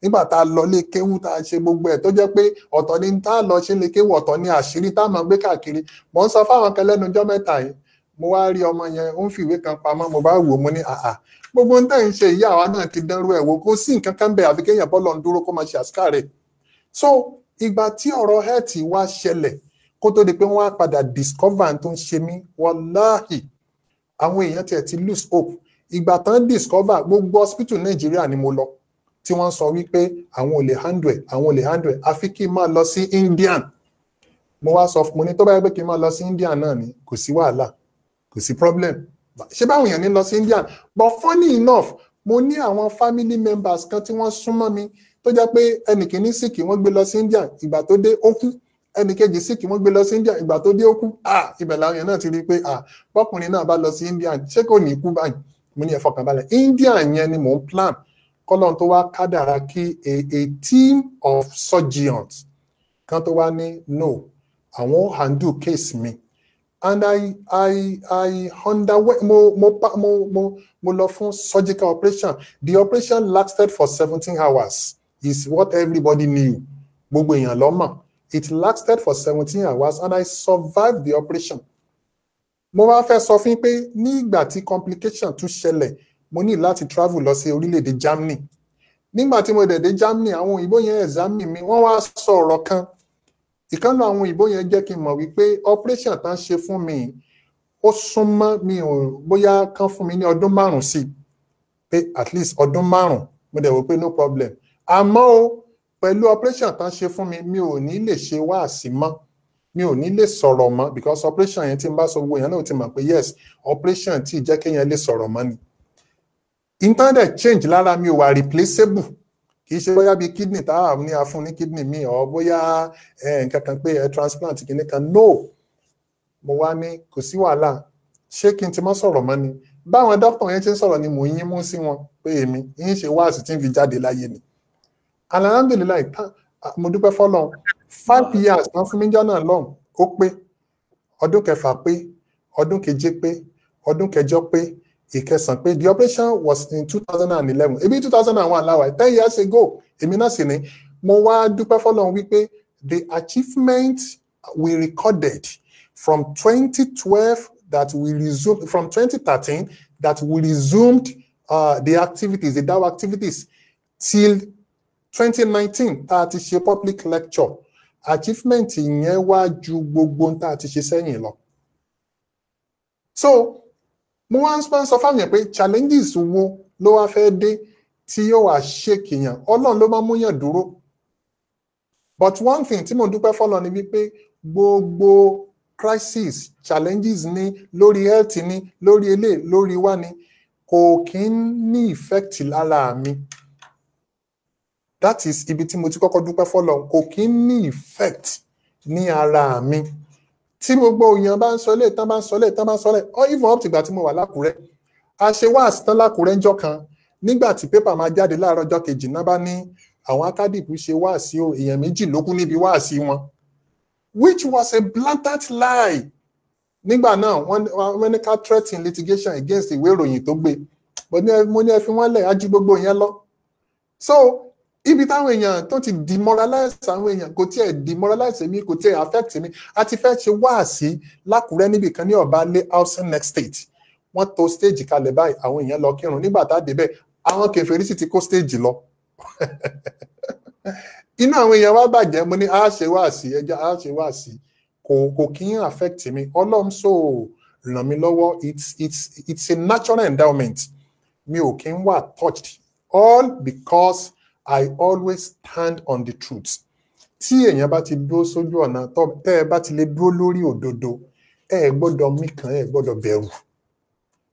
nígbà tá a lọ lé kéwú tá a ṣe gbogbo ẹ̀ tó jẹ́ pé ọ̀tọ̀ ni tá a lọ ṣe lé kéwú ọ̀tọ̀ ni àṣírí tá a máa gbé káàkiri mò ń sọ fáwọn kan lẹ́nu ọjọ́ mẹ́ta yìí mo wá rí ọmọ yẹn ó ń fìwé kan pamọ́ mo bá wò mo ní àhà gbogbo ń tẹ̀ ń ṣe ìyá àwa náà ti dánrú ẹ̀ wo kó sí nǹkan kan bẹ̀ àfi kéèyàn bọ́ lọ́n dúró kó máa ṣe àṣìkà rẹ̀ so ìgbà tí ọ̀rọ̀ health wá ṣẹlẹ̀ kó tó di pé wọ́n á padà discover tó ń ṣe mí wàláhì àwọn èèyàn tiẹ̀ ti lose hope ìgbà tán discover gbogbo hospital nàìjíríà ni mo lọ tí wọ́n sọ wípé àwọn ò lè handle ẹ̀ àwọn ò lè handle ẹ̀ àfi kí n máa lọ sí indian mo wá sọ fún mo tó bá pé kí n máa lọ sí india náà ni kò sí wàhálà kò sí problem ṣé báwọn èèyàn ní lọ sí india but funny enough mo ní àwọn family members kan tí wọ́n súnmọ́ mi tó jẹ́ pé ẹnì kìíní sì kí gbé lọ sí india ìgbà tó dé ó kú ẹnì kejì sì kí wọ́n gbé lọ sí India ìgbà tó dé ó kú ibẹ̀ làwọn yẹn náà ti rí i pé bọ́kùnrin náà bá lọ sí India ṣé kò ní kú báyìí mo ní ẹ fọkàn balẹ̀ India yẹn ni mò ń plan kọ́lọ́n tó wá kádàrá kí a team of surgeons kan tó wá ní no àwọn handle case mi and i i i underwent mo mo mo mo mo lọ fún surgical operation the operation lasted for seventeen hours is what everybody knew gbogbo èèyàn ló mọ̀ It lasted for seventeen hours and I survived the operation. Mo wá fẹ́ sọ fún pé ní tí complication tún ṣẹlẹ̀, mo ní láti travel lọ sí orílẹ̀-èdè Germany. Nígbà tí mo dẹ̀ dé Germany, àwọn òyìnbó yẹn examine mi, wọ́n wá sọ ọ̀rọ̀ kan. Ìkànnì àwọn òyìnbó yẹn jẹ́ kí n mọ̀ wípé operation tán ṣe fún mi ó súnmọ́ mi ò bóyá kán fún mi ní ọdún márùn-ún sí pé at least ọdún márùn-ún mo dẹ̀ wò pé no problem. Àmọ́ o pẹ̀lú operation tán ṣe fún mi mi ò ní lè ṣe wáàsí mọ́ mi ò ní lè sọ̀rọ̀ mọ́ because operation yẹn tí n bá sọ gbogbo èèyàn náà ti mọ̀ pé yes operation tí jẹ́ kéèyàn lè sọ̀rọ̀ mọ́ ni internet change lára mi ò wà replaceable kì í ṣe bóyá bíi kidney tá a ní afún ní kidney mi ọ̀ bóyá nǹkan kan pé ẹ transplant kìíní kan no mo wá ní kò sí wàhálà ṣé kí n ti mọ́ sọ̀rọ̀ mọ́ ni báwọn dókítà yẹn ṣe ń sọ̀rọ̀ ni mò ń yín mú sí wọn pé èmi yín ṣe wáàsí tí ń fi jáde láyé ni alhamdulilayi tán mo dúpẹ́ fọ́lọ́run five years tán fún mi jọ́ náà lọ́hùn ó pé ọdún kẹfà pé ọdún keje pé ọdún kẹjọ pé ìkẹsàn pé the operation was in two thousand and eleven ebi two thousand and one láwa ten years ago èmi náà sì ni mo wá dúpẹ́ fọ́lọ́run wípé the achievement we recorded from twenty twelve that we resumed from twenty thirteen that we resumed uh, the activities the DAO activities till 2019, nineteen tá a ti ṣe public lecture achievement yẹn wá ju gbogbo tá a ti ṣe sẹ́yìn lọ. so mo wá ń sọ fáwọn yẹn pé challenges wo ló wá fẹ́ dé tí yóò wá ṣèkìyàn ọlọ́run ló máa ń múyàn dúró but one thing tí mo dúpẹ́ fọ́lọ́ ni wípé gbogbo crisis challenges ní lórí health ní lórí ilé lórí wá ni kò kí ń ní effect lára mi that is ibi tí mo ti kọ́kọ́ dúpẹ́ fọ́lọ́run kò kí ń ní effect ní ara mi tí gbogbo èèyàn bá ń sọ lé tán bá ń sọ lé tán bá ń sọ lé or even up tìgbà tí mo wà lákùrẹ́ a ṣe wá àsìtán lákùrẹ́ ńjọ́ kan nígbà tí pépà máa jáde láàárọ̀ ọjọ́ kejì náà bá ní àwọn akádìpù ṣe wáàsí o èèyàn méjì ló kú níbi wáàsí wọn which was a blatant lie nígbà náà wọ́n ní ká threaten litigation against ìwé ìròyìn tó gbé mo ní ẹ fi wọ́n lẹ̀ á gbogbo yẹn lọ so ibi táwọn èèyàn tó ti demoralize àwọn èèyàn kò tiẹ̀ demoralize mi kò tiẹ̀ affect mi a ti fẹ́ ṣe wáàsí lákùrẹ́ níbi kan ní ọ̀bá lé housing next state wọ́n tò stage kalẹ̀ báyìí àwọn èèyàn lọ kírun nígbà tá a débẹ̀ àwọn kèfèrí sì ti kó stage lọ <laughs> inú àwọn èèyàn wá bàjẹ́ mo ní a ṣe wáàsí ẹja a ṣe wáàsí kò kò kí ń affect mi ọlọ́run so ràn mí lọ́wọ́ it's it's it's a natural endowment mi ò kí ń wà touched all because. I always stand on the truth. Tí èèyàn bá ti dúró sójú ọ̀nà tẹ́ ẹ bá ti lè dúró lórí òdodo, ẹ ẹ gbọ́dọ̀ mikàn ẹ gbọ́dọ̀ bẹ̀rù.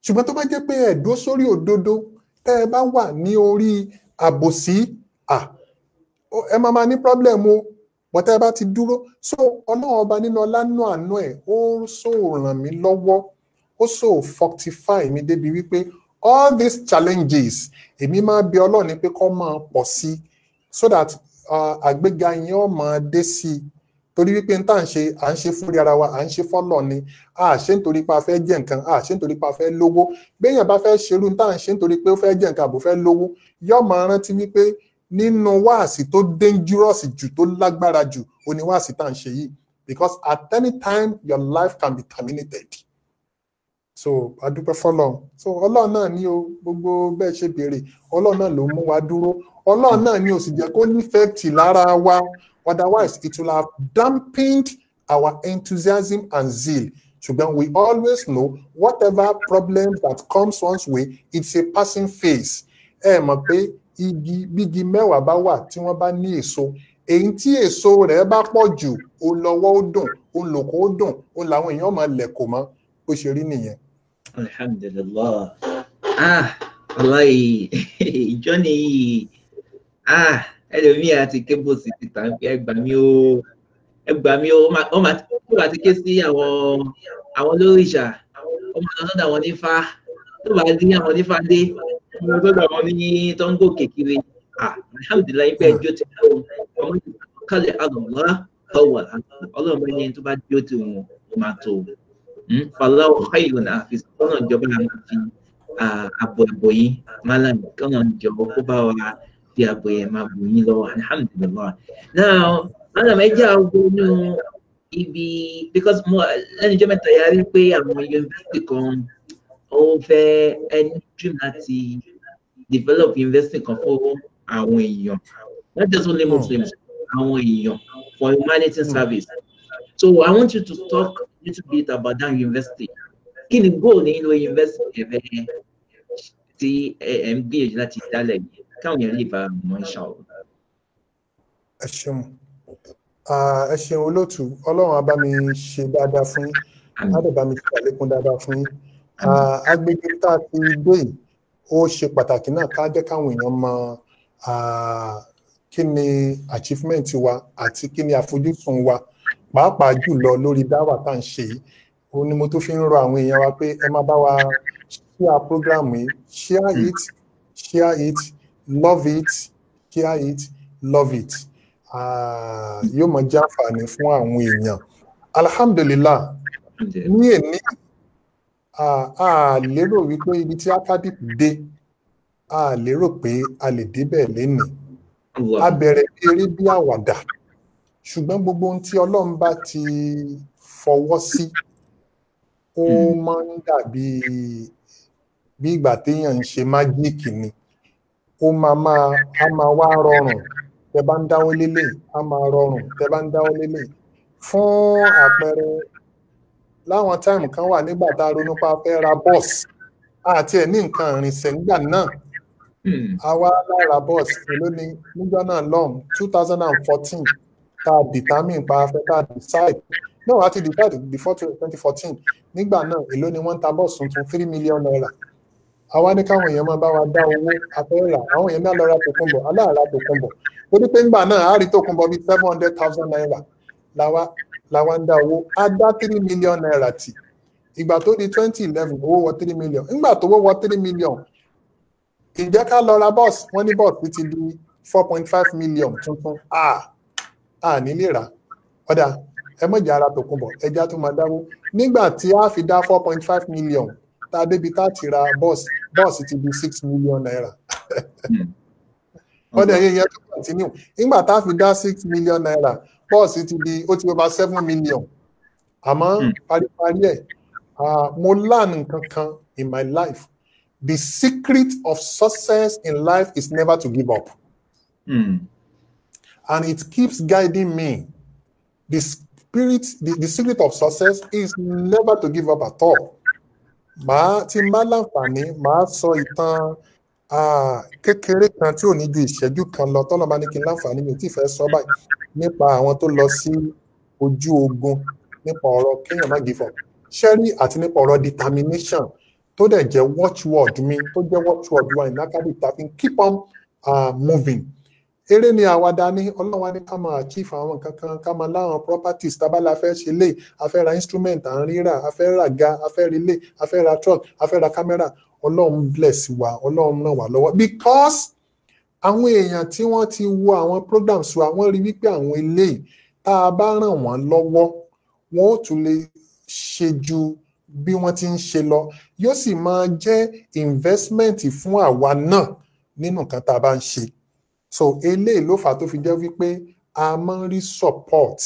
Ṣùgbọ́n tó bá jẹ́ pé ẹ dúró sórí òdodo, tẹ́ ẹ bá wà ní orí àbòsí, à ẹ máa ma ní pírọ́blẹ̀mù o, bọ̀ tẹ́ ẹ bá ti dúró. So ọlọ́run ọba nínú ọlánú àánú ẹ̀ ó so ràn mí lọ́wọ́, ó so fortify mi débi wípé all these challenges èmi máa bí ọlọ́run ní pé kó máa pọ̀ sí so that uh, àgbéga yẹn ó máa dé sí i torí wípé n tá à ń ṣe à ń ṣe fúnri ara wa à ń ṣe fọ́lọ̀ ni a ṣe nítorí pé a fẹ́ jẹ nǹkan a ṣe nítorí pé a fẹ́ lówó béèyàn bá fẹ́ ṣerú n tá à ń ṣe nítorí pé ó fẹ́ jẹ nǹkan àbò fẹ́ lówó yóò máa rántí wípé nínú wáàsí tó dangerous jù tó lágbára jù ó wáàsí tá à ń ṣe yìí because at any time your life can be terminated so adúpẹ́ fọ́lọ́run so ọlọ́run náà ni o gbogbo bẹ́ẹ̀ ṣe béèrè ọlọ́run náà ló mú wa dúró ọlọ́run náà ni o sì jẹ́ kó nífẹ̀ẹ́tì lára wa otherwise it will have dampened our enthusiasm and zeal ṣùgbọ́n we always know whatever problem that comes one's way it's a passing phase ẹ mọ̀ pé igi bígi mẹ́wàá bá wà tí wọ́n bá ní èso èyí tí èso rẹ̀ bá pọ̀ jù ó lọ́wọ́ ó dùn ó ó dùn ó làwọn èèyàn máa lẹ̀kọ̀ mọ́ bó ṣe rí nìyẹn alhamdulillah ah ọláyé <laughs> ìjọ nìyí ah ẹlòmíì àti kébù sí ti tà ń fi ẹgbà mí ó ẹgbà mí ó ó máa ti kúrò àti ké sí àwọn àwọn lóríṣà ó máa lọ sọ́dọ̀ àwọn nífà tó bá dín àwọn nífà dé ó máa lọ sọ́dọ̀ àwọn ní tó ń gòkè kiri ah alhamdulillah ẹgbẹ́ ẹjọ́ ti kú ọmọ ìgbà kálẹ̀ àgọ̀lá ọwọ́ ọlọ́run ẹni tó bá dé ó ti wọ̀n ó máa tó o. Falau khayruna fi kọ́nà ìjọba àwọn ti àbò àbò yìí malam kọ́nà ìjọba kó bá wa fi àbò yẹn máa bò yín lọ́wọ́ Now, malam ẹ jẹ́ àwọn ọgbọ́nú ibi because mo lẹ́nu ìjọba mẹ́ta yára rí pé àwọn yunifásitì kan ó fẹ́ ẹni dream develop university kan fún àwọn èèyàn not just only Muslims àwọn hmm. èèyàn for humanitarian service. So I want you to talk little bit about that university go ni goal ní lo university ẹ̀fẹ̀ tí ẹ ń gbìyànjú láti dálẹ̀ yìí káwọn yẹn lè bá mọ̀ ń ṣàwọ̀. ẹ ṣeun ẹ ṣeun olóòtú ọlọ́run á bá mi ṣe dáadáa fún yín á dẹ̀ bá mi ṣe àlékún dáadáa fún yín agbègbè tá a ti gbé yìí ó ṣe pàtàkì náà ká jẹ́ káwọn èèyàn mọ kí ni achievement wa àti kí ni àfojúsùn wa. Uh, pàápàá jùlọ lórí dáwà tá à ń ṣe yìí òun ni mo tó fi ń rọ àwọn èèyàn wa pé ẹ má bá wa share program yìí share hmm. it share it love it share it love it yóò mọ jẹ àǹfààní fún àwọn èèyàn alhamdulillah ní èmi a lérò wípé ibi tí akadip dé a lérò pé a lè débẹ̀ lénìí a bẹ̀rẹ̀ eré bí àwàdà ṣùgbọ́n gbogbo ohun tí Ọlọ́run bá ti fọwọ́ sí ó hmm. máa ń dàbí bí ìgbà téèyàn ń ṣe májíìkì ni ó máa máa á máa wá rọrùn tẹ bá ń dáwọ́ lélẹ̀ á máa rọrùn tẹ bá ń dáwọ́ lélẹ̀ fún àpẹẹrẹ láwọn táìmù kan wà nígbà tá a ronú pa fẹ́ ra bọ́ọ̀sì àti ẹ̀ ní nǹkan ìrìnsẹ̀ nígbà náà àwa hmm. lára bọ́ọ̀sì èló ni nígbà náà lọ́hùn two thousand and fourteen tá a determine pa afẹ́ tá decide náà wá ti decide before twenty fourteen nígbà náà èló ni wọ́n ń ta bọ́ọ̀sì tuntun three million naira àwa ní káwọn èèyàn máa bá wa dá owó afẹ́rà àwọn èèyàn náà lọ ra tòkunbọ̀ aláàrá tòkunbọ̀ ó ní pé ńgbà náà a rí tòkunbọ̀ bíi seven hundred thousand naira làwa làwa ń dá owó a dá three million naira tì ìgbà tó di twenty eleven owó wọ three million ńgbà tó wọ́ wọ three million ǹjẹ́ ká lọ ra bọ́ọ̀sì wọ́n ní bọ́ọ̀sì ti di four point five million tuntun ah àní lè rà ọ̀dà ẹ mọ̀ ìjà ara tòkunbọ̀ ẹja tó máa dáwó nígbà tí a fi dá four point five million tá a débi tá a ti ra bọ́ọ̀sì bọ́ọ̀sì ti di six million naira hmm. ọ̀dà yẹn yẹn tó continue nígbà tá a fi dá six million naira bọ́ọ̀sì ti di ó ti over seven million àmọ́ hmm. paríparí ẹ̀ mo learn nǹkan kan in my life the secret of success in life is never to give up. Mm and it keeps guiding me. The spirit, the, the secret of success is never to give up at all. Màá ti má láǹfààní, màá sọ ìtàn kékeré kan tí ò ju ìṣẹ́jú kan lọ tọ́lọ́ bá ní kí n mi ò tí ì fẹ́ sọ báyìí nípa àwọn tó lọ ogun nípa ọ̀rọ̀ kéèyàn má give up. Ṣẹ́rí àti nípa ọ̀rọ̀ determination tó dẹ̀ jẹ́ watchword mi tó jẹ́ watchword wa in academic ta fi keep on uh, moving eré ni àwàdà ni ọlọ́wà ní ká máa achieve àwọn kankan ká máa láwọn properties tabala fẹ́ ṣe lé afẹ́ ra instrument à ń ríra afẹ́ ra ga afẹ́ ra ilé afẹ́ ra truck afẹ́ ra camera ọlọ́run bless wa ọlọ́run ràn wá lọ́wọ́ because àwọn èèyàn tí wọ́n ti wo àwọn programs wa wọ́n rí wípé àwọn ilé tá a bá ràn wọ́n lọ́wọ́ wọ́n ó tún lè ṣe ju bí wọ́n ti ń ṣe lọ yóò sì máa jẹ́ investment fún àwa náà nínú nǹkan tá a bá ń ṣe so eléyìí ló fà á tó fi jẹ́ wípé a máa ń rí support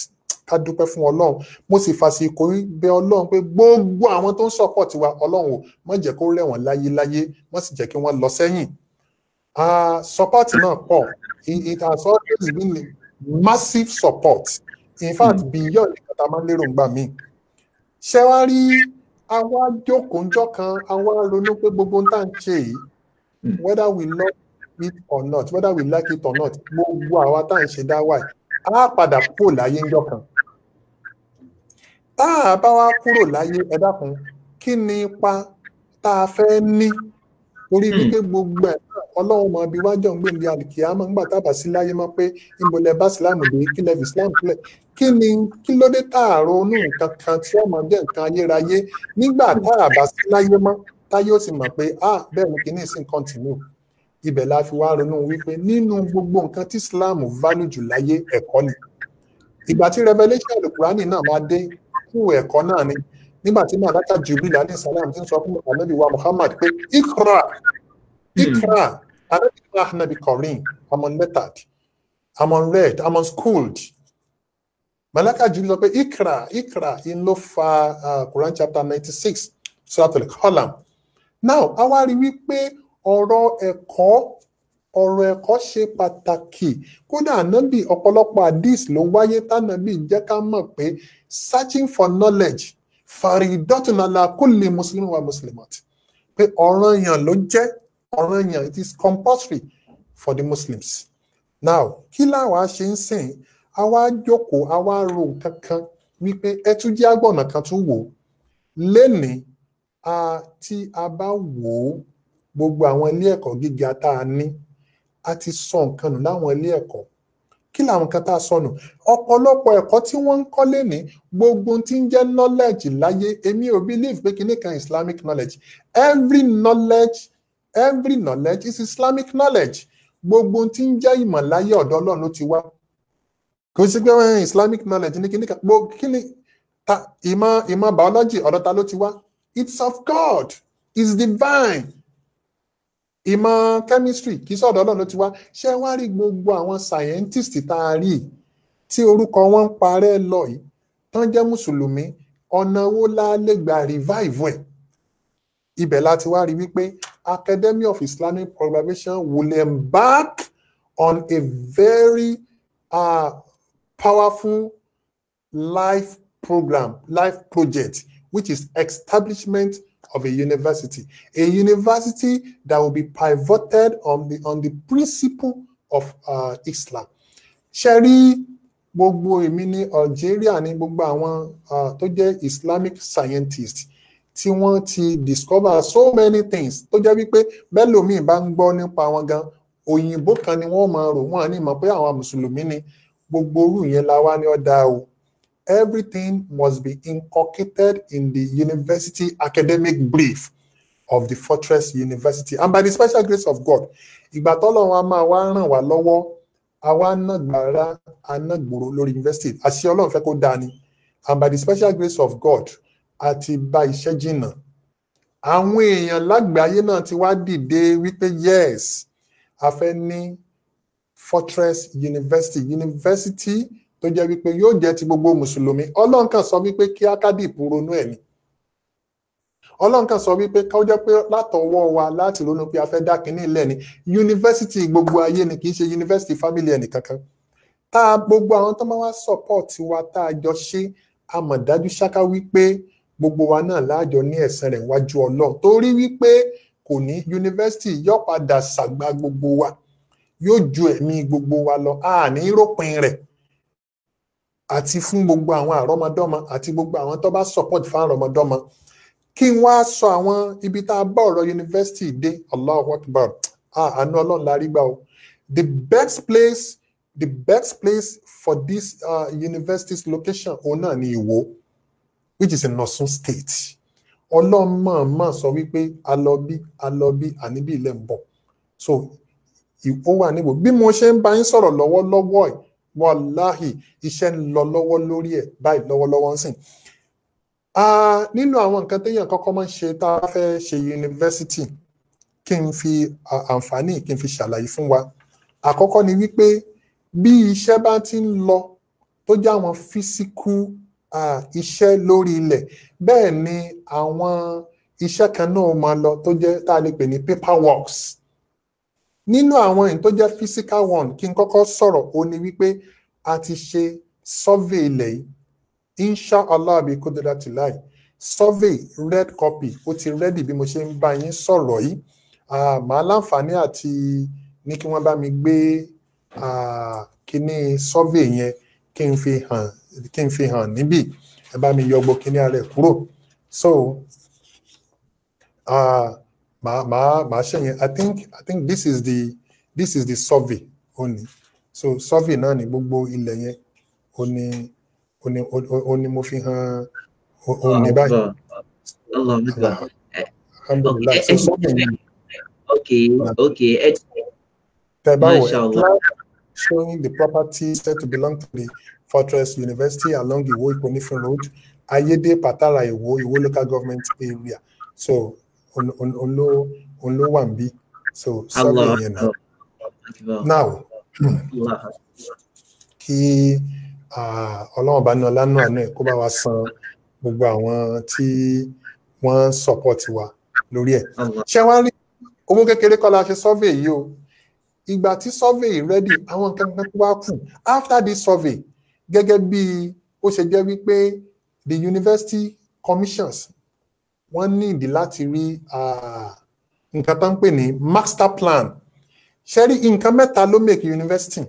ká dúpẹ́ fún ọlọ́run mo sì fàsìkò ń bẹ ọlọ́run pé gbogbo àwọn tó ń support wa ọlọ́run ò má jẹ́ kó rẹ̀ wọ́n láyéláyé má sì jẹ́ kí wọ́n lọ sẹ́yìn support náà pọ̀ it has always been massive support in fact hmm. beyond the tá a máa ń lérò ńgbà míì ṣé wàá rí àwa jókòó ńjọ́ kan àwa ronú pé gbogbo ń tà ń ṣe yìí hmm. whether we love it or not whether we like it or not gbogbo àwa tá à ń ṣe dá wà á padà kúrò láyé ńjọ́ kan tá a bá wá kúrò láyé ẹ dákun kí ni ipa tá a fẹ́ ní orí hmm. wípé gbogbo ẹ̀ ọlọ́run mọ̀ bí wájọ́ ń gbé ní àlùkìyà máa ń gbà tábà sí láyé mọ́ pé ìmọ̀lẹ̀ bá síláàmù lè kí lẹ́bi síláàmù sílẹ̀ kí ni kí ló dé tá a ronú nǹkan kan tí ọmọ jẹ́ nǹkan ayérayé nígbà tá sí láyé mọ́ táyé ó sì mọ̀ pé ah, bẹ́ẹ̀ ni kì í ní continue ibẹ̀ la fi wá ronú wípé nínú gbogbo nǹkan tí Islam value jù láyé ẹ̀kọ́ ni ìgbà tí revelation alukurani náà máa dé kú ẹ̀kọ́ náà ni nígbà tí malaka jubil alayhi salam ti ń sọ fún anabi wa Muhammad pé ikra ikra anabi wa anabi korin amon lettered amon read amon schooled malaka jubil sọ pé ikra ikra in ló fa uh, Quran chapter ninety six suratul Qalam now àwa rí wípé ọ̀rọ̀ ẹ̀kọ́ ọ̀rọ̀ ẹ̀kọ́ ṣe pàtàkì kódà ànábì ọ̀pọ̀lọpọ̀ hadith ló wáyé tànàbì ń jẹ́ ká mọ̀ pé searching for knowledge faridatun ala kulli muslimin wa muslimat pé ọ̀ranyàn ló jẹ́ ọ̀ranyàn it is compulsory for the muslims now kí làwa ṣe ń sìn àwa jókòó àwa ro nǹkan kan wípé ẹ tún jẹ́ àgbọ̀nà kan tún wò lénìí a tí a bá wò ó gbogbo àwọn ilé ẹ̀kọ́ gíga tá a ní a ti sọ nǹkan nù láwọn ilé ẹ̀kọ́ kí làwọn nǹkan tá a sọnù ọ̀pọ̀lọpọ̀ ẹ̀kọ́ tí wọ́n ń kọ́ lẹ́ni gbogbo tí ń jẹ́ knowledge láyé èmi ò believe pé kìíní kan islamic knowledge every knowledge every knowledge is islamic knowledge gbogbo tí ń jẹ́ ìmọ̀ láyé ọ̀dọ̀ ọlọ́run ló ti wá kò sí pé islamic knowledge ní kìíní kan gbogbo kìíní ìmọ̀ ìmọ̀ biology ọ̀dọ̀ ta ló ti wá it's of God it's divine ìmọ̀ chemistry kì í sọ̀dọ̀ ọlọ́run ló ti wá ṣé wá rí gbogbo àwọn scientist tá a rí tí orúkọ wọn ń parẹ́ lọ yìí tán jẹ́ mùsùlùmí ọ̀nà wo la lè gbà revive ẹ̀ ibẹ̀ láti wá rí wípé Academy of Islamic Programmation will embark on a very uh, powerful life program life project which is establishment of a university, a university that will be pivoted on the on the principle of uh, Islam. Ṣé rí gbogbo èmi ní Algeria ní gbogbo àwọn uh, to jẹ́ Islamic scientist Ti wọ́n ti discover so many things tó jẹ́ wípé bẹ́lòmíì bá ń gbọ́ nípa wọn gan òyìnbó kan ni wọ́n ma ro wọ́n ni ní mọ̀ pé àwọn mùsùlùmí ni gbogbo orú yẹn la wá ní ọ̀dà o everything must be inculcated in the university academic brief of the fortress university and by the special grace of god ìgbà tọ́lọ́run a máa wá university àṣẹ ọlọ́run fẹ́ kó dáa ni and by the special grace of god àti bá iṣẹ́ jìnnà àwọn èèyàn lágbàáyé na ti wá dìde wípé yes a fẹ́ fortress university university tó jẹ́ wípé yóò jẹ́ ti gbogbo mùsùlùmí ọlọ́run kan sọ wípé kí akádìpù ronú ẹ̀ ni ọlọ́run kan sọ wípé ká ó jẹ́ pé látọwọ́ wa láti ronú pé a fẹ́ dá kínní ilẹ̀ ni yunifásitì gbogbo ayé ni kì í ṣe yunifásitì fámìlì ẹnì kankan tá a gbogbo àwọn tó máa wá support wa tá a jọ ṣe a mọ̀ dájú ṣáká wípé gbogbo wa náà láàjọ ní ẹ̀san rẹ̀ wájú ọlọ́run torí wípé kò ní yunifásitì yóò padà ṣàgbà gbogbo wa yóò ju ẹ̀mí gbogbo wa lọ àní rópin rẹ̀ àti fún gbogbo àwọn àrọmọdọ́mọ àti gbogbo àwọn tó bá support fún àrọmọdọ́mọ kí n wá sọ àwọn ibi tá a bá ọ̀rọ̀ yunifásitì dé Allahu Akbar ah àánú Ọlọ́run la rí gbà o the best place the best place for this uh, university's location òun náà ni Ìwó which is in Ọ̀ṣun state Ọlọ́run mọ̀ọ́mọ̀ sọ wípé alọ́bí alọ́bí àníbí ilẹ̀ ń bọ̀ so ó wà níbo bí mo ṣe ń bá yín sọ̀rọ̀ lọ́wọ́lọ́wọ́ yìí wàláhì iṣẹ́ ń lọ lọ́wọ́ lórí ẹ̀ báyìí lọ́wọ́lọ́wọ́ ń sìn. nínú àwọn nǹkan téèyàn kọ́kọ́ máa ń ṣe tá a fẹ́ ṣe yunifásitì kí n fi àǹfààní kí n fi ṣàlàyé fún wa àkọ́kọ́ ni wípé bí iṣẹ́ bá ti ń lọ tó jẹ́ àwọn físíkú iṣẹ́ lórí ilẹ̀ bẹ́ẹ̀ ni àwọn iṣẹ́ kan náà máa lọ tó jẹ́ tá a lè pè ní paper works nínú àwọn èyí tó jẹ́ physical one kí n kọ́kọ́ sọ̀rọ̀ ó ní wípé a ti ṣe survey ilẹ̀ yìí insha allah abi kudura tilai survey red copy ó ti ready bí mo ṣe ń bá yín sọ̀rọ̀ yìí màá láǹfààní àti ní kí wọ́n bá mi gbé kíní survey yẹn kí n fi hàn kí n fi hàn níbí ẹ bá mi yọgbó kíní ara ẹ kúrò so. Uh, i think i think this is the this is the survey only so survey náà ni gbogbo ilẹ̀ yẹn oni ní oni mo fi hàn eh, okay okay tẹ́ showing the property said to belong to the Fortress University along the Iwo Ikonifin Road, Ayede Patara Iwo, Iwo Local Government Area. So òun ló òun ló wà níbí so sọlá yẹn náà now kí ọlọ́run bá náà lánàá àná ẹ̀ kó bá wa san gbogbo àwọn tí wọ́n support wa lórí ẹ̀ ṣé wọ́n rí owó kékeré kọ́ la ṣe survey yìí o ìgbà tí survey ready àwọn kankan tó wá kù after this survey gẹ́gẹ́ bí ó ṣe jẹ́ wípé the university commissions wọ́n ní ìdí láti rí nǹkan tó ń pè ní master plan ṣe rí nǹkan mẹ́ta ló make university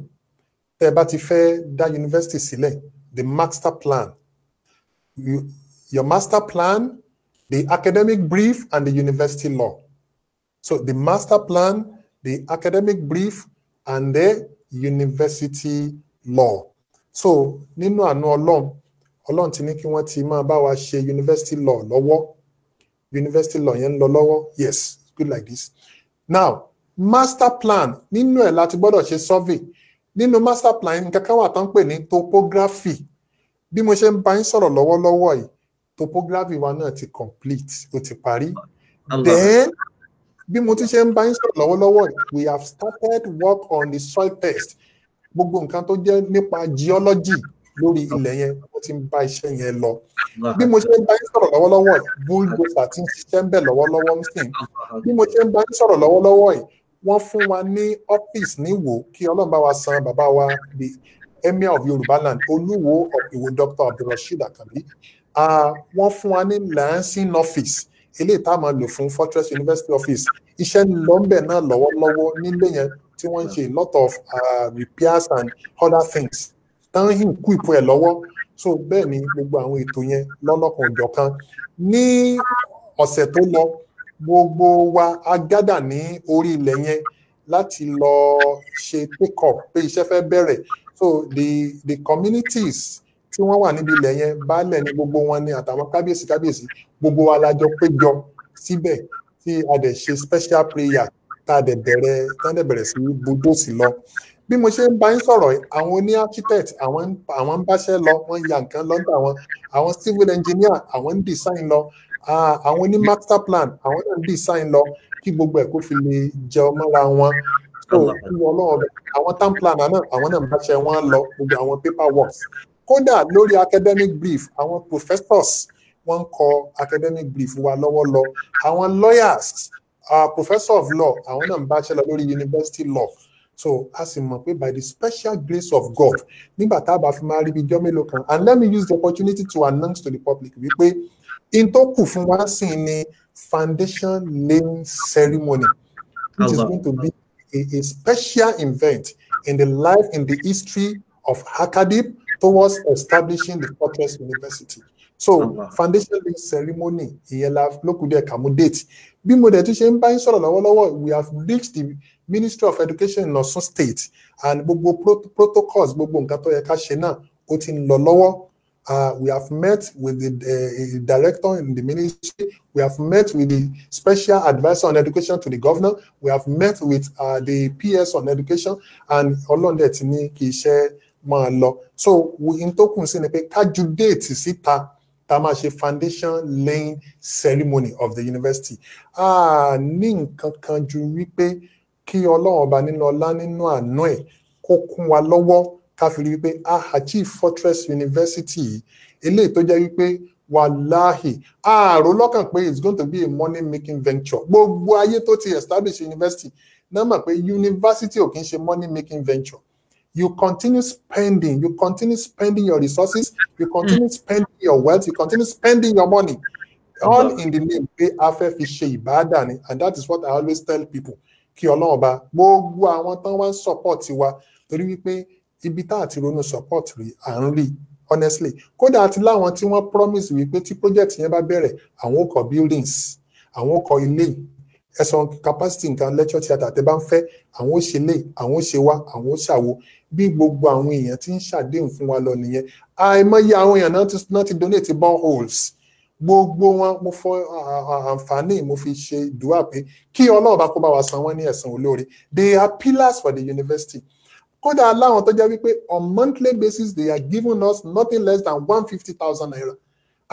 tẹ́ ẹ bá ti fẹ́ dá university sílẹ̀ the master plan your master plan the academic brief and the university law so the master plan the academic brief and the university law so nínú àánú ọlọ́run ọlọ́run ti ní kí wọ́n ti máa bá wa ṣe university law lọ́wọ́. Lo university law yẹn ń lọ lọ́wọ́ yes good like this now master plan nínú ẹ̀ láti gbọ́dọ̀ ṣe survey nínú master plan nǹkan kan wà tó pè ní topography bí mo ṣe ń bá yín sọ̀rọ̀ lọ́wọ́lọ́wọ́ yìí topography wa náà ti complete ó ti parí then bí mo ti ṣe ń bá yín sọ̀rọ̀ lọ́wọ́lọ́wọ́ yìí we have started work on the soil test gbogbo nǹkan tó jẹ́ nípa geology lórí ilẹ̀ yẹn wọ́n ti ń bá iṣẹ́ yẹn lọ. bí mo ṣe ń bá yín sọ̀rọ̀ lọ́wọ́lọ́wọ́ yìí ti ń ṣiṣẹ́ ń bẹ̀ lọ́wọ́lọ́wọ́ ń sìn bí mo ṣe ń bá yín sọ̀rọ̀ lọ́wọ́lọ́wọ́ yìí wọ́n fún wa ní ọ́fíìsì níwò kí ọlọ́run bá wa san bàbá wa the emir of yorùbá land olúwo ìwò dr abdulrasheed akabi wọ́n fún wa ní lansing office eléyìí tá a máa lò fún fortress university office iṣẹ́ lọ́nbẹ̀ náà lọ́wọ́lọ́wọ́ nílé yẹn tí wọ́n ń ṣe lot of uh, repairs and other things tán yìí kú ìpò ẹ̀ lọ́wọ́ so bẹ́ẹ̀ ni gbogbo àwọn ètò yẹn lọ́lọ́kan òjọ̀kan ní ọ̀sẹ̀ tó lọ gbogbo wa a gádà ní orí ilẹ̀ yẹn láti lọ ṣe take up pé iṣẹ́ fẹ́ bẹ̀rẹ̀ so the the communities tí wọ́n wà níbi ilẹ̀ yẹn baálẹ̀ ní gbogbo wọn ní àtàwọn kábíyèsí kábíyèsí gbogbo wa la jọ péjọ síbẹ̀ tí a dẹ̀ ṣe special prayer tá a dẹ̀ bẹ̀rẹ̀ tá a dẹ̀ bẹ̀rẹ̀ sí bulldoze lọ bí mo ṣe ń bá yín sọ̀rọ̀ àwọn oní architect àwọn àwọn ń báṣẹ́ lọ wọ́n ya nǹkan lọ́dọ̀ àwọn àwọn civil engineer àwọn ń design lọ àwọn oní master plan àwọn náà ń design lọ kí gbogbo ẹ̀ kó fi lè jẹ ọmọra wọn so ọlọ́run àwọn town planner náà àwọn náà ń báṣẹ́ wọn lọ gbogbo àwọn paper works kódà lórí academic brief àwọn professors wọ́n ń kọ academic brief wa lọ́wọ́ lọ àwọn lawyers uh, professor of law àwọn náà ń báṣẹ́ lọ lórí university law so a sì by the special grace of God and let me use the opportunity to announce to the public wípé in tó kù fún wa foundation name ceremony which is going to be a, a special event in the life in the history of Hakadib towards establishing the fortress university. so Allah. foundation link ceremony ìyẹn la lókùdíẹ̀ kàmú date bí mo dẹ̀ tún ṣe ń bá yín sọ̀rọ̀ lọ́wọ́lọ́wọ́ we have reached the ministry of education in Ọ̀ṣun state and gbogbo protocols gbogbo nǹkan tó yẹ ká ṣe náà ó ti ń lọ lọ́wọ́ uh, we have met with the uh, director in the ministry we have met with the special adviser on education to the governor we have met with uh, the PS on education and ọlọ́ọ̀dẹ̀ ti ní kí iṣẹ́ máa lọ so in tó kù sí ni pé ká ju déètì síta. Si tá a máa ṣe foundation laying ceremony of the university a ní nǹkan kan ju wípé kí ọlọ́run ọba nínú ọlá nínú àánú ẹ̀ kó kún wa lọ́wọ́ ká fi rí wípé a achieve fortress university eléyìí tó jẹ́ wípé wàláhì ààrò lọ́kàn pé it's going to be a money making venture gbogbo ayé tó ti establish university náà mọ̀ pé university ò kì í ṣe money making venture you continue spending, you continue spending your resources, you continue spending your wealth, you continue spending your money, all in the name of a fẹ́ fi and that is what I always tell people kí ọlọ́run ọba gbogbo àwọn tán wá ń support wa torí wípé ibi tá àti ronú support rí à ń rí honestly kódà àti láwọn tí wọ́n promise wípé tí project yẹn bá bẹ̀rẹ̀ àwọn ó kọ́ buildings àwọn ó kọ́ ilé ẹ̀sán capacity nǹkan lecture theatre tẹ́ bá ń fẹ́ àwọn ó ṣe lé àwọn ó ṣe wá àwọn ó ṣàwo bí gbogbo àwọn èèyàn ti ń ṣàdéhùn fún wa lọ nìyẹn àìmọye àwọn èèyàn náà ti donate boreholes gbogbo wọn mo fọ àǹfààní mo fi ṣe ìdúrà pé kí ọlọ́run bá kó bá wa san wọ́n ní ẹ̀san olóore they are pillars for the university kódà láwọn tó jẹ́ wípé on monthly basis they are giving us nothing less than one fifty thousand naira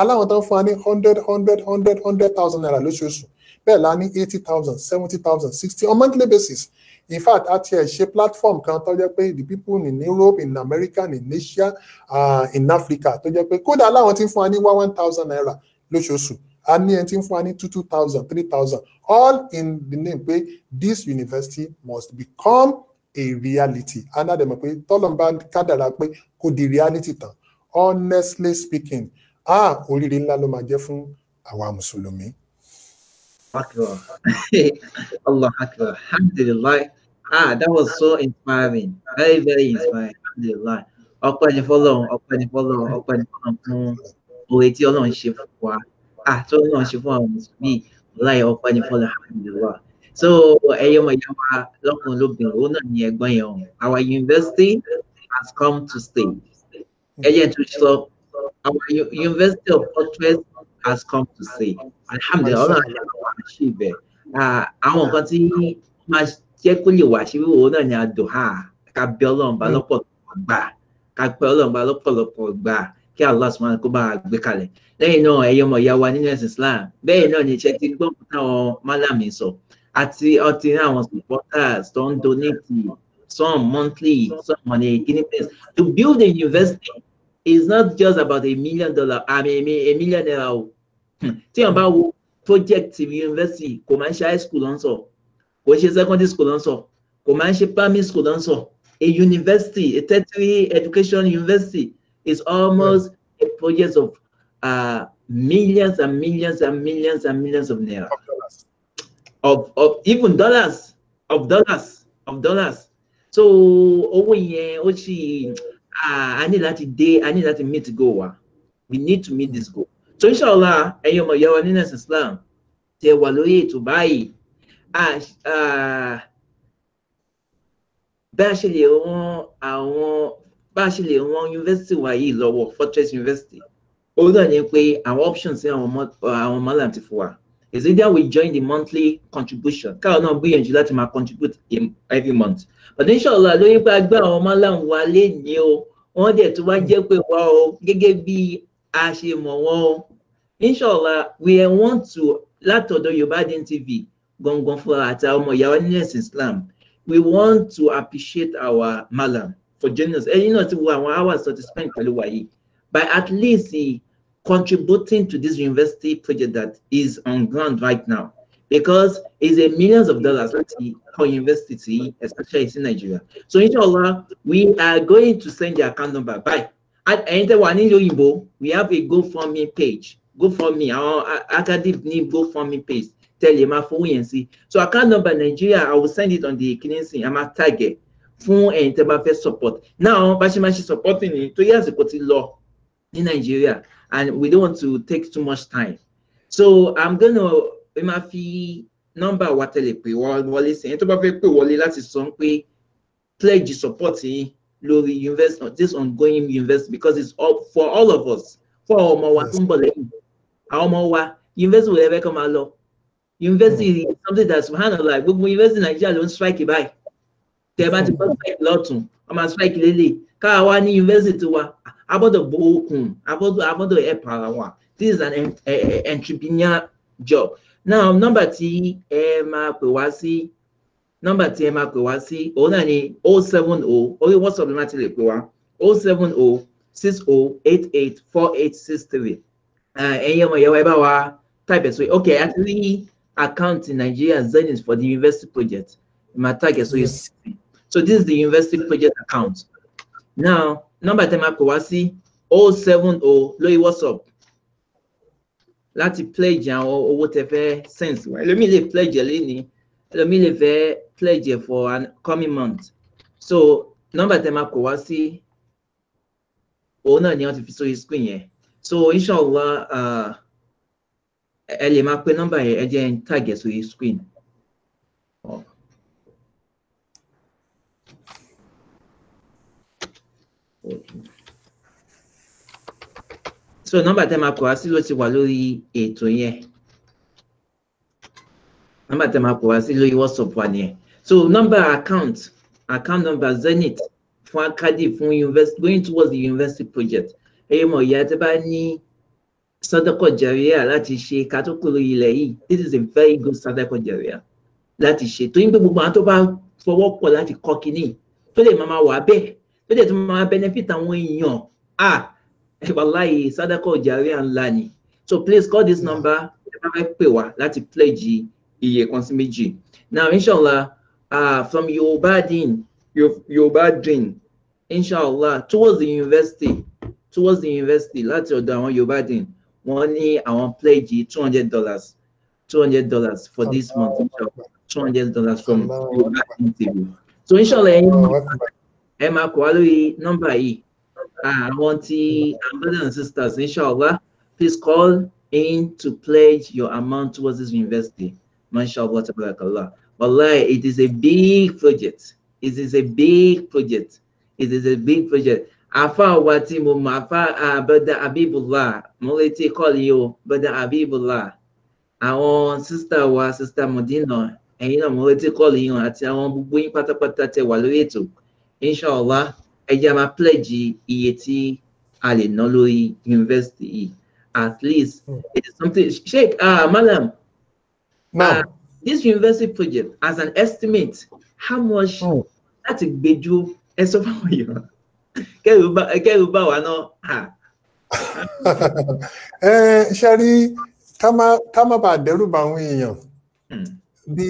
aláwọn tó ń fún wa ní hundred hundred hundred hundred thousand naira lóṣooṣù bẹ́ẹ̀ la ní eighty thousand seventy thousand sixty on monthly basis in fact a tiẹ̀ ṣe platform kan tó jẹ́ pé the people in Europe in America in Asia uh, in Africa tó jẹ́ pé kódà láwọn ti ń fún wa ní one one thousand naira lóṣooṣù a ní ẹni tí ń fún wa ní two two thousand three thousand all in the name pé this university must become a reality and a dẹ̀ mọ̀ pé tọ́lọ́mbà kádàrá pé kò di reality tan? honestly speaking ah oríire ńlá ló máa jẹ́ fún àwa mùsùlùmí. Akbar. <laughs> Allah Akbar. Alhamdulillah. Ah, that was so inspiring. Very, very inspiring. Alhamdulillah. Ọpẹ́ ni fọ́lọ́run, ọpẹ́ ni follow. ọpẹ́ ni fọ́lọ́run fún oore tí Ọlọ́run ṣe Ah, tó Ọlọ́run ṣe fún láì ọpẹ́ ni fọ́lọ́run, alhamdulillah. So, ayo ọmọ ìyá wa lọ́kùnrin lóbìnrin, ni ẹ̀gbọ́n yẹn Our university has come to stay. Ayo tó sọ, our University of Fortress has come to say Alhamdulillah. ọlọ́run àti àwọn àṣì ibẹ̀ àwọn nǹkan tí máa jẹ́ kó lè wà ṣe wíwò náà ni àdùhà ká bẹ ọlọ́run bá hmm. lọ́pọ̀lọpọ̀ gbà ká bẹ ọlọ́run bá lọ́pọ̀lọpọ̀ gbà kí Allah subhanahu kó bá gbé kalẹ̀ lẹ́yìn náà ẹ̀yẹ ọmọ ìyá wa nínú ẹ̀sìn Islam bẹ́ẹ̀ náà ni iṣẹ́ ti gbọ́n fún táwọn málàmì sọ àti ọtí àwọn supporters tó ń donate some monthly some money kí ni to build a university it's not just about a million dollar dollar. mean, a millionaire. Hmm. naira about project university commercial high school also, ń sọ secondary school also, commercial sọ primary school also. a university a tertiary education university is almost right. a project of uh, millions and millions and millions and millions of naira of, of even dollars of dollars of dollars so owó yẹn ó ṣì ah, I need that day, I need that to meet We need to meet this goal. So inshallah, ẹ̀yin ọmọ ìyá wa nínú ẹ̀sìn Islam tẹ wà lórí ètò báyìí. Bá a ṣe lè ran àwọn bá a ṣe lè ran yunifásitì wa yìí ba a wa Fortress University. Òun náà ni pé àwọn options ní àwọn ọmọ our ti fún wa. Is either we join the monthly contribution. Káwọn náà gbìyànjú to my contribute every month but inshallah ló yẹ pé agbá àwọn ọmọ láwọn wa lè ní o wọ́n dẹ̀ tó wá jẹ́ pé wá o gẹ́gẹ́ bí a ṣe inshallah we want to Let látọ̀dọ̀ do your bad gangan fún àti àwọn for ìyàwó Our ẹ̀sìn Islam we want to appreciate our malam for genius ẹ̀yin náà ti wo àwọn hours tó spend by at least contributing to this university project that is on ground right now because it's a millions of dollars per university, especially in Nigeria. So inshallah, we are going to send the account number. Bye. At Enter one Wanilo we have a GoFundMe page. GoFundMe, our academic GoFundMe page. Tell him for see. So account number Nigeria, I will send it on the cleansing. I'm a target. For and tẹ́ bá support. Now, Bashimashi supporting me Two years ago, law in Nigeria, and we don't want to take too much time. So I'm going to ẹ máa fi nọ́mbà wa tẹ́lẹ̀ pé wọlé sí ẹni tó bá fẹ́ pè wọlé láti sọ pé pledge support yín lórí invest this ongoing invest because it's all, for all of us fún àwọn ọmọ wa tó ń bọ̀ lẹ́yìn àwọn ọmọ wa university wo ẹ̀fẹ́ kan máa lọ university mm. is something that subhanallah gbogbo university Nigeria ló ń strike báyìí tẹ bá ti bọ́ strike lọ́tún wọ́n máa strike lélẹ̀ káwa wá ní university wa abọ́dọ̀ bókun abọ́dọ̀ abọ́dọ̀ help ara wa this is an eh, eh, entrepreneur job now number tí Emma Kwasi. Number wá Emma Kwasi. tí ẹ máa pè wá sí òun náà ni o oh seven o oh. orí whatsapp ni wọ́n ti lè pè oh six o eight eight four eight six three ah, ẹ̀yin ọmọ ìyàwó ẹ bá type it. sọ ok àti rí account in Nigeria Zenith for the university project my target sọ yẹ sí so this is the university project account now number tí ẹ máa pè wá sí o seven o lórí whatsapp. láti pledge àwọn owó tẹ fẹ́ send wa ẹlòmíì lè pledge ẹ lẹ́ni ẹlòmíì lè fẹ́ pledge for an coming month so nọ́mbà tẹ máa kó wá sí òun náà ni wọ́n ti fi sórí screen yẹn so inshallah ẹ lè máa pe nọ́mbà yẹn ẹ jẹ́ ń tag ẹ sórí screen. Okay so nọ́mbà tẹ́ máa pè wá sí ló ti wà lórí ètò yẹn nọ́mbà tẹ́ máa pè wá sí lórí whatsapp wa nìyẹn so nọ́mbà account account number zenith fún akadi fún university going towards the university project ẹyẹ mọ ìyá tẹ́ bá ní sadako jẹrìíà láti ṣe katókòrò ilẹ̀ yìí this is a very good sadako jẹrìíà láti ṣe tó ń gbé gbogbo àwọn tó bá fọwọ́ pọ̀ láti kọ́ kínní tó lè máa wà bẹ́ẹ̀ tó lè tó máa benefit àwọn èèyàn ah <laughs> wàláyé sadaka ọjàre ńlá ni so please call this yeah. number ẹ bá fẹ́ pè wá láti pledge iye kan sí méjì now inshallah uh, from yorùbá din yorùbá din inshallah towards the university towards the university láti ọ̀dọ̀ àwọn yorùbá din wọ́n ní àwọn pledge two hundred dollars two hundred dollars for this Allah month two hundred dollars from yorùbá din tv so inshallah ẹ máa kọ́ wa lórí nọ́mbà yìí Ah, àwọn brothers and sisters inshallah please call in to pledge your amount towards this university mashallah tabarakallah wallahi it is a big project it is a big project it is a big project afa wa ti mo afa ah, brother Habibullah mo call you brother Habibullah Our sister was sister Modina and you know, retí call you. o àti àwọn gbogbo yín pátápátá tẹ́ wà inshallah ẹjẹ́ máa pledge iye tí a lè ná lórí university at least hmm. it is something sheikh uh, ah, malam uh, ah, this university project as an estimate how much hmm. láti gbẹjú ẹ sọ fáwọn èèyàn kẹrù bá wa náà. <laughs> Eh, ẹ ṣe rí ká má bàa dẹ́rù bá àwọn èèyàn hmm. bí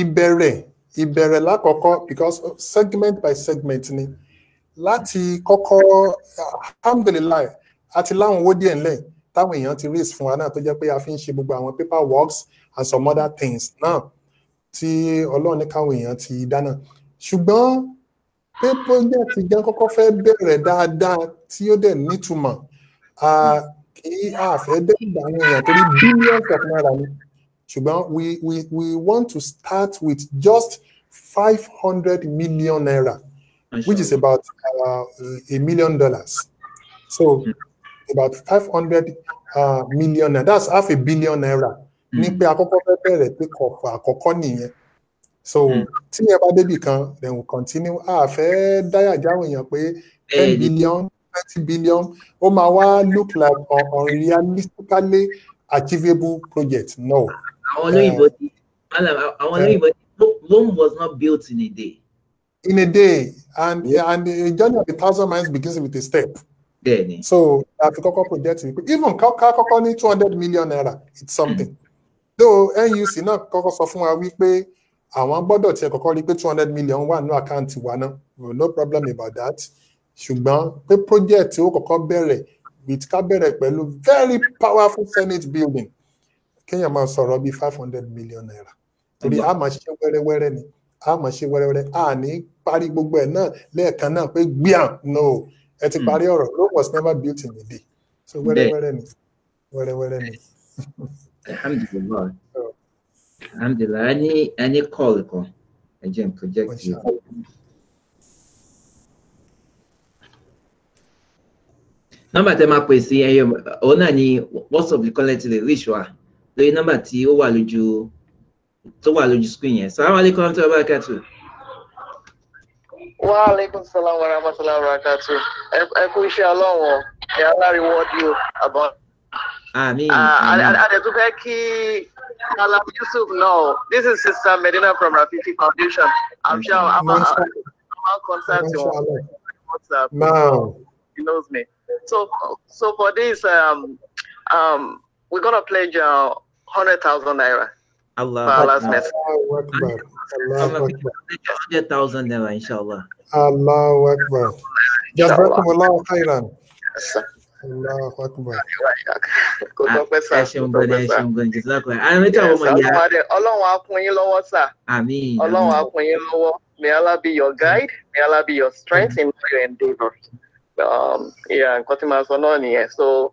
ìbẹ̀rẹ̀. ìbẹ̀rẹ̀ lákọ̀ọ́kọ́ because segment by segment ni láti kọ́kọ́ alhamdulilayi àti láwọn owó díẹ̀ ńlẹ̀ táwọn èèyàn ti raise fún wa náà tó jẹ́ pé a fi ń ṣe gbogbo àwọn paper works and some other things náà tí ọlọ́run ní káwọn èèyàn ti dáná ṣùgbọ́n pé project jẹ́ kọ́kọ́ fẹ́ bẹ̀rẹ̀ dáadáa tí ó dẹ̀ nítumọ̀ kí a fẹ́ dẹ́gbà àwọn èèyàn torí billions of naira ni. ṣùgbọ́n we we we want to start with just five hundred million naira which is about uh, a million dollars so about five hundred uh, million naira that's half a billion naira hmm. ní pé àkọ́kọ́ fẹ́ bẹ̀rẹ̀ pé kọ̀ọ̀kan àkọ́kọ́ nìyẹn so hmm. tí yẹn bá débì kan then we continue a fẹ́ dáyà jáwé yẹn pé eh, ten billion twenty billion ó máa wá look like unrealistically achievable project No. àwọn olóyìnbó ti àwọn olóyìnbó ti Rome was not built in a day. in a day and yeah. and a journey of a thousand miles begins with a step. Yeah. so àti kọ́kọ́ project wípé even ká kọ́kọ́ ní two hundred million naira it's something. Mm. though NUC náà kọ́kọ́ sọ fún wa wípé àwọn gbọ́dọ̀ tiẹ̀ kọ́kọ́ rí pé two hundred million wà no account wa náà no problem about that ṣùgbọ́n pé project ó kọ́kọ́ bẹ̀rẹ̀ with ká bẹ̀rẹ̀ pẹ̀lú very powerful senate building kéèyàn máa sọ̀rọ̀ bíi five hundred million naira torí a máa ṣe wẹ́rẹ́wẹ́rẹ́ ni a máa ṣe wẹ́rẹ́wẹ́rẹ́ a ní parí gbogbo ẹ̀ náà lẹ́ẹ̀kan náà pé gbíàn no ẹ ti hmm. parí ọ̀rọ̀ Rome was never built in a day so wẹ́rẹ́wẹ́rẹ́ ni wẹ́rẹ́wẹ́rẹ́ ni. alhamdulilayi alhamdulilayi a ní a ní kọ́ọ̀lù kan ẹ jẹ́ n project yìí. nọ́mbà tẹ máa pèsè ẹyọ òun náà ni whatsapp kọ́lẹ́tì lè rí ìṣọ́ à. lórí nọ́mbà tí ó wà lójú tó wà lójú screen yẹn salaam aleykum wa rahmatulahi wa barakatu. wa aleykum salaam wa rahmatulahi wa barakatu ẹ kú iṣẹ́ ọlọ́wọ̀n ẹ aláriwo ọdí o àbọ̀. àmín àmín. àdẹ̀tún fẹ́ kí Salam Yusuf náà this is Sister Medina from Rafiki Foundation i'm sure i'm i i'm a concert to one whatsapp. Now. he knows me so so for this um um we're gonna pledge uh, hundred thousand naira. Allah. Allah's mercy. Allah Akbar. Allah Akbar. thousand naira, inshallah. Allah Allah. Jazakumullah khairan. Yes, sir. Àmín. <laughs> Ah, Ọlọ́run May Allah be your guide. May Allah be your strength in all your endeavours. Um, yeah, nǹkan tí màá sọ so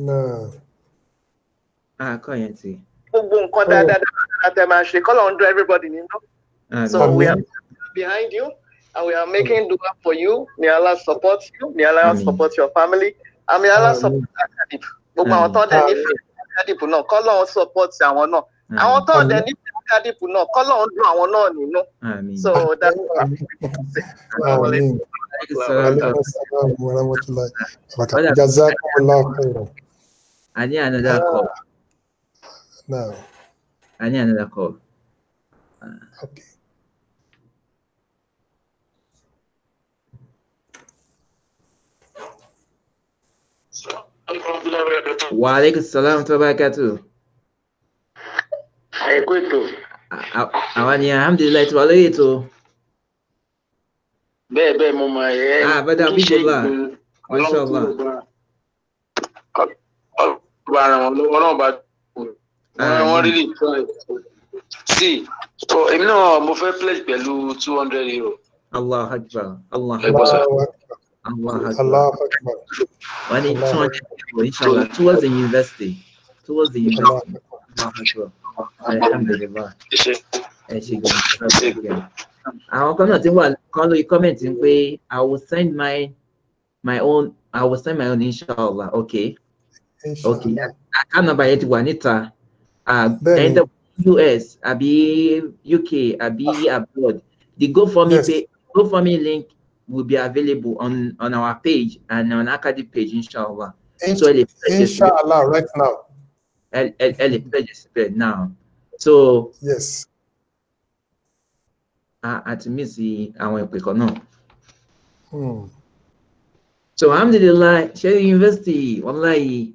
náà. àkọ́ ah, yẹn ti. gbogbo nǹkan dáadáa tẹ máa ṣe kọ́lọ̀ ń dún everybody nínú. Ah, so we are behind you and we are making dua for you may Allah support you may Allah support your family and may Allah support akadip gbogbo àwọn tó ń dẹ nífẹ̀ẹ́ akadip náà kọ́lọ̀ ń support àwọn náà àwọn tó ń dẹ nífẹ̀ẹ́ kádìpù náà kọ́lọ́run dùn àwọn náà nínú. so that's what i'm saying. Jazakumullah khairan. I need another uh, call. No. I need another call. Uh, okay. Wa alaikum salam tó bá kàtó. Àìkú ètò. Àwọn ni alhamdulilayi tí wà lórí ètò. Bẹ́ẹ̀ bẹ́ẹ̀ mo mọ̀ bá ara wọn lọ́wọ́ náà bá dùn wọ́n rí lè tọ́ ẹ̀. sí so èmi náà mo fẹ́ pledge pẹ̀lú two hundred euro. allah akbar allah akbar allah akbar allah akbar wọ́n ní two hundred euro inshallah towards the university towards the university allah akbar alhamdulillah ẹ ṣe gbọ́dọ̀ àwọn kan náà ti wà kan lórí comment pé i will send my my own i will send my own inshallah okay. Okay. Account number yẹn it. wà níta. in the US àbí UK àbí ah. abroad. The GoFundMe yes. pay GoFundMe link will be available on on our page and on Academy page inshallah. In, so inshallah right now. Ele participate now. So yes. Àti mí I want to pick náà. So alhamdulillah, ṣe yunifásitì wàláyé.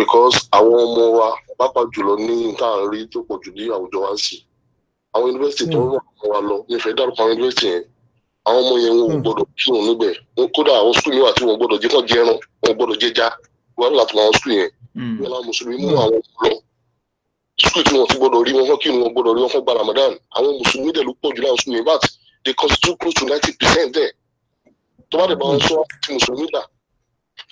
because àwọn ọmọ wa pàápàá jùlọ ní nǹkan àárí tó pọ̀ jù ní àwùjọ wa ń sì àwọn yunifásitì tó ń rà wọn wa lọ nífẹẹ dárúkọ àwọn yunifásitì yẹn àwọn ọmọ yẹn wọn ò hmm. gbọ́dọ̀ kírun níbẹ̀ wọn kódà àwọn skul yẹn wà tí wọn gbọ́dọ̀ jẹ kàn jẹran wọn gbọ́dọ̀ jẹja wọn láti wọn skul yẹn wọn hmm. làwọn mùsùlùmí mú hmm. àwọn lọ skul tí wọn ti gbọ́dọ̀ rí wọn kàn kírun wọn gbọ́dọ̀ rí wọn fún gba Ramadan àwọn mùsùlùmí dẹ̀ ló pọ̀ jù láwọn skul yẹn but they constitute close to ninety percent there tó bá dẹ̀ bá wọn sọ ti mùsùlùmí dà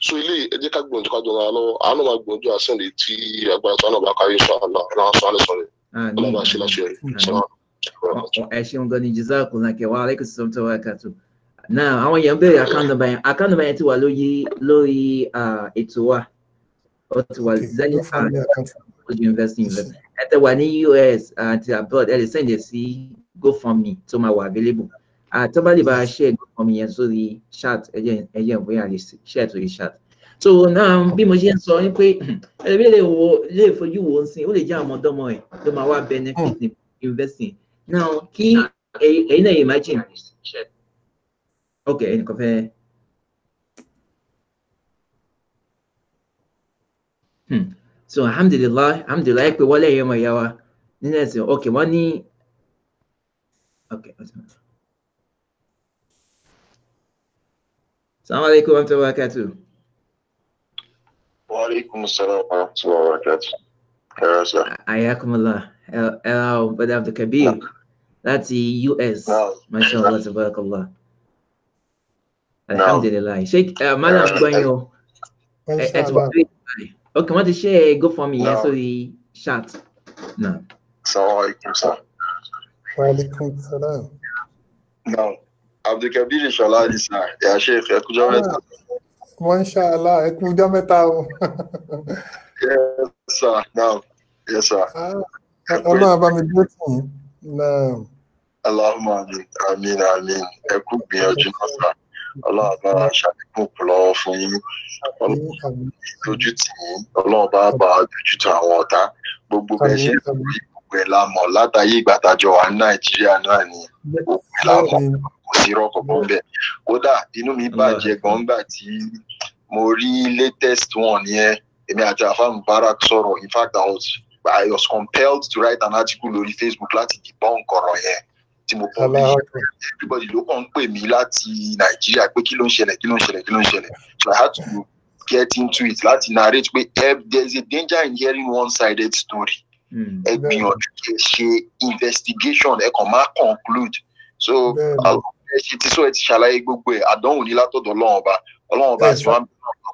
so ilé ẹ jẹ́ ká gbìyànjú ká jọra lọ́wọ́ àánú máa gbìyànjú àsìnlẹ̀ tí agbára tó àánú bá kárí sọ àlọ́ ọ̀nà sọ àlẹ́ sọ̀rọ̀ ọlọ́run àṣẹ láṣẹ ẹ ṣeun gan ni jazakallah kẹ wa alaikum salam tó wà kàtó náà àwọn èèyàn béèrè account yẹn account yẹn ti wà lórí lórí ètò wa ó ti wà zenith university university ẹ tẹ wà ní US àti abroad ẹ lè send ẹ sí GoFundMe tó máa wà available àtọ́bá lè bá ṣe ẹ̀gbọ́n ọmọ yẹn sórí chat ẹ̀jẹ̀ bóyá lè ṣe ẹ̀ sórí chat so náà bí mo ṣe ń sọ ni pé <clears throat> ẹlẹ́bí lè wo lè fojú wo ń sìn ó lè jẹ́ àwọn ọ̀dọ́mọ ẹ̀ ló máa wá benefit ní investing now kí ẹ̀yin náà imagine ok ẹnìkan fẹ́. Hmm. so alhamdulillah alhamdulillah pé wọlé ẹ̀yọ́ ọmọ ìyá wa nínú ẹ̀sìn ok wọ́n ní. okay. okay. السلام عليكم ورحمة الله وبركاته وعليكم السلام ورحمة الله وبركاته حياكم الله اراو بدر عبد الكبير لاتي نعم. يو اس نعم. ما شاء الله تبارك الله نعم. الحمد لله شيك آه، مالا بانيو آه، اوكي ما تشي جو فور مي سوري شات نعم السلام عليكم وعليكم السلام نعم abdulkabir ìṣọlá ni sà ìyá ṣe ìfẹ́ kújọ́ mẹ́ta. wọ́n ń ṣàlá ẹ kújọ́ mẹ́ta o. yes sir now yes sir. ọlọ́run abami dúró tì yín. Allahumma amin amin amin ẹ kú gbìyànjú náà sà ọlọ́run bá ṣàlékún pọ̀lọ́ fún yín ọlọ́run lójú tì yín ọlọ́run bá bá lójú tó àwọn ọ̀tá gbogbo bẹ́ẹ̀ ṣe gbogbo ẹ̀ la mọ̀ látàyè ìgbàtàjọ ni kò sí rọkọ̀ bọ́ mm. bẹ́ẹ̀ kódà inú mi mm. bàjẹ́ gan gbà tí mo rí latest one yẹn èmi àti Alfa Mubarak sọ̀rọ̀ in fact I was, I was compelled to write an article lórí Facebook láti debunk ọ̀rọ̀ yẹn tí mo pọ̀ bíi everybody ló kàn ń pè mí láti nàìjíríà pé kí ló ń ṣẹlẹ̀ kí ló ń ṣẹlẹ̀ kí ló ń ṣẹlẹ̀ so I had to get into it láti narrate pé there is a danger in hearing one-sided story mm. ẹ gbìyànjú kí ẹ ṣe investigation ẹ kàn má conclude so àwọn ẹṣin tí sọ́ọ̀ ti ṣàlàyé gbogbo ẹ̀ àdánwò ní látọ̀dọ̀ ọlọ́run ọba ọlọ́run ọba àti wọn kó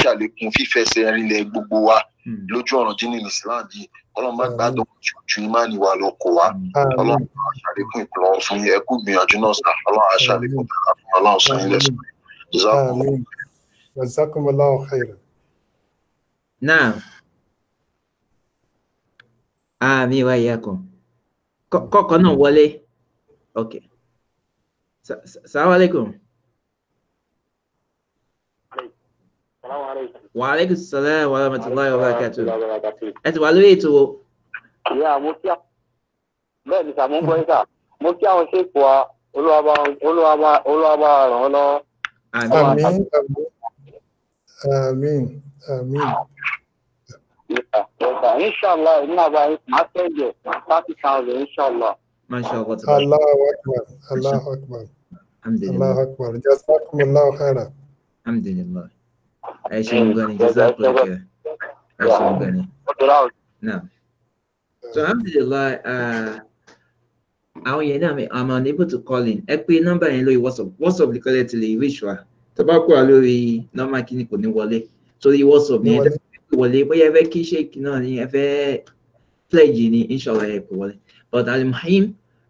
ṣàlékún fífẹsẹ̀ rinlẹ̀ gbogbo wa hmm. lójú ọ̀ràn dín ní Islam yìí ọlọ́run bá gbádùn ju imáàní wa lọ kó wa ọlọ́run bá ṣàlékún ìpìlọ̀ fún yẹn kú gbìyànjú náà sàn ọlọ́run á ṣàlékún fún ọlọ́run sàn ilẹ̀ sàn jazakumullahu khairan. naam àmì ah, ìwà ìyá kan kọ́kọ́ náà Okay. Assalamu alaikum. Wa alaikum salam wa rahmatullahi wa barakatuh. Ẹ ti wà lórí ètò o. Ìyá mo kí àwọn bẹ́ẹ̀ ni sàmú ń gbọ́ sà. Mo kí àwọn ṣèpò wa olúwàbá olúwàbá ràn án lọ́wọ́. Àmín àmín àmín. Inshallah, ìnáwó àyè máa tẹ̀lé thirty thousand inshallah. MashaAllah. Allahu Akbar. Allahu Akbar. Alhamdulillah. Allahu Akbar. Jazakum Allah khairan. Alhamdulillah. Aisha Mugani, Jazakallah so Alhamdulillah, uh, àwọn náà i'm unable to call in ẹ number and yẹn lórí whatsapp whatsapp lè kọ́lẹ̀ tẹ̀lé ìwé ìṣúra tó bá kúrò kíní kò ní So torí whatsapp ní ẹ̀dá kò wọlé bóyá ẹ fẹ́ kí ṣéèkì No, ní have a pledge inshallah ẹ kò wọlé but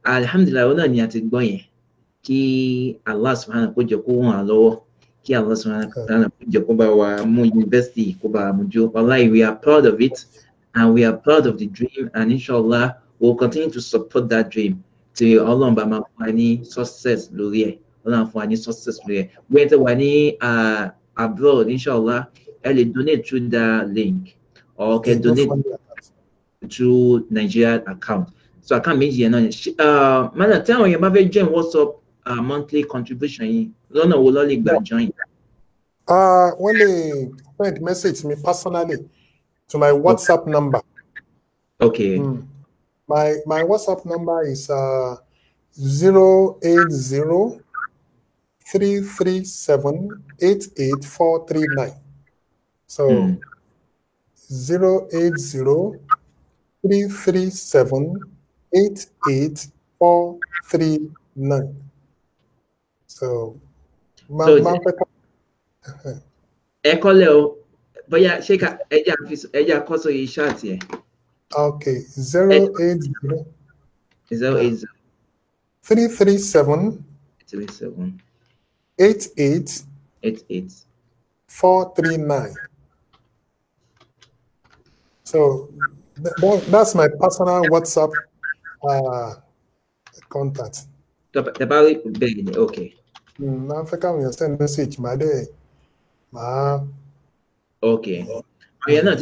Alhamdulillah, ọ̀nà ni a ti gbọ́ yẹn kí allah subhanahu kó jọ kó wọ́n lọ́wọ́ kí allah subhanahu kó jọ kó bá wa mú yunifásitì kó bá mú jó wallahi we are proud of it and we are proud of the dream and inshallah we will continue to support that dream tí ọlọ́run bá máa fún wa ní success lórí ẹ̀ ọlọ́run fún wa ní success lórí ẹ̀ wíwẹ́n tí wà ní abroad inshallah ẹ lè donate through that link or can donate through Nigeria account so I can't meet you. Uh, tí àwọn èèyàn bá fẹ́ join up. uh, monthly contribution yìí lọ́nà wo ló lè gbà join. Uh, wọ́n lè send message me personally to my WhatsApp number. Okay. Mm. My my WhatsApp number is uh, zero eight zero three three seven eight eight four three nine. So hmm. zero eight zero three three seven. 88439. So, ma so ma fẹ́ ká. Ẹ kọ́lẹ̀ o, bóyá ṣé ká Okay, zero eight zero. Zero eight 337. three seven. three nine. So that's my personal WhatsApp uh, contact. The Bali Bene, okay. Mm, Africa, you send message, my day. ah, Okay. Then, then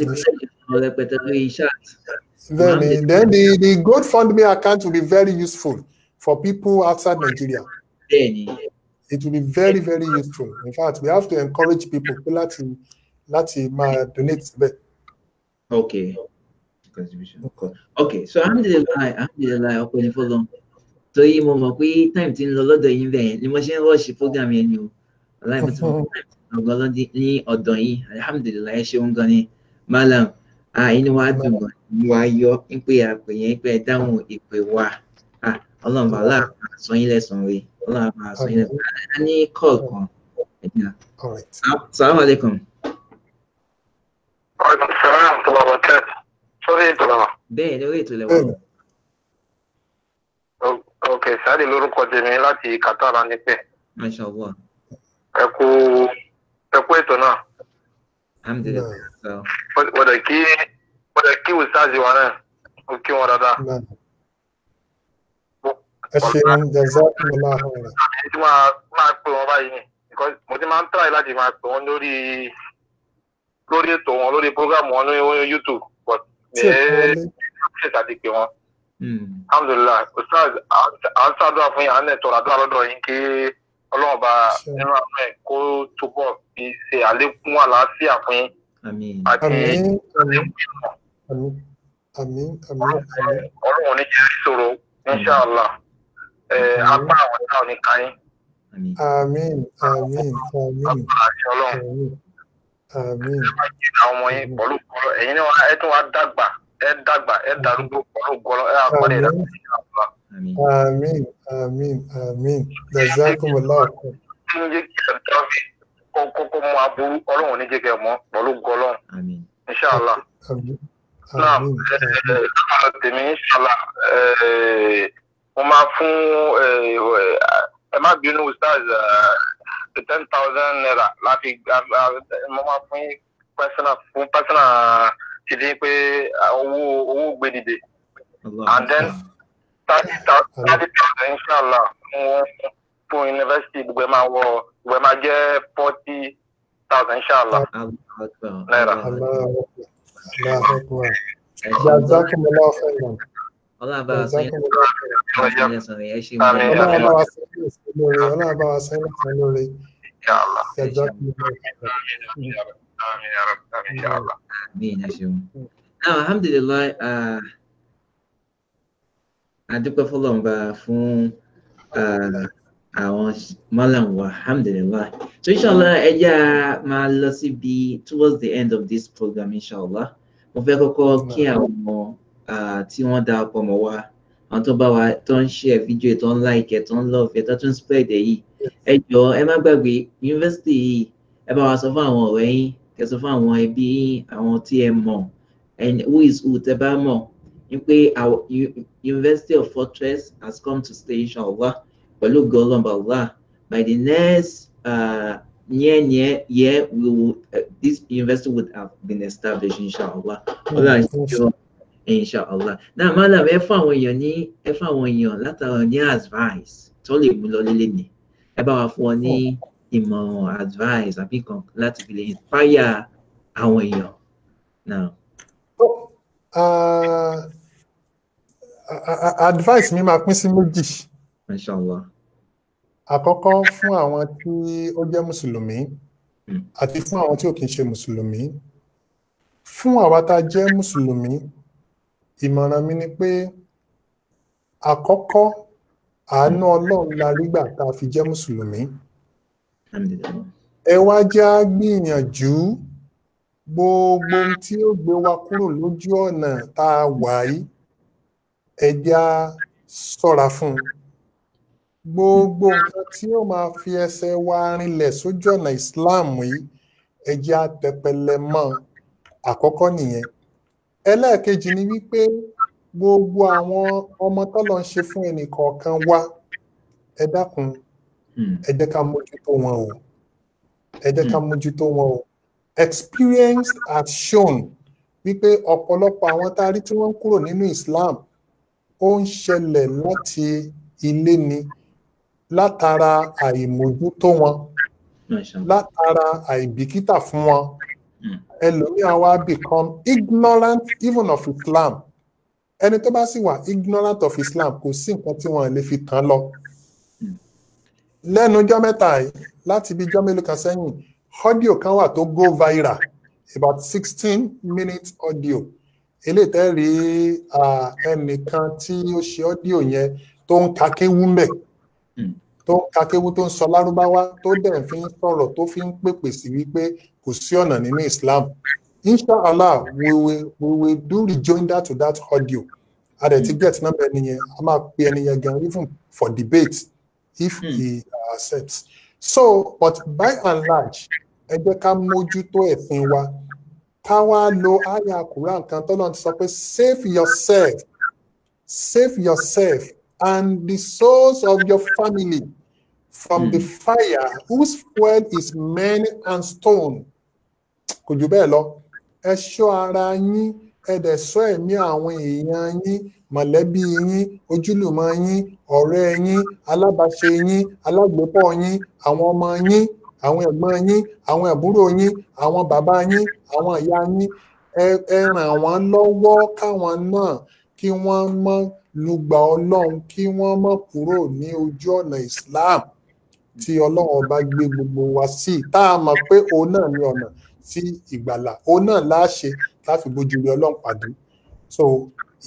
the, the GoFundMe account will be very useful for people outside Nigeria. It will be very, very useful. In fact, we have to encourage people to, to to donate. Okay. contribution. okay so alhamdulilayi alhamdulilayi ọpẹ́ ní fọlọ́n torí mo mọ̀ pé time ti ń lọ lọ́dọ̀ yín bẹ́ẹ̀ ni mo ṣe ń rush program yẹn ni o aláìmọ tí mo mọ̀ time ti ń lọ gan lọ́dí ní ọ̀dọ̀ yín alhamdulilayi ẹ ṣeun gan ni malam inú wa dùn gan inú wa yọ ń pè àpè yẹn pé ẹ dáhùn ìpè wa ọlọ́run bàálà àsọ yín lẹ́sàn-án rẹ̀ ọlọ́run àbá àsọ yín lẹ́sàn-án rẹ̀ a ní kọ́ọ̀ kan ẹ̀dínà. salaam aleykum. wa aleykum salaam wa rahmatulah sórí ètò lọ́wọ́. bẹ́ẹ̀ lórí ètò lẹ́wọ́. ok sáàdì lórúkọ tèmi láti katara ní pẹ́. masha allah. ẹ kú ẹ kú ètò náà. alhamdulilayi. wọ́dọ̀ kí wọ́dọ̀ kí wùsáàsì wa náà ó kí wọn dáadáa. ẹ ṣeun jazakumullah. àmì tí máa pè wọn báyìí ni mo ti máa ń try láti máa pè wọn lórí lórí ètò wọn lórí program wọn ní YouTube ṣe tàbí pé wọn. alhamdulilayi ustaz à ń ṣàdúrà fún yàrá náà tọrọ àdúrà lọ́dọ̀ yín kí ọlọ́run bá nínú àwọn ẹ̀ kó túbọ̀ fi ṣe àlékún àlàáfíà fún yín àti àlékún ìmọ̀. ọlọ́run ò ní jẹ́ ìṣòro inṣàlá apá àwọn náà ní káyín. àmín àmín àmín àmín àwọn ọmọ yín pọ̀lú gbọ́lọ́ ẹ̀yin ni ẹ tún wá dàgbà ẹ dàgbà ẹ darúgbó pọ̀lú gbọ́lọ́ ẹ àpọ̀lẹ̀ ẹ dàgbà. Amin, amin, amin. Jazakum Allah. Kí ló ń jẹ́ kí ẹ tọ́fì kókó mọ aburú ọlọ́run ní jẹ́ kẹ́ mọ́ pọ̀lú gbọ́lọ́. Inṣàlá. Náà ẹ̀ tèmi inṣàlá mo máa fún ẹ má bínú stars to ten thousand naira la fi mo máa fún personal fún personal ti di pé owó owó gbé dìde and then thirty thousand Thirty thousand, inshallah fún fún university gbogbo ẹ máa wọ gbogbo ẹ máa jẹ forty thousand inshallah naira. Jazakumullahu khairan. Hola, Now, alhamdulillah, uh, a dúpẹ́ Ya fún àwọn malam wa alhamdulillah so inshallah ẹ jẹ́ a máa lọ síbi towards the end of this program inshallah mo fẹ́ kọ́kọ́ kí àwọn tí wọ́n da ọkọ̀ mọ́ wa àwọn tó bá wa tó ń ṣe fídíò tó ń láìkẹ tó ń lọ́ọ̀fẹ tó tún spread ẹ̀ yìí ẹ jọ ẹ má gbàgbé yunifásitì yìí ẹ bá wa sọ fún àwọn ọ̀rẹ́ yín kẹ sọ fún àwọn ẹbí yín àwọn tí ẹ mọ̀ and who is who tẹ bá mọ̀ ni pé our University of Fortress has come to stay inshallah pẹ̀lú gọ́lọ́mbà Allah by the next uh, near near year we will uh, this university would have been established inshallah. Allah is sure. inshallah náà madam ẹ fún àwọn èèyàn ní ẹ fún àwọn èèyàn látara ní advice tó lè mú lọ lélẹ̀ ni ẹ bá wa fún ọ ní ìmọ̀ràn advice àbí kan láti fi lè inspire àwọn èèyàn náà. Oh, uh, advice mi máa pín sí méjì. inshallah. àkọ́kọ́ fún àwọn tí ó jẹ́ mùsùlùmí hmm. àti fún àwọn tí ò kì í ṣe mùsùlùmí fún àwa tá a jẹ́ mùsùlùmí ìmọ̀ràn mi ni pé àkọ́kọ́ àánú ọlọ́run la rí gbà tá a fi jẹ́ mùsùlùmí ẹ wá já gbìyànjú gbogbo tí ó gbé wa kúrò lójú ọ̀nà tá a wà yìí ẹ já sọ́ra fún un gbogbo nǹkan tí ó máa fi ẹsẹ̀ wa rinlẹ̀ sójú ọ̀nà Islam yìí ẹ já tẹpẹlẹ mọ́ àkọ́kọ́ nìyẹn ẹlẹ́ẹ̀kejì ni wípé gbogbo àwọn ọmọ tọ́lọ ń ṣe fún ẹnìkọ̀ọ̀kan wa ẹ dákun hmm. ẹ jẹ́ ká mójútó wọn o ẹ jẹ́ ká hmm. mójútó wọn o experience has shown wípé ọ̀pọ̀lọpọ̀ àwọn tá a rí tí wọ́n ń kúrò nínú Islam ó ń ṣẹlẹ̀ láti ilé ni látara àìmójútó wọn látara àìbìkítà fún wọn ẹlòmíà wa become ignorant even of Islam ẹni tó bá sì wà ignorant of Islam kò sí nǹkan tí wọn lè fi tàn lọ lẹ́nujọ́ mẹ́ta yìí láti bí jọ́ mélòó kan sẹ́yìn ọ́díò kan wà tó go viral about sixteen minutes audio eléyìí tẹ́ rí ẹnìkan tí ó ṣe ọ́díò yẹn tó ń ka kéwú mbẹ̀ tó ń ka kéwú tó ń sọ lárúbáwá tó dẹ̀ fi ń sọ̀rọ̀ tó fi ń pèpè sí wípé kò sí ọ̀nà nínú Islam inshallah we will we will do rejoin that to that audio a dẹ̀ ti get number ẹni yẹn a máa pe ẹni gan even for debate if mm. he accepts so but by and large ẹ jẹ́ ká mójútó ẹ̀sìn wa ká wá lo àyà Quran kan tọ́lọ́ ti sọ pé save yourself save yourself and the souls of your family from mm. the hmm. fire whose fuel is men and stone. Kò jù bẹ́ẹ̀ lọ, ẹ ṣọ́ ara yín, ẹ dẹ̀ ṣọ́ ẹ̀mí àwọn èèyàn yín, mọ̀lẹ́bí yín, ojúlùmọ̀ yín, ọ̀rẹ́ yín, alábàṣe yín, alágbèpọ̀ yín, àwọn ọmọ yín, àwọn ẹ̀gbọ́n yín, àwọn àbúrò yín, àwọn bàbá yín, àwọn ìyá yín. Ẹ ràn wọ́n lọ́wọ́ káwọn náà kí wọ́n má lùgbà Ọlọ́run kí wọ́n má kúrò ní ojú ọ̀nà Islam. tí ọlọ́run ọba gbé gbogbo wa sí tá a mọ̀ pé òun náà ní ọ̀nà sí ìgbàlà òun náà láṣe láfi bójú rí ọlọ́run pàdé so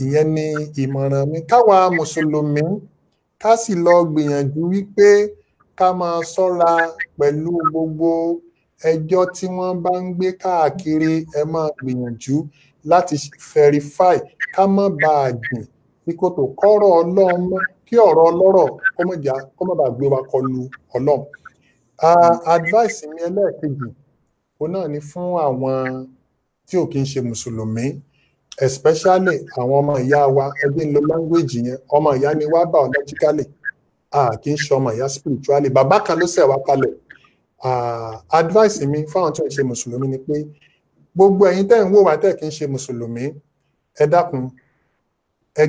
ìyẹn ni ìmọ̀ràn mi káwa mùsùlùmí ká sì lọ gbìyànjú wípé ká máa ṣọ́ra pẹ̀lú gbogbo ẹjọ́ tí wọ́n bá ń gbé káàkiri ẹ máa gbìyànjú láti verify ká má bàa jìn ní kòtò kọ́rọ̀ ọlọ́run mọ́ kí ọ̀rọ̀ ọlọ́rọ̀ kọ́mọ̀já kọ́mọ̀bà gbé wa kọlu ọlọ́run. advice mi ẹlẹ́ẹ̀kejì òun náà ni fún àwọn tí ò kí ń ṣe mùsùlùmí especially àwọn ọmọ ìyá wa ẹgbẹ́ ń lo language yẹn ọmọ ìyá ni wá biologically a kì í ṣe ọmọ ìyá spiritually bàbá kan ló ṣẹ̀ kalẹ̀ advice mi fáwọn tí ò ń ṣe mùsùlùmí ni pé gbogbo ẹ̀yin tẹ́ ń wò wá tẹ́ kì í ṣe mùsùlùmí ẹ dákun ẹ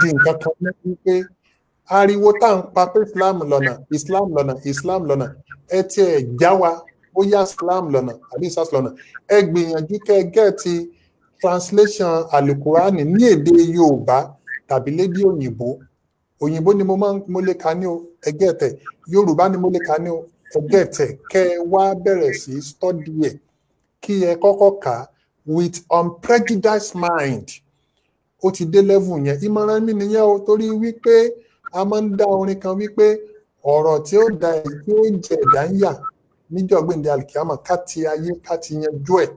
di nǹkan kan lẹ́yìn pé ariwo tá à ń pa pé islam lọ́nà islam lọ́nà islam lọ́nà ẹ tiẹ̀ já wa ó yá islam lọ́nà àbí isas lọ́nà ẹ gbìyànjú kẹ́ ẹ gẹ́ẹ̀tì translation alukurani ní èdè yorùbá tàbí lédè òyìnbó òyìnbó ni mo máa ń mo lè ka ní o ẹ gẹ́ẹ̀tẹ̀ yorùbá ni mo lè ka ní o ẹ gẹ́ẹ̀tẹ̀ kẹ́ wá bẹ̀rẹ̀ sí study ẹ̀ kí ẹ kọ́kọ́ kà with unprejudiced mind. ó ti dé level yẹn ìmọ̀ràn mi nìyẹn o torí wípé a máa ń dá orin kan wípé ọ̀rọ̀ tí ó da èyí tí ó jẹ ẹ̀dá ń yà níjọ́ alikiyama ti ayé ka ti yanjú ẹ̀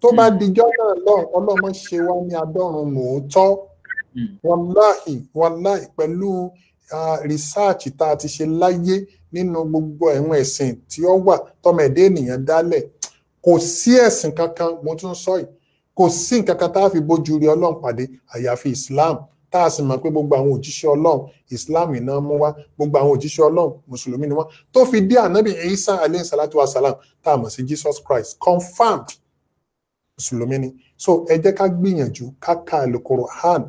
tó bá hmm. dijọ́ náà lọ́rùn ọlọ́mọ ṣe wá ní adọ́run mòótọ́ hmm. wàláhì wàláhì pẹ̀lú tá a ti ṣe láyé nínú gbogbo ẹ̀wọ̀n ẹ̀sìn tí ó wà tọmọ ènìyàn dálẹ̀ kò sí ẹ̀sìn kankan mo tún sọ yìí kò sí nǹkan kan tá a fi bójú rí ọlọ́run pàdé àyàfi islam tá a sì mọ̀ pé gbogbo àwọn òjíṣẹ́ ọlọ́run islam iná mú wá gbogbo àwọn òjíṣẹ́ ọlọ́run mùsùlùmí ni wọ́n tó fi dé ànábì isa aleyhi salatu wa salam tá a mọ̀ sí jesus christ confirmed mùsùlùmí ni so ẹ jẹ́ ká gbìyànjú ká ka al-Qur'an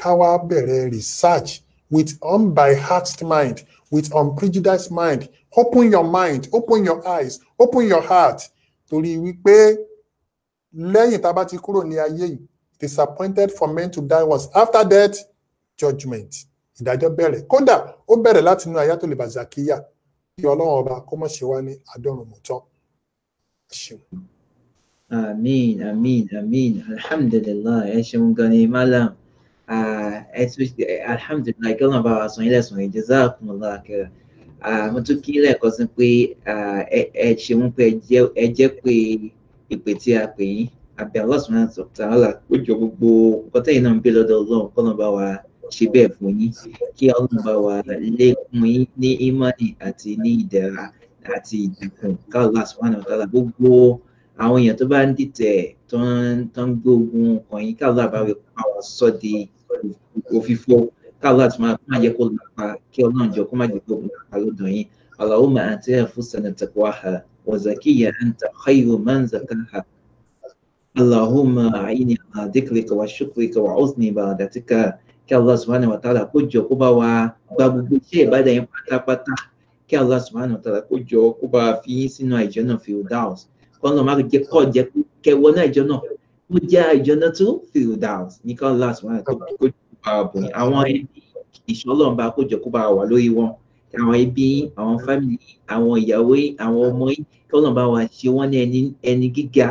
ká wá bẹ̀rẹ̀ research with unbiased mind with unprejudiced mind open your mind open your eyes open your heart torí wípé lẹ́yìn tá a bá ti kúrò ní ayé yìí disappointed for men to die once after death judgment ìdájọ́ bẹ̀rẹ̀ kódà ó bẹ̀rẹ̀ láti inú ayá tó lè bàjá kíyà kí ọlọ́run ọba kó mọ̀ ṣe wá ní àdọ́rùn mọ́tọ́. Amin, amin, amin. alhamdulilayi ẹ ṣeun gan ni malam alhamdulilayi kí ọlọ́run bá wa sàn ilẹ̀ sàn ìdí jazakumullahu khairan mo tún kí lẹ́ẹ̀kan sí pé ẹ ṣeun pé ẹ jẹ́ pé ìpè tí a pè yín àbí Allah subhanahu wa ta'ala ó jọ gbogbo nǹkan tẹ́yìn náà ń gbé lọ́dọ̀ ọlọ́run kọ́ náà bá wa ṣe bẹ́ẹ̀ fún yín kí ọlọ́run bá wa lékún yín ní ìmánì àti ní ìdẹ̀ra àti ìdẹ̀kùn káwọn Allah subhanahu wa ta'ala gbogbo àwọn èèyàn tó bá ń dìtẹ̀ tó ń gbógun ọkàn yín káwọn Allah bá wẹ̀ àwọn sọ́ọ̀dì òfìfo káwọn Allah máa má jẹ́ kó lápá kí ọlọ́run jọ kó má jẹ́ وزكية أنت خير من زكاها اللهم أعيني على ذكرك وشكرك وحسن عبادتك kí Allah subhanahu wa ta'ala kó jọ kó bá wa gba gbogbo iṣẹ́ ìbádàn yẹn pátápátá kí Allah subhanahu wa ta'ala kó jọ kó bá wa fi yín sínú àìjọ náà Firdaus kọ́nà má jẹ́ kọ́ jẹ́ kẹwọ́ náà àìjọ náà kó jẹ́ àìjọ náà tó Firdaus ní kí Allah subhanahu wa ta'ala kó jọ wa bùn àwọn ẹni ìṣọ́lọ́mbà kó jọ kó bá wa wà lórí wọn àwọn ẹbí yín àwọn fámìlì yín àwọn ìyàwó yín àwọn ọmọ yín kí Ọlọ́run bá wa ṣe wọ́n ní ẹni ẹni gíga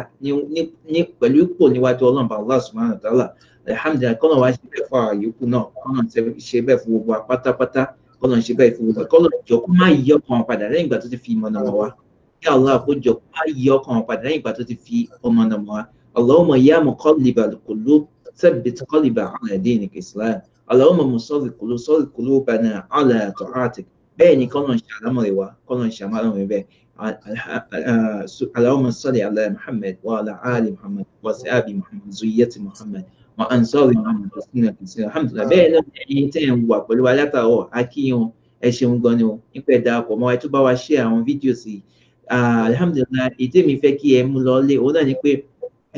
ní pẹ̀lú ipò níwájú Ọlọ́run bá Allah subhanahu wa ta'ala alhamdulilayi kọ́nà wa ṣe bẹ́ẹ̀ fún àwọn yòókù náà kọ́nà ṣe bẹ́ẹ̀ fún gbogbo apátápátá kọ́nà ṣe bẹ́ẹ̀ fún gbogbo kọ́nà jọ kó má yí ọkàn wọn padà lẹ́yìn ìgbà tó ti fi ìmọ̀nà wọn wá kí Allah kó jọ kó má yí ọkàn wọn padà lẹ́yìn ìgbà tó ti fi ọmọnà wọn wá Allahumma ya muqallibal qulub thabbit qalbi ala dinika islam Allahumma musarrif qulubana ala ta'atik bẹ́ẹ̀ ni kọ́nà ṣe àlámọ̀rẹ̀ wa kọ́nà ṣe àmọ́ràn rẹ̀ bẹ́ẹ̀ اللهم صل على محمد وعلى آل محمد وصحاب محمد زوية محمد وأنصار محمد وسنة الحمد لله bẹ́ẹ̀ náà ẹ̀yin tẹ́ ẹ̀ ń wà pẹ̀lú wa látàárọ̀ a kí yín ẹ ṣeun gan ni o nípa ẹ̀dá ọkọ̀ mọ́ ẹ tó bá wa ṣe àwọn fídíò sí alhamdulillah ètò èmi fẹ́ kí ẹ mú lọ lé òun náà ni pé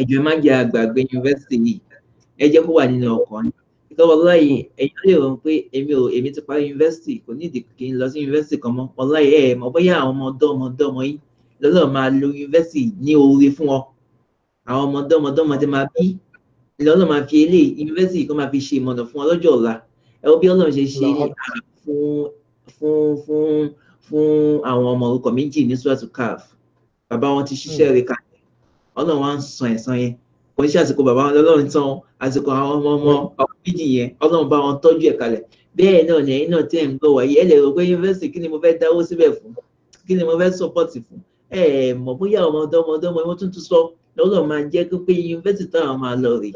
ẹ̀jọ̀ má jẹ́ àgbàgbé yunifásitì yìí ẹ jẹ́ kó wà nínú ọkàn lọ́wọ́ láyé ẹ̀yin lè rò pé èmi ò èmi ti parí yunifásitì kò ní ìdí kí n lọ sí yunifásitì kan mọ́ wọn láyé ẹ̀ mọ̀ bóyá àwọn ọmọdọ́mọdọ́mọ yín lọ́lọ́ máa lo yunifásitì ní oore fún ọ àwọn ọmọdọ́mọdọ́mọ ti máa bí lọ́lọ́ máa fi eléyìí yunifásitì kan máa fi ṣe ìmọ̀nà fún ọ lọ́jọ́ ọ̀la ẹ wo bí ọlọ́run ṣe ṣe fún fún fún fún àwọn ọmọ orúkọ méjì ní swatu caf bàbá wọn ti ṣiṣẹ́ rẹ̀ kalẹ̀ ọlọ́run wa ń san ẹ̀san yẹn kò ń ṣe àsìkò bàbá wọn lọ́lọ́run tán àsìkò àwọn ọmọ ọmọ méjì yẹn ọlọ́run bá wọn tọ́jú ẹ̀ kalẹ̀ bẹ́ẹ̀ náà ni ẹ̀yin náà tẹ́ ẹ̀ ń gbọ́ wáyé ẹ lè rò pé yunifásitì kí ni mo fẹ́ dáwó síbẹ̀ fún kí ni mo fẹ́ sọpọ́tì fún ẹ mọ̀ bóyá ọmọ ọdọ́mọ ọdọ́mọ ẹ wọ́n tún tún sọ lọ́dọ̀ máa jẹ́ pé yunifásitì táwọn máa lọ rè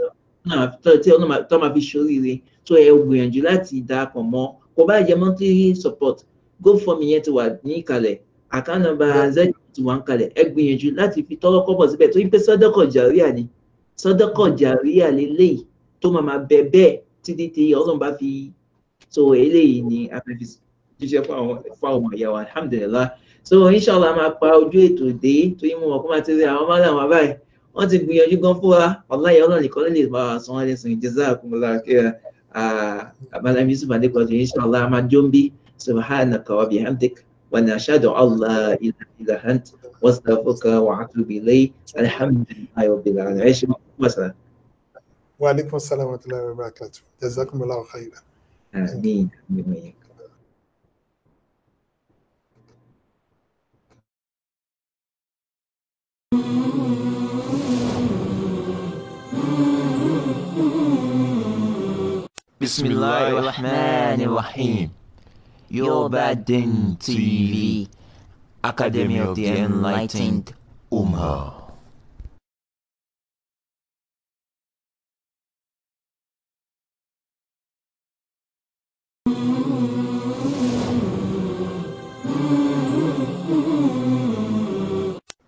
tí wọ́n máa fi ṣoríire tó ẹ gbìyànjú láti darapọ̀ mọ́ kò bá jẹ́ monthly support gofundme yẹn ti wà ní ìkàlẹ̀ account number z ti wà ń kalẹ̀ ẹ gbìyànjú láti fi tọ́lọ́kọ́ bọ̀ síbẹ̀ tó yí pé sọ́dọ̀kọ̀ jàríà ni sọ́dọ̀kọ̀ jàríà lélẹ́yìí tó máa máa bẹ bẹ́ẹ̀ títí tí ọlọ́run bá fi so eléyìí ni a fẹ́ fi jíṣẹ́ fún àwọn ìyá wa alhamdulillah so inshallah máa pa ojú ètò dé tó yín mú wọn kó máa ti rí àwọn ọmọ làwọn báyìí wọ́n ti gbìyànjú gan fún wa ọláyà ọlọ́run nìkan ló lè bá wa san wọn lẹ́sìn jazakumullah khaira abalami yusuf adekoto inshallah máa jó ń bí subhanaka wa bihamdik wa nashadu allah ilaha illa ant wastaghfiruka wa atubu ilayk alhamdulillahi rabbil alamin. وعليكم السلام ورحمه الله وبركاته جزاكم الله خيرا امين بسم الله الرحمن الرحيم Yobaden TV Academy of the Enlightened Ummah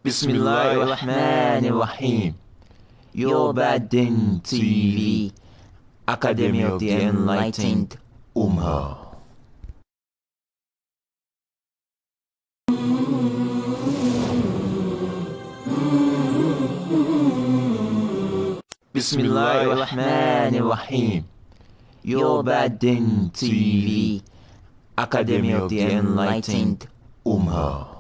بسم الله الرحمن الرحيم يوبادن تي في اكاديمي اوف ذا انلايتند امه بسم الله الرحمن الرحيم يوبادن تي في اكاديمي اوف ذا انلايتند امه